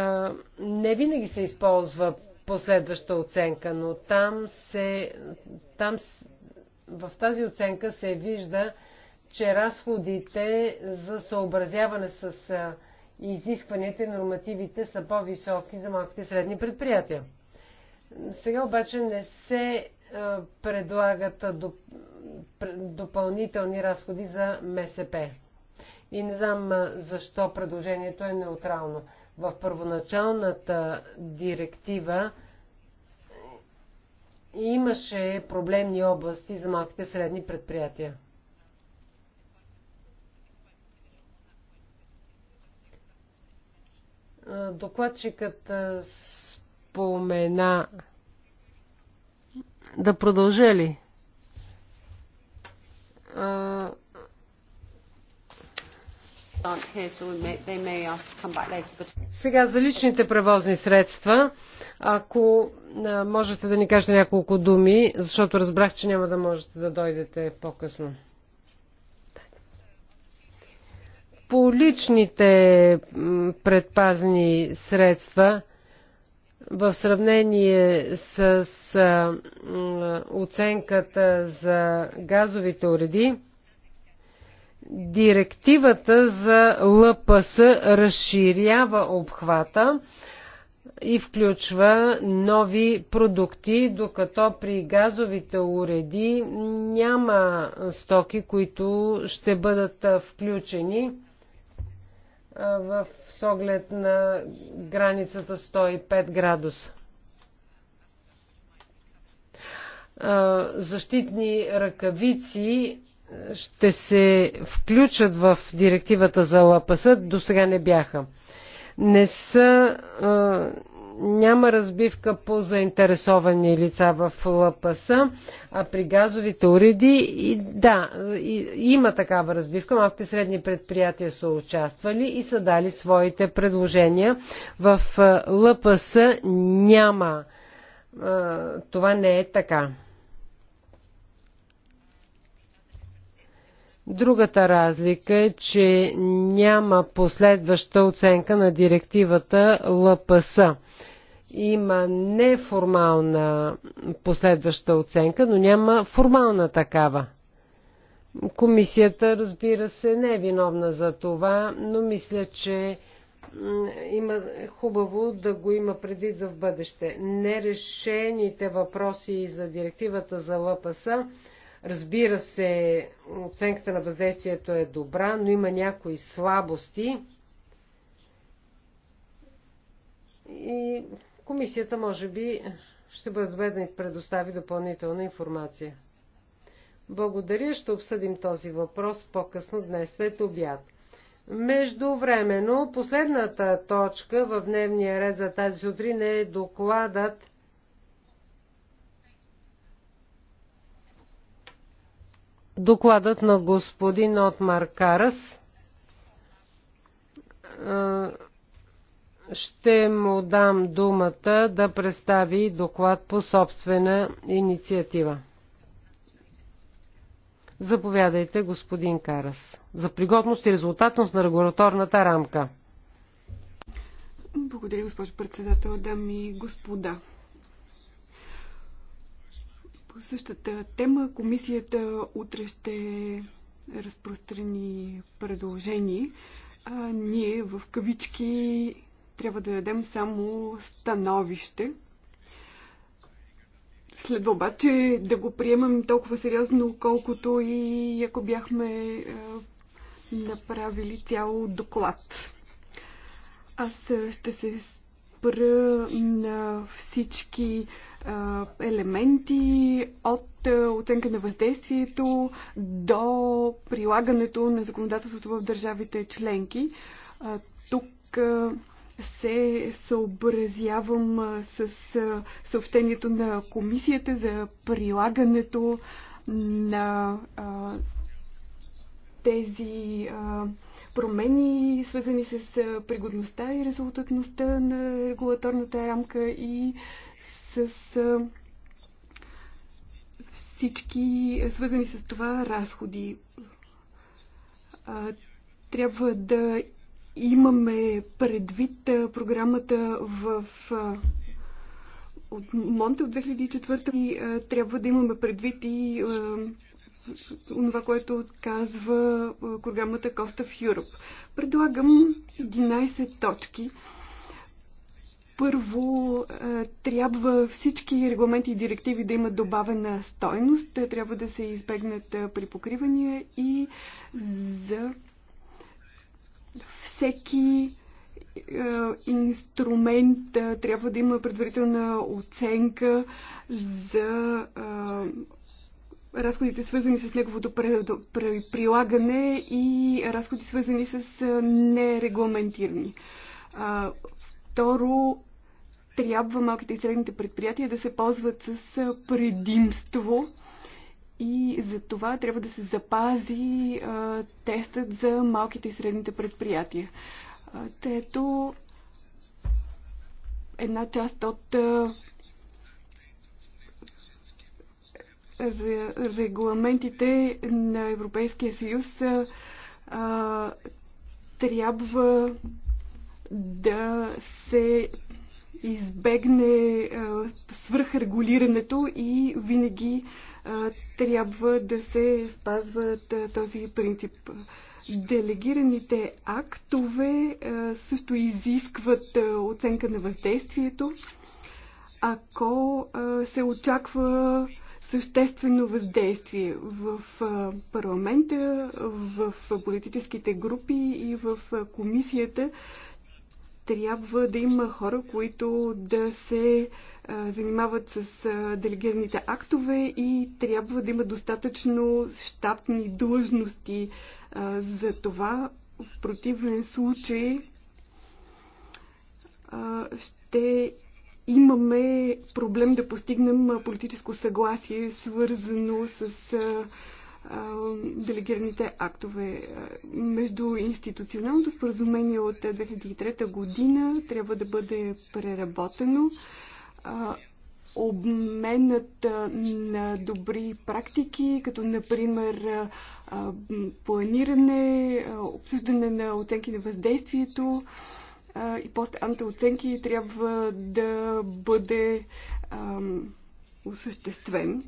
не винаги се използва последваща оценка, но там се, там, в тази оценка се вижда, че разходите за съобразяване с е, изискванията и нормативите са по-високи за малките и средни предприятия. Сега обаче не се е, предлагат допълнителни разходи за МСП. И не знам е, защо предложението е неутрално. В първоначалната директива имаше проблемни области за малките средни предприятия. Е, докладчикът спомена да продължа ли? Сега за личните превозни средства, ако можете да ни кажете няколко думи, защото разбрах, че няма да можете да дойдете по-късно. По личните предпазни средства – в сравнение с оценката за газовите уреди, директивата за ЛПС разширява обхвата и включва нови продукти, докато при газовите уреди няма стоки, които ще бъдат включени в соглед оглед на границата 105 градуса. Защитни ръкавици ще се включат в директивата за ЛАПС, до сега не бяха. Не са няма разбивка по заинтересовани лица в ЛПС, а при газовите уреди и да, и, има такава разбивка. Малките средни предприятия са участвали и са дали своите предложения. В ЛПС няма. Това не е така. Другата разлика е, че няма последваща оценка на директивата ЛПС. Има неформална последваща оценка, но няма формална такава. Комисията, разбира се, не е виновна за това, но мисля, че има хубаво да го има предвид за в бъдеще. Нерешените въпроси за директивата за ЛПС Разбира се, оценката на въздействието е добра, но има някои слабости. И комисията, може би, ще бъде добре да ни предостави допълнителна информация. Благодаря, ще обсъдим този въпрос по-късно днес след обяд. Междувременно, последната точка в дневния ред за тази сутрин е докладът Докладът на господин Отмар Карас ще му дам думата да представи доклад по собствена инициатива. Заповядайте, господин Карас, за пригодност и резултатност на регулаторната рамка.
Благодаря, госпожо председател, дами и господа. По същата тема комисията утре ще разпространи предложение. А ние в кавички трябва да дадем само становище. Следва обаче да го приемам толкова сериозно, колкото и ако бяхме направили цял доклад. Аз ще се спра на всички елементи от оценка на въздействието до прилагането на законодателството в държавите членки. Тук се съобразявам с съобщението на комисията за прилагането на тези промени, свързани с пригодността и резултатността на регулаторната рамка и с всички свързани с това разходи. Трябва да имаме предвид програмата в от Монте от 2004 и трябва да имаме предвид и това, което казва програмата Cost of Europe. Предлагам 11 точки първо, е, трябва всички регламенти и директиви да имат добавена стойност, трябва да се избегнат е, припокривания и за всеки е, инструмент трябва да има предварителна оценка за разходите свързани с неговото прилагане и разходи свързани с нерегламентирани. Второ, трябва малките и средните предприятия да се ползват с предимство и за това трябва да се запази а, тестът за малките и средните предприятия. трето, една част от а, регламентите на Европейския съюз а, трябва да се избегне свръхрегулирането и винаги трябва да се спазват този принцип. Делегираните актове също изискват оценка на въздействието. Ако се очаква съществено въздействие в парламента, в политическите групи и в комисията трябва да има хора, които да се занимават с делегираните актове и трябва да има достатъчно щатни длъжности за това. В противен случай ще имаме проблем да постигнем политическо съгласие, свързано с делегираните актове. Между институционалното споразумение от 2003 година трябва да бъде преработено. Обменът на добри практики, като например планиране, обсъждане на оценки на въздействието и пост антиоценки трябва да бъде осъществен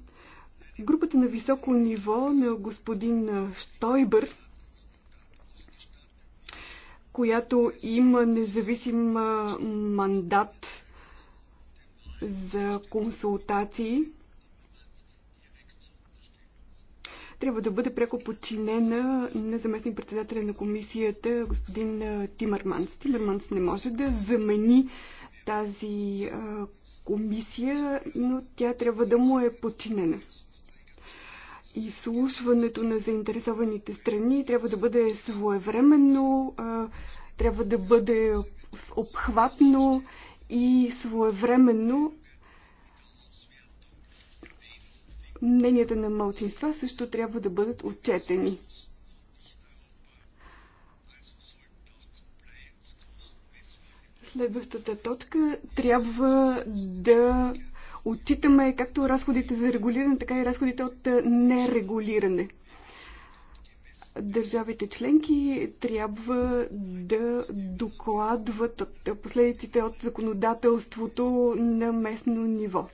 Групата на високо ниво на господин Штойбър, която има независим мандат за консултации, трябва да бъде пряко подчинена на заместник председателя на комисията, господин Тимърманс. Тимърманс не може да замени тази комисия, но тя трябва да му е подчинена изслушването на заинтересованите страни трябва да бъде своевременно, трябва да бъде обхватно и своевременно. Мненията на малцинства също трябва да бъдат отчетени. Следващата точка трябва да Отчитаме както разходите за регулиране, така и разходите от е, нерегулиране. Държавите членки трябва да докладват от последиците от законодателството на местно ниво.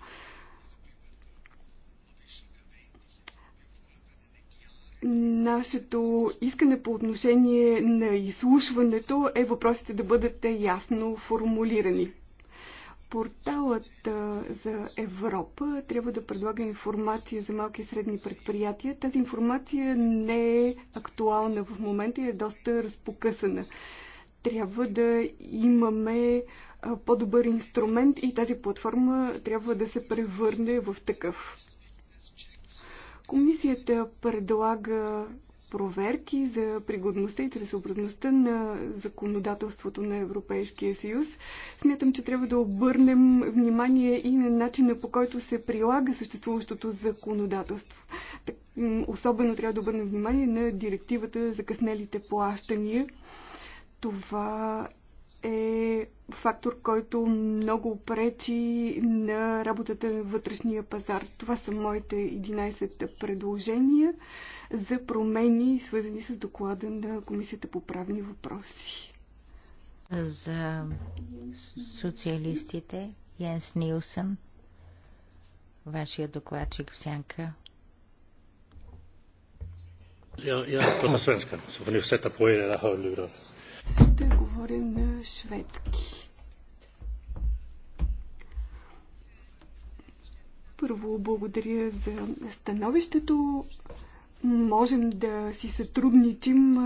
Нашето искане по отношение на изслушването е въпросите да бъдат ясно формулирани. Порталът за Европа трябва да предлага информация за малки и средни предприятия. Тази информация не е актуална в момента и е доста разпокъсана. Трябва да имаме по-добър инструмент и тази платформа трябва да се превърне в такъв. Комисията предлага проверки за пригодността и целесообразността на законодателството на Европейския съюз. Смятам, че трябва да обърнем внимание и на начина по който се прилага съществуващото законодателство. Особено трябва да обърнем внимание на директивата за къснелите плащания. Това е фактор, който много пречи на работата на вътрешния пазар. Това са моите 11 предложения за промени, свързани с доклада на Комисията по правни
въпроси. За социалистите Йенс Нилсън, вашия докладчик в Сянка.
Я, я, på svenska, så får er Ще говоря на шведски. Първо благодаря за становището. Можем да си сътрудничим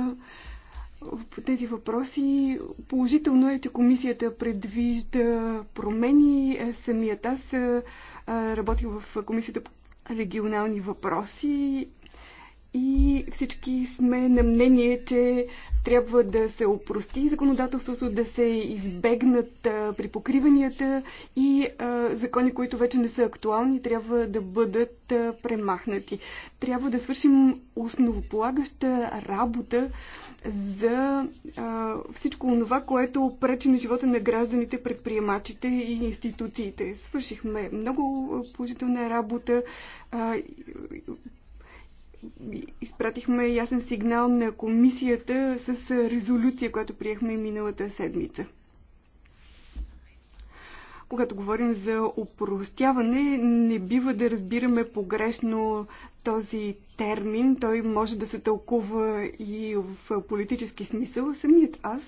по тези въпроси. Положително е, че комисията предвижда промени. Е, самият аз работих в комисията по регионални въпроси и всички сме на мнение, че трябва да се опрости законодателството, да се избегнат а, покриванията и а, закони, които вече не са актуални, трябва да бъдат а, премахнати. Трябва да свършим основополагаща работа за а, всичко това, което пречи на живота на гражданите, предприемачите и институциите. Свършихме много положителна работа. А, изпратихме ясен сигнал на комисията с резолюция, която приехме миналата седмица. Когато говорим за опростяване, не бива да разбираме погрешно този термин. Той може да се тълкува и в политически смисъл. Самият аз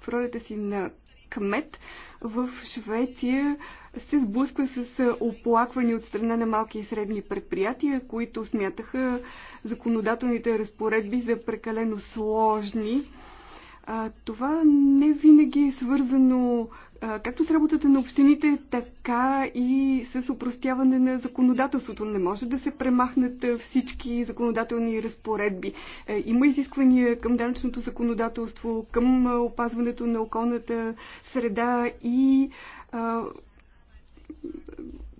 в ролята си на кмет в Швеция се сблъсква с оплаквани от страна на малки и средни предприятия, които смятаха законодателните разпоредби за прекалено сложни. А, това не винаги е свързано а, както с работата на общините, така и с упростяване на законодателството. Не може да се премахнат всички законодателни разпоредби. А, е, има изисквания към данъчното законодателство, към опазването на околната среда и а,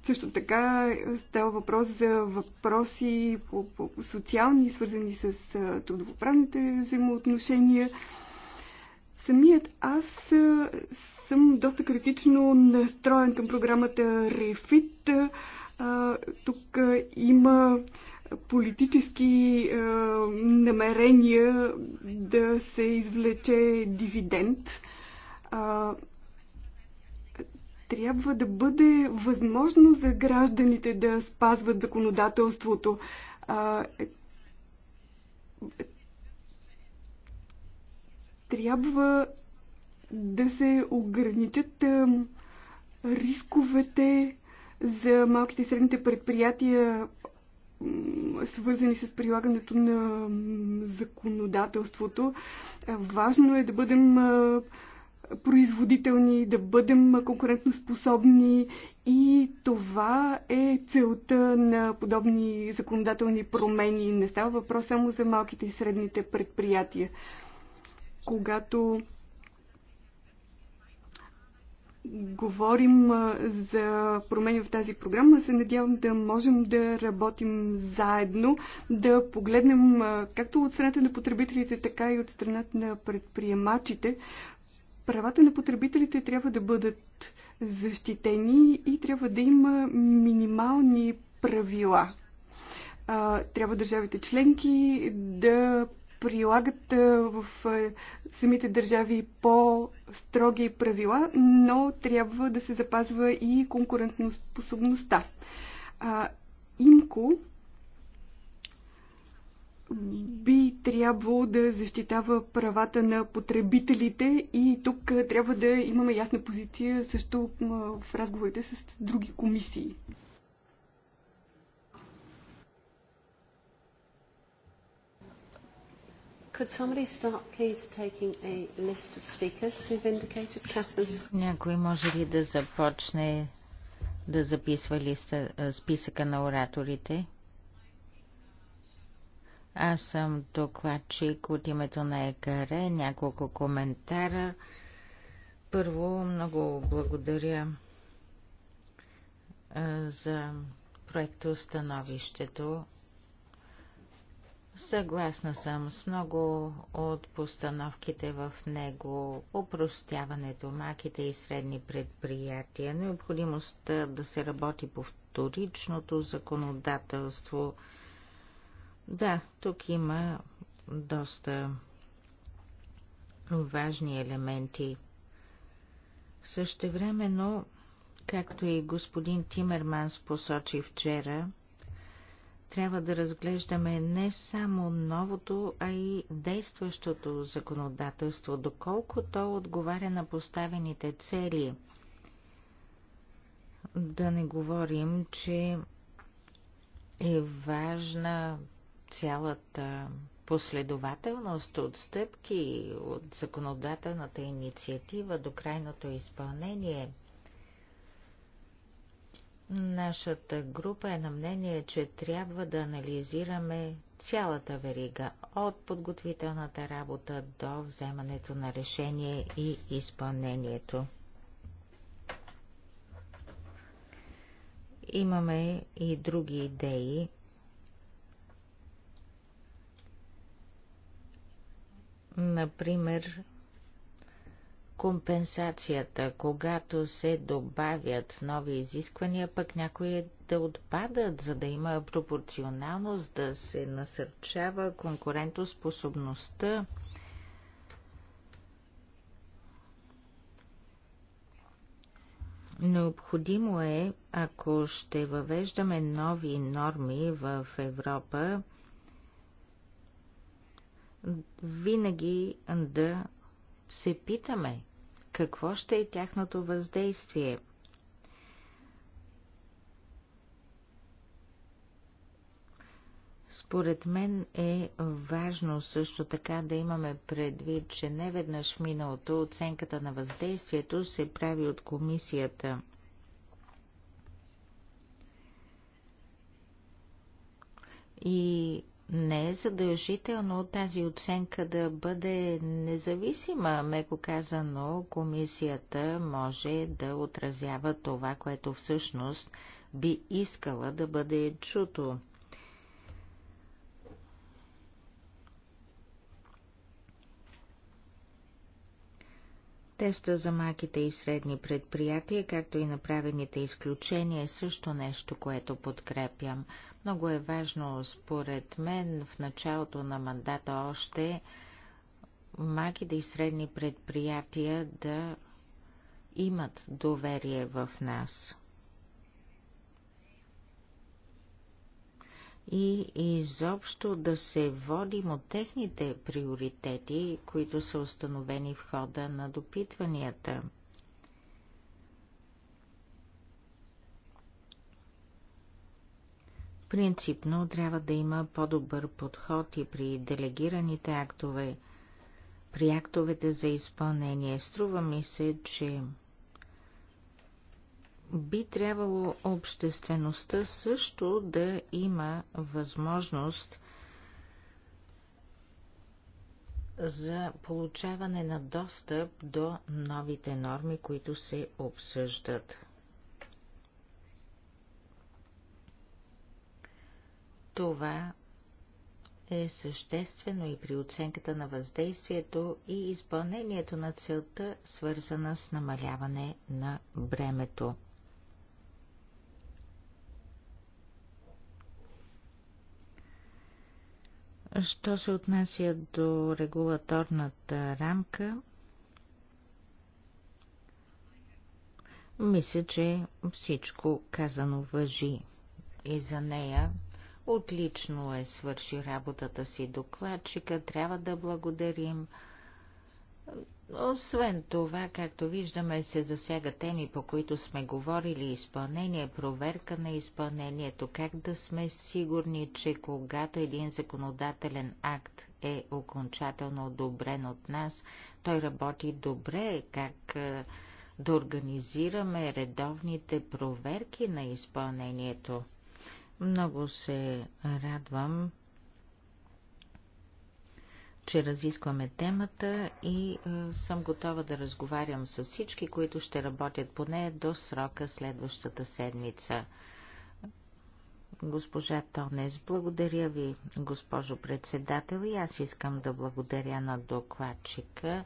също така става въпрос за въпроси по, по, социални, свързани с трудовоправните взаимоотношения. Самият аз съм доста критично настроен към програмата Рефит. Тук има политически намерения да се извлече дивиденд трябва да бъде възможно за гражданите да спазват законодателството. Трябва да се ограничат рисковете за малките и средните предприятия, свързани с прилагането на законодателството. Важно е да бъдем производителни, да бъдем конкурентоспособни и това е целта на подобни законодателни промени. Не става въпрос само за малките и средните предприятия. Когато говорим за промени в тази програма, се надявам да можем да работим заедно, да погледнем както от страната на потребителите, така и от страната на предприемачите, правата на потребителите трябва да бъдат защитени и трябва да има минимални правила. Трябва държавите членки да прилагат в самите държави по-строги правила, но трябва да се запазва и конкурентоспособността. Имко би трябвало да защитава правата на потребителите и тук трябва да имаме ясна позиция също в разговорите с други комисии.
Could somebody start please taking a list of speakers who've indicated Catherine's?
Някой може ли да започне да записва листа, списъка на ораторите? Аз съм докладчик от името на ЕКР. Няколко коментара. Първо, много благодаря за проекто становището. Съгласна съм с много от постановките в него, упростяването, маките и средни предприятия, необходимостта да се работи по вторичното законодателство – да, тук има доста важни елементи. Същевременно, както и господин Тимерманс посочи вчера, трябва да разглеждаме не само новото, а и действащото законодателство, доколко то отговаря на поставените цели. Да не говорим, че е важна цялата последователност от стъпки от законодателната инициатива до крайното изпълнение. Нашата група е на мнение, че трябва да анализираме цялата верига от подготвителната работа до вземането на решение и изпълнението. Имаме и други идеи Например, компенсацията, когато се добавят нови изисквания, пък някои е да отпадат, за да има пропорционалност, да се насърчава конкурентоспособността. Необходимо е, ако ще въвеждаме нови норми в Европа, винаги да се питаме какво ще е тяхното въздействие. Според мен е важно също така да имаме предвид, че не веднъж в миналото оценката на въздействието се прави от комисията. И не е задължително тази оценка да бъде независима. Меко казано, комисията може да отразява това, което всъщност би искала да бъде чуто. Теста за малките и средни предприятия, както и направените изключения е също нещо, което подкрепям. Много е важно, според мен, в началото на мандата още малките и средни предприятия да имат доверие в нас. И изобщо да се водим от техните приоритети, които са установени в хода на допитванията – Принципно трябва да има по-добър подход и при делегираните актове, при актовете за изпълнение. Струва ми се, че би трябвало обществеността също да има възможност за получаване на достъп до новите норми, които се обсъждат. Това е съществено и при оценката на въздействието и изпълнението на целта, свързана с намаляване на бремето. Що се отнася до регулаторната рамка, мисля, че всичко казано въжи и за нея Отлично е свърши работата си докладчика, трябва да благодарим. Освен това, както виждаме, се засяга теми, по които сме говорили изпълнение, проверка на изпълнението, как да сме сигурни, че когато един законодателен акт е окончателно одобрен от нас, той работи добре, как е, да организираме редовните проверки на изпълнението. Много се радвам, че разискваме темата и е, съм готова да разговарям с всички, които ще работят по нея до срока следващата седмица. Госпожа Тонес, благодаря ви, госпожо председател, и аз искам да благодаря на докладчика.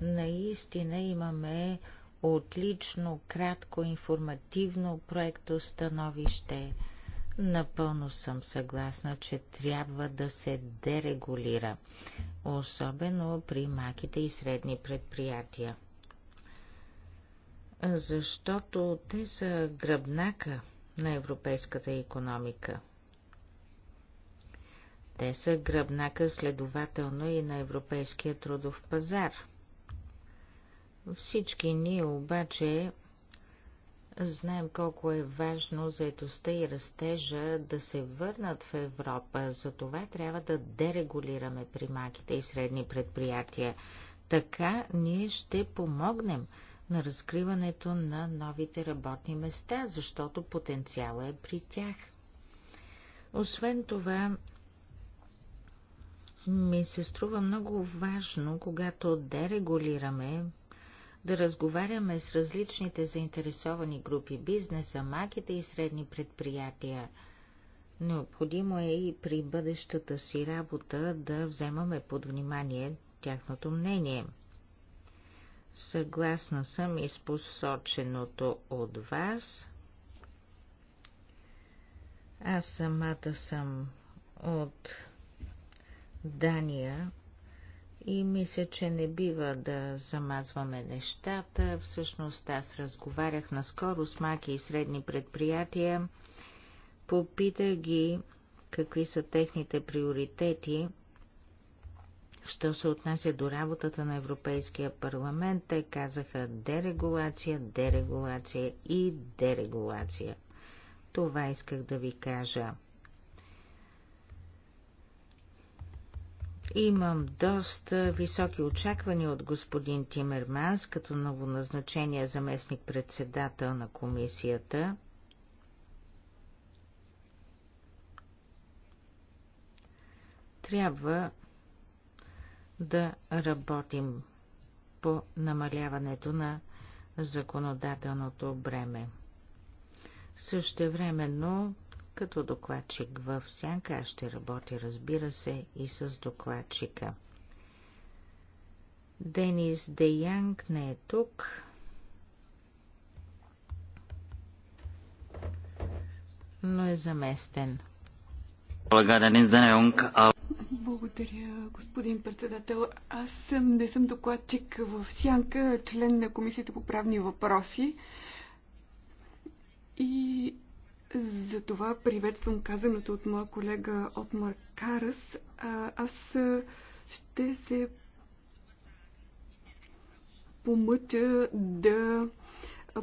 Наистина имаме отлично, кратко, информативно проекто становище. Напълно съм съгласна, че трябва да се дерегулира, особено при маките и средни предприятия. Защото те са гръбнака на европейската економика. Те са гръбнака следователно и на европейския трудов пазар. Всички ние обаче Знаем колко е важно заедостта и растежа да се върнат в Европа. За това трябва да дерегулираме примаките и средни предприятия. Така ние ще помогнем на разкриването на новите работни места, защото потенциалът е при тях. Освен това, ми се струва много важно, когато дерегулираме да разговаряме с различните заинтересовани групи – бизнеса, маките и средни предприятия. Необходимо е и при бъдещата си работа да вземаме под внимание тяхното мнение. Съгласна съм и с посоченото от вас. Аз самата съм от Дания и мисля, че не бива да замазваме нещата. Всъщност аз разговарях наскоро с маки и средни предприятия. Попитах ги какви са техните приоритети, що се отнася до работата на Европейския парламент. Те казаха дерегулация, дерегулация и дерегулация. Това исках да ви кажа. Имам доста високи очаквания от господин Тимерманс като новоназначения заместник-председател на комисията. Трябва да работим по намаляването на законодателното бреме. времено. Като докладчик в сянка аз ще работя, разбира се, и с докладчика. Денис Де Янг не е тук. Но е заместен.
Благодаря, господин председател. Аз не съм докладчик в Сянка, член на Комисията по правни въпроси. И затова приветствам казаното от моя колега от Маркарас. Аз ще се помъча да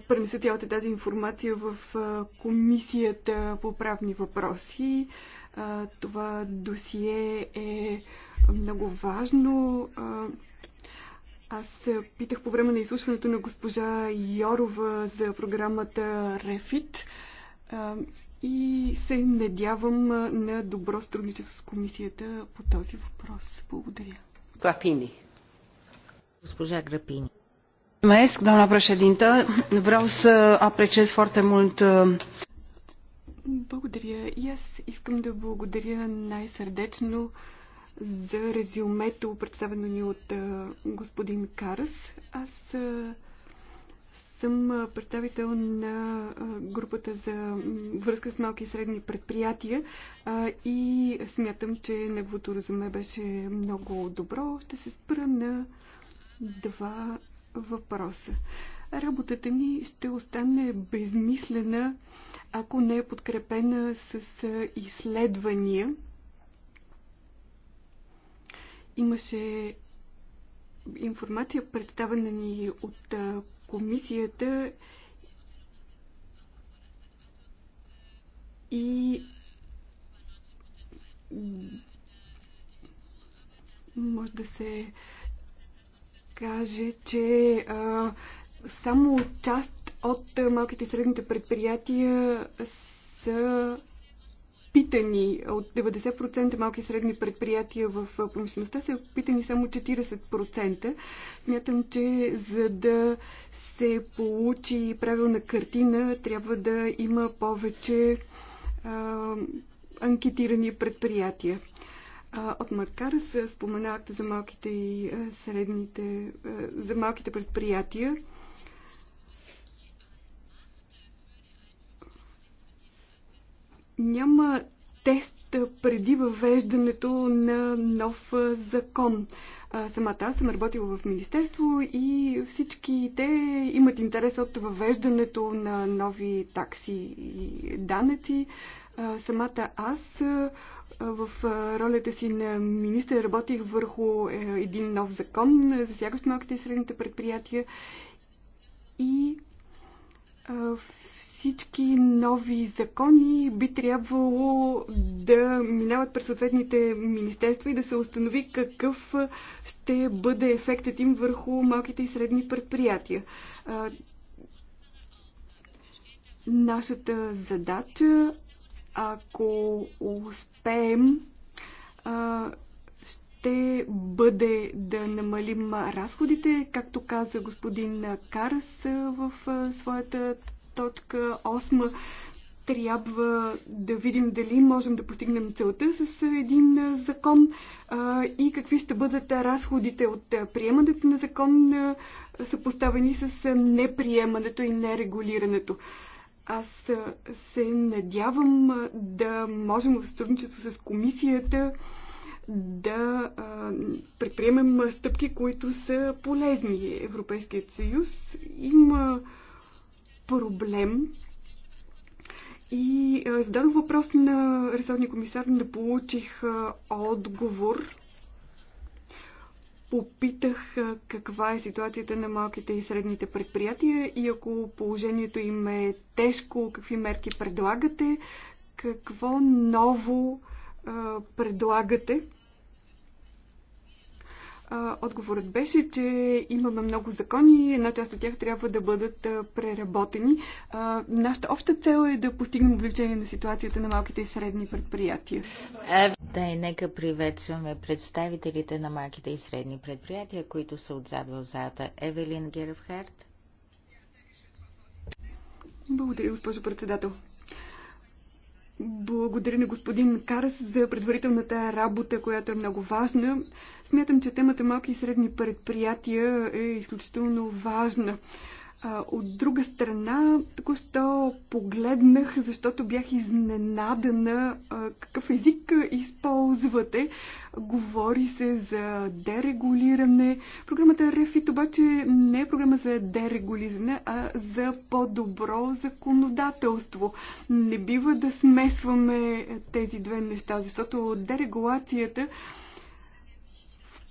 пренеса цялата тази информация в Комисията по правни въпроси. Това досие е много важно. Аз питах по време на изслушването на госпожа Йорова за програмата Рефит и се надявам на добро сътрудничество с комисията по този въпрос. Благодаря.
Грапини. Госпожа
Грапини. Vreau să apreciez foarte mult
благодаря. И аз искам да благодаря най-сърдечно за резюмето, представено ни от господин Карас. Аз съм представител на групата за връзка с малки и средни предприятия и смятам, че неговото разуме беше много добро. Ще се спра на два въпроса. Работата ни ще остане безмислена, ако не е подкрепена с изследвания. Имаше информация, представена ни от комисията и може да се каже, че а, само част от малките и средните предприятия са питани от 90% малки и средни предприятия в промишлеността са питани само 40%. Смятам, че за да се получи правилна картина, трябва да има повече а, анкетирани предприятия. От Маркарс спомена за малките и средните, за малките предприятия. Няма тест преди въвеждането на нов закон. Самата аз съм работила в Министерство и всички те имат интерес от въвеждането на нови такси и данъци. Самата аз в ролята си на министър работих върху е, един нов закон, засягащ малките и средните предприятия и всички нови закони би трябвало да минават през съответните министерства и да се установи какъв ще бъде ефектът им върху малките и средни предприятия. Нашата задача, ако успеем, ще бъде да намалим разходите, както каза господин Карас в своята точка 8 трябва да видим дали можем да постигнем целта с един закон и какви ще бъдат разходите от приемането на закон, съпоставени с неприемането и нерегулирането. Аз се надявам да можем в сътрудничество с комисията да предприемем стъпки, които са полезни. Европейският съюз има проблем. И е, зададох въпрос на ресорния комисар, не получих е, отговор. Попитах е, каква е ситуацията на малките и средните предприятия и ако положението им е тежко, какви мерки предлагате, какво ново предлагате отговорът беше, че имаме много закони и една част от тях трябва да бъдат преработени. нашата обща
цел е да постигнем облегчение на ситуацията на малките и средни предприятия. Е, да, и нека приветстваме представителите на малките и средни предприятия, които са отзад в залата. Евелин Герфхарт.
Благодаря, госпожо председател. Благодаря на господин Карас за предварителната работа, която е много важна. Смятам, че темата малки и средни предприятия е изключително важна. От друга страна, току-що погледнах, защото бях изненадана какъв език използвате. Говори се за дерегулиране. Програмата Рефит обаче не е програма за дерегулиране, а за по-добро законодателство. Не бива да смесваме тези две неща, защото дерегулацията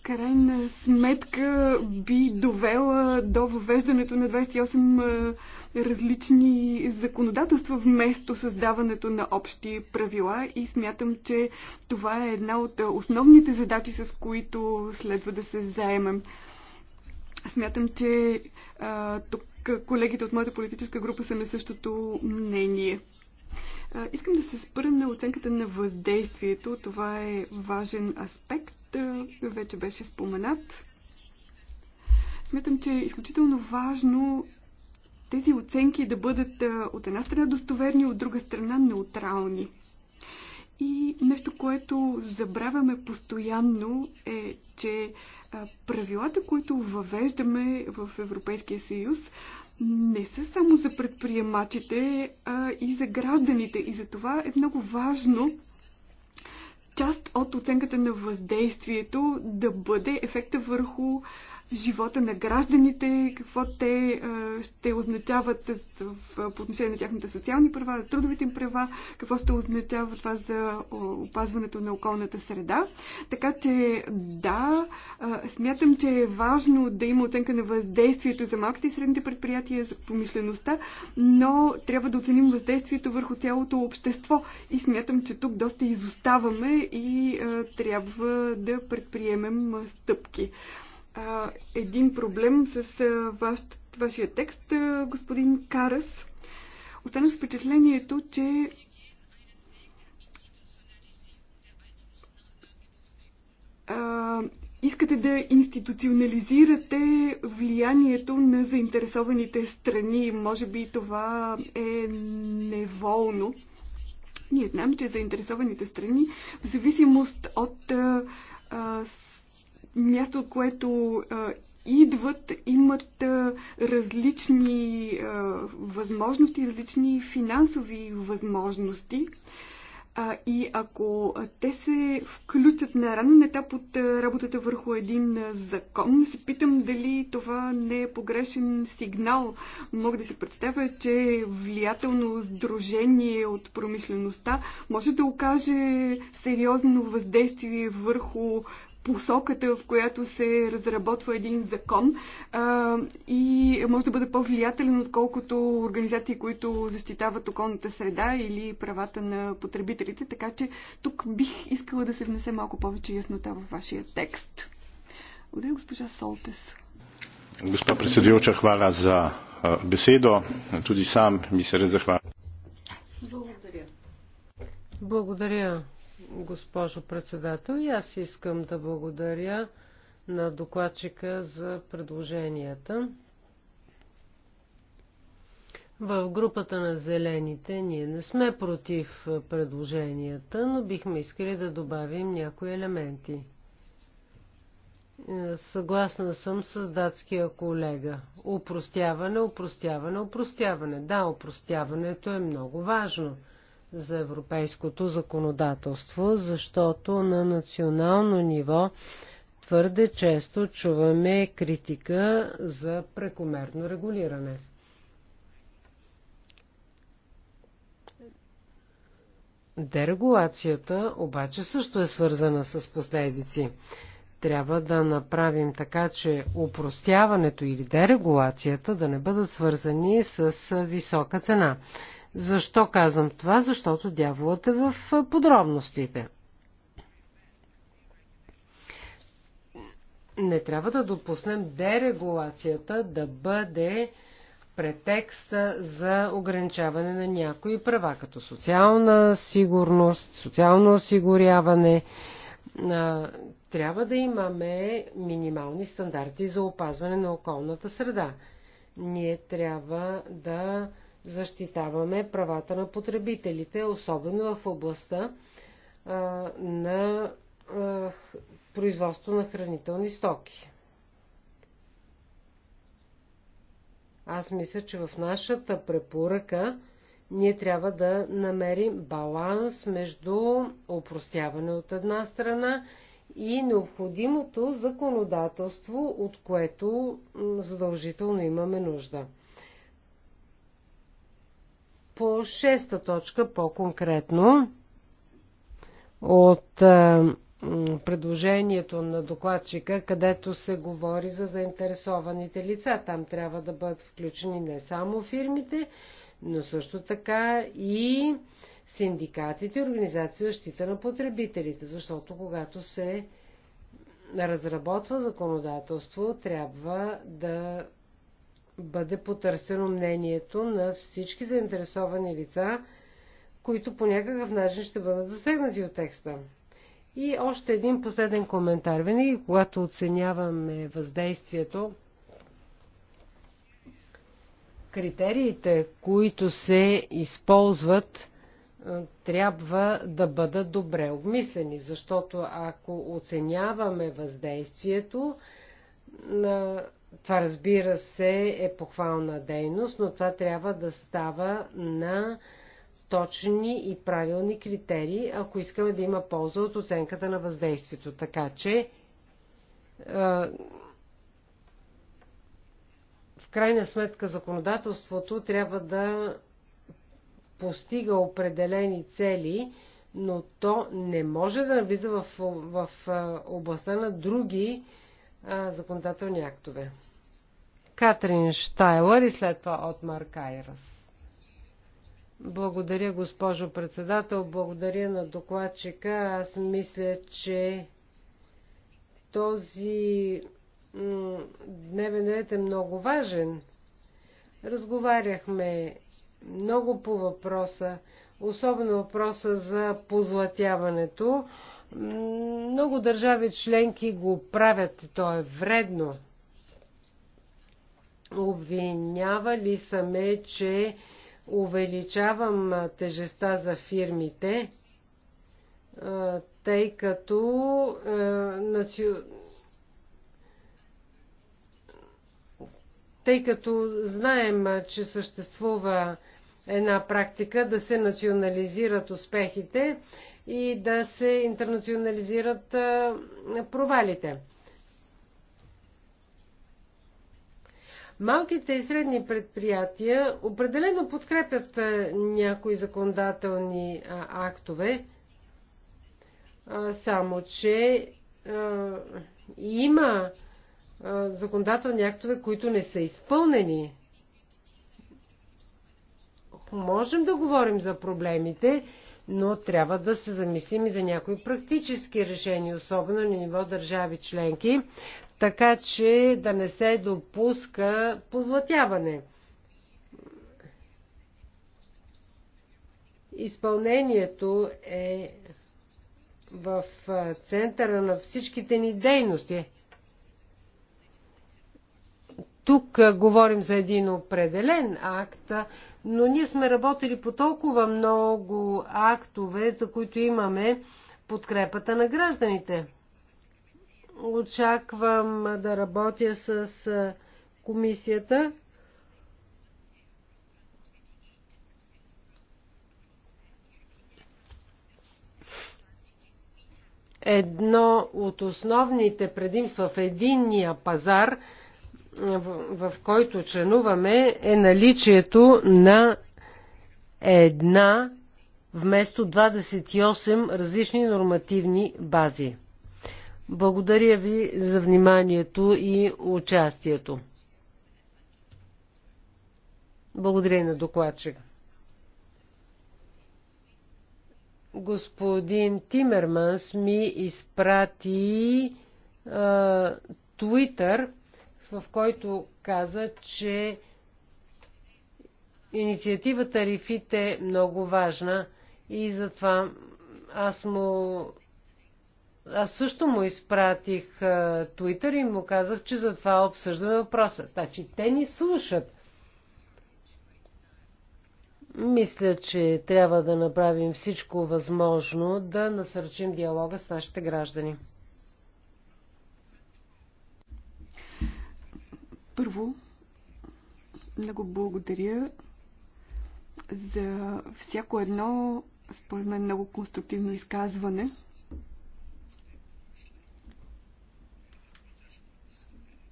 крайна сметка би довела до въвеждането на 28 различни законодателства вместо създаването на общи правила и смятам, че това е една от основните задачи, с които следва да се заемем. Смятам, че а, тук колегите от моята политическа група са на същото мнение. Искам да се спра на оценката на въздействието. Това е важен аспект, вече беше споменат. Смятам, че е изключително важно тези оценки да бъдат от една страна достоверни, от друга страна неутрални. И нещо, което забравяме постоянно е, че правилата, които въвеждаме в Европейския съюз, не са само за предприемачите, а и за гражданите. И за това е много важно част от оценката на въздействието да бъде ефекта върху живота на гражданите, какво те ще означават по отношение на тяхните социални права, трудовите им права, какво ще означава това за опазването на околната среда. Така че да, смятам, че е важно да има оценка на въздействието за малките и средните предприятия, за помишлеността, но трябва да оценим въздействието върху цялото общество и смятам, че тук доста изоставаме и трябва да предприемем стъпки а, един проблем с а, ваш, вашия текст, а, господин Карас. Остана с впечатлението, че а, искате да институционализирате влиянието на заинтересованите страни. Може би това е неволно. Ние знаем, че заинтересованите страни, в зависимост от а, място, от което а, идват, имат а, различни а, възможности, различни финансови възможности. А, и ако те се включат на ранен етап от работата върху един закон, се питам дали това не е погрешен сигнал. Мога да се представя, че влиятелно сдружение от промишлеността може да окаже сериозно въздействие върху посоката, в която се разработва един закон а, и може да бъде по-влиятелен, отколкото организации, които защитават околната среда или правата на потребителите. Така че тук бих искала да се внесе малко повече яснота във вашия текст. Благодаря, госпожа Солтес.
Госпожа predsedujoča, хвала за беседо. Туди сам ми се res
Благодаря. Благодаря, госпожо председател. И аз искам да благодаря на докладчика за предложенията. В групата на зелените ние не сме против предложенията, но бихме искали да добавим някои елементи. Е, съгласна съм с датския колега. Упростяване, упростяване, упростяване. Да, упростяването е много важно – за европейското законодателство, защото на национално ниво твърде често чуваме критика за прекомерно регулиране. Дерегулацията обаче също е свързана с последици. Трябва да направим така, че упростяването или дерегулацията да не бъдат свързани с висока цена. Защо казвам това? Защото дяволът е в подробностите. Не трябва да допуснем дерегулацията да бъде претекста за ограничаване на някои права, като социална сигурност, социално осигуряване. Трябва да имаме минимални стандарти за опазване на околната среда. Ние трябва да защитаваме правата на потребителите, особено в областта а, на а, производство на хранителни стоки. Аз мисля, че в нашата препоръка ние трябва да намерим баланс между опростяване от една страна и необходимото законодателство, от което задължително имаме нужда. По шеста точка, по-конкретно, от е, предложението на докладчика, където се говори за заинтересованите лица. Там трябва да бъдат включени не само фирмите, но също така и синдикатите и организации за защита на потребителите, защото когато се разработва законодателство, трябва да бъде потърсено мнението на всички заинтересовани лица, които по някакъв начин ще бъдат засегнати от текста. И още един последен коментар. Винаги, когато оценяваме въздействието, критериите, които се използват, трябва да бъдат добре обмислени, защото ако оценяваме въздействието, това разбира се е похвална дейност, но това трябва да става на точни и правилни критерии, ако искаме да има полза от оценката на въздействието. Така че е, в крайна сметка законодателството трябва да постига определени цели, но то не може да навлиза в, в е, областта на други а, законодателни актове. Катрин Штайлър и след това от Маркайрас. Благодаря, госпожо председател. Благодаря на докладчика. Аз мисля, че този дневен ред е много важен. Разговаряхме много по въпроса, особено въпроса за позлатяването. Много държави членки го правят. То е вредно. Обвинявали ли ме, че увеличавам тежеста за фирмите, тъй като тъй като знаем, че съществува една практика да се национализират успехите и да се интернационализират провалите. Малките и средни предприятия определено подкрепят някои законодателни актове, само че има законодателни актове, които не са изпълнени Можем да говорим за проблемите, но трябва да се замислим и за някои практически решения, особено на ниво държави членки, така че да не се допуска позлатяване. Изпълнението е в центъра на всичките ни дейности. Тук говорим за един определен акт, но ние сме работили по толкова много актове, за които имаме подкрепата на гражданите. Очаквам да работя с комисията. Едно от основните предимства в единния пазар – в който членуваме, е наличието на една вместо 28 различни нормативни бази. Благодаря ви за вниманието и участието. Благодаря и на докладчика. Господин Тимерманс ми изпрати а, Uh, в който каза, че инициативата Рифит е много важна и затова аз му аз също му изпратих Твитър и му казах, че затова обсъждаме въпроса. Значи те ни слушат. Мисля, че трябва да направим всичко възможно да насърчим диалога с нашите граждани.
Първо, много благодаря за всяко едно, според мен, много конструктивно изказване.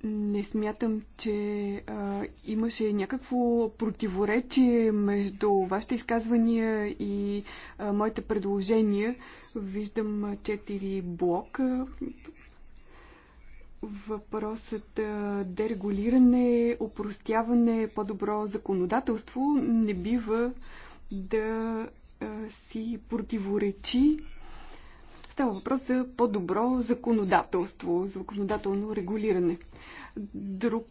Не смятам, че а, имаше някакво противоречие между вашите изказвания и а, моите предложения. Виждам четири блока въпросът дерегулиране, опростяване, по-добро законодателство не бива да си противоречи Става въпрос за по-добро законодателство, законодателно регулиране. Друг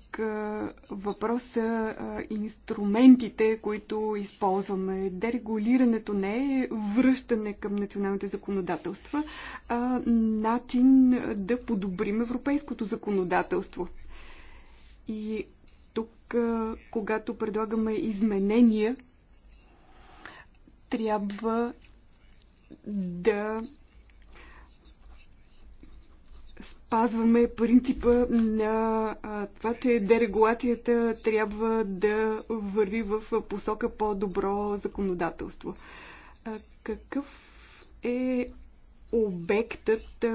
въпрос са инструментите, които използваме. Дерегулирането не е връщане към националните законодателства, а начин да подобрим европейското законодателство. И тук, когато предлагаме изменения, трябва да спазваме принципа на това, че дерегулацията трябва да върви в посока по-добро законодателство. Какъв е обектът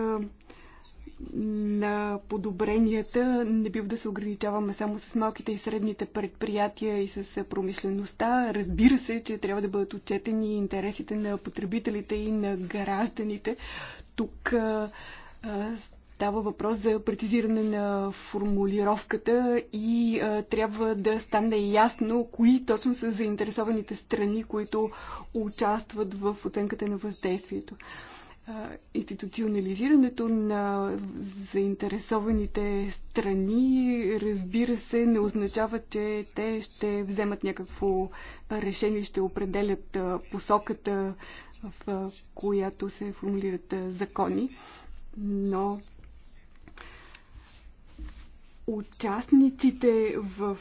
на подобренията? Не бива да се ограничаваме само с малките и средните предприятия и с промишлеността. Разбира се, че трябва да бъдат отчетени интересите на потребителите и на гражданите. Тук Става въпрос за прецизиране на формулировката и а, трябва да стане ясно кои точно са заинтересованите страни, които участват в оценката на въздействието. А, институционализирането на заинтересованите страни, разбира се, не означава, че те ще вземат някакво решение, ще определят посоката, в която се формулират закони, но участниците в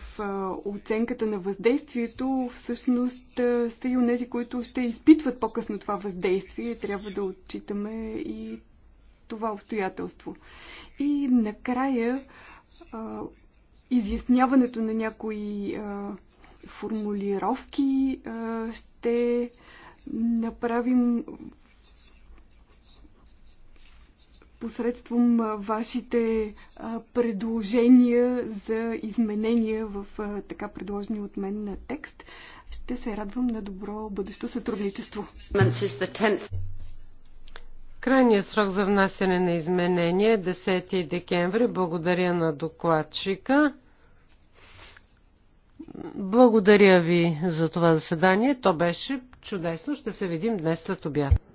оценката на въздействието всъщност са и онези, които ще изпитват по-късно това въздействие. Трябва да отчитаме и това обстоятелство. И накрая изясняването на някои формулировки ще направим посредством вашите предложения за изменения в така предложения от мен текст. Ще се радвам на добро бъдещо
сътрудничество. Крайният срок за внасяне на изменения е 10 декември. Благодаря на докладчика. Благодаря ви за това заседание. То беше чудесно. Ще се видим днес след обяд.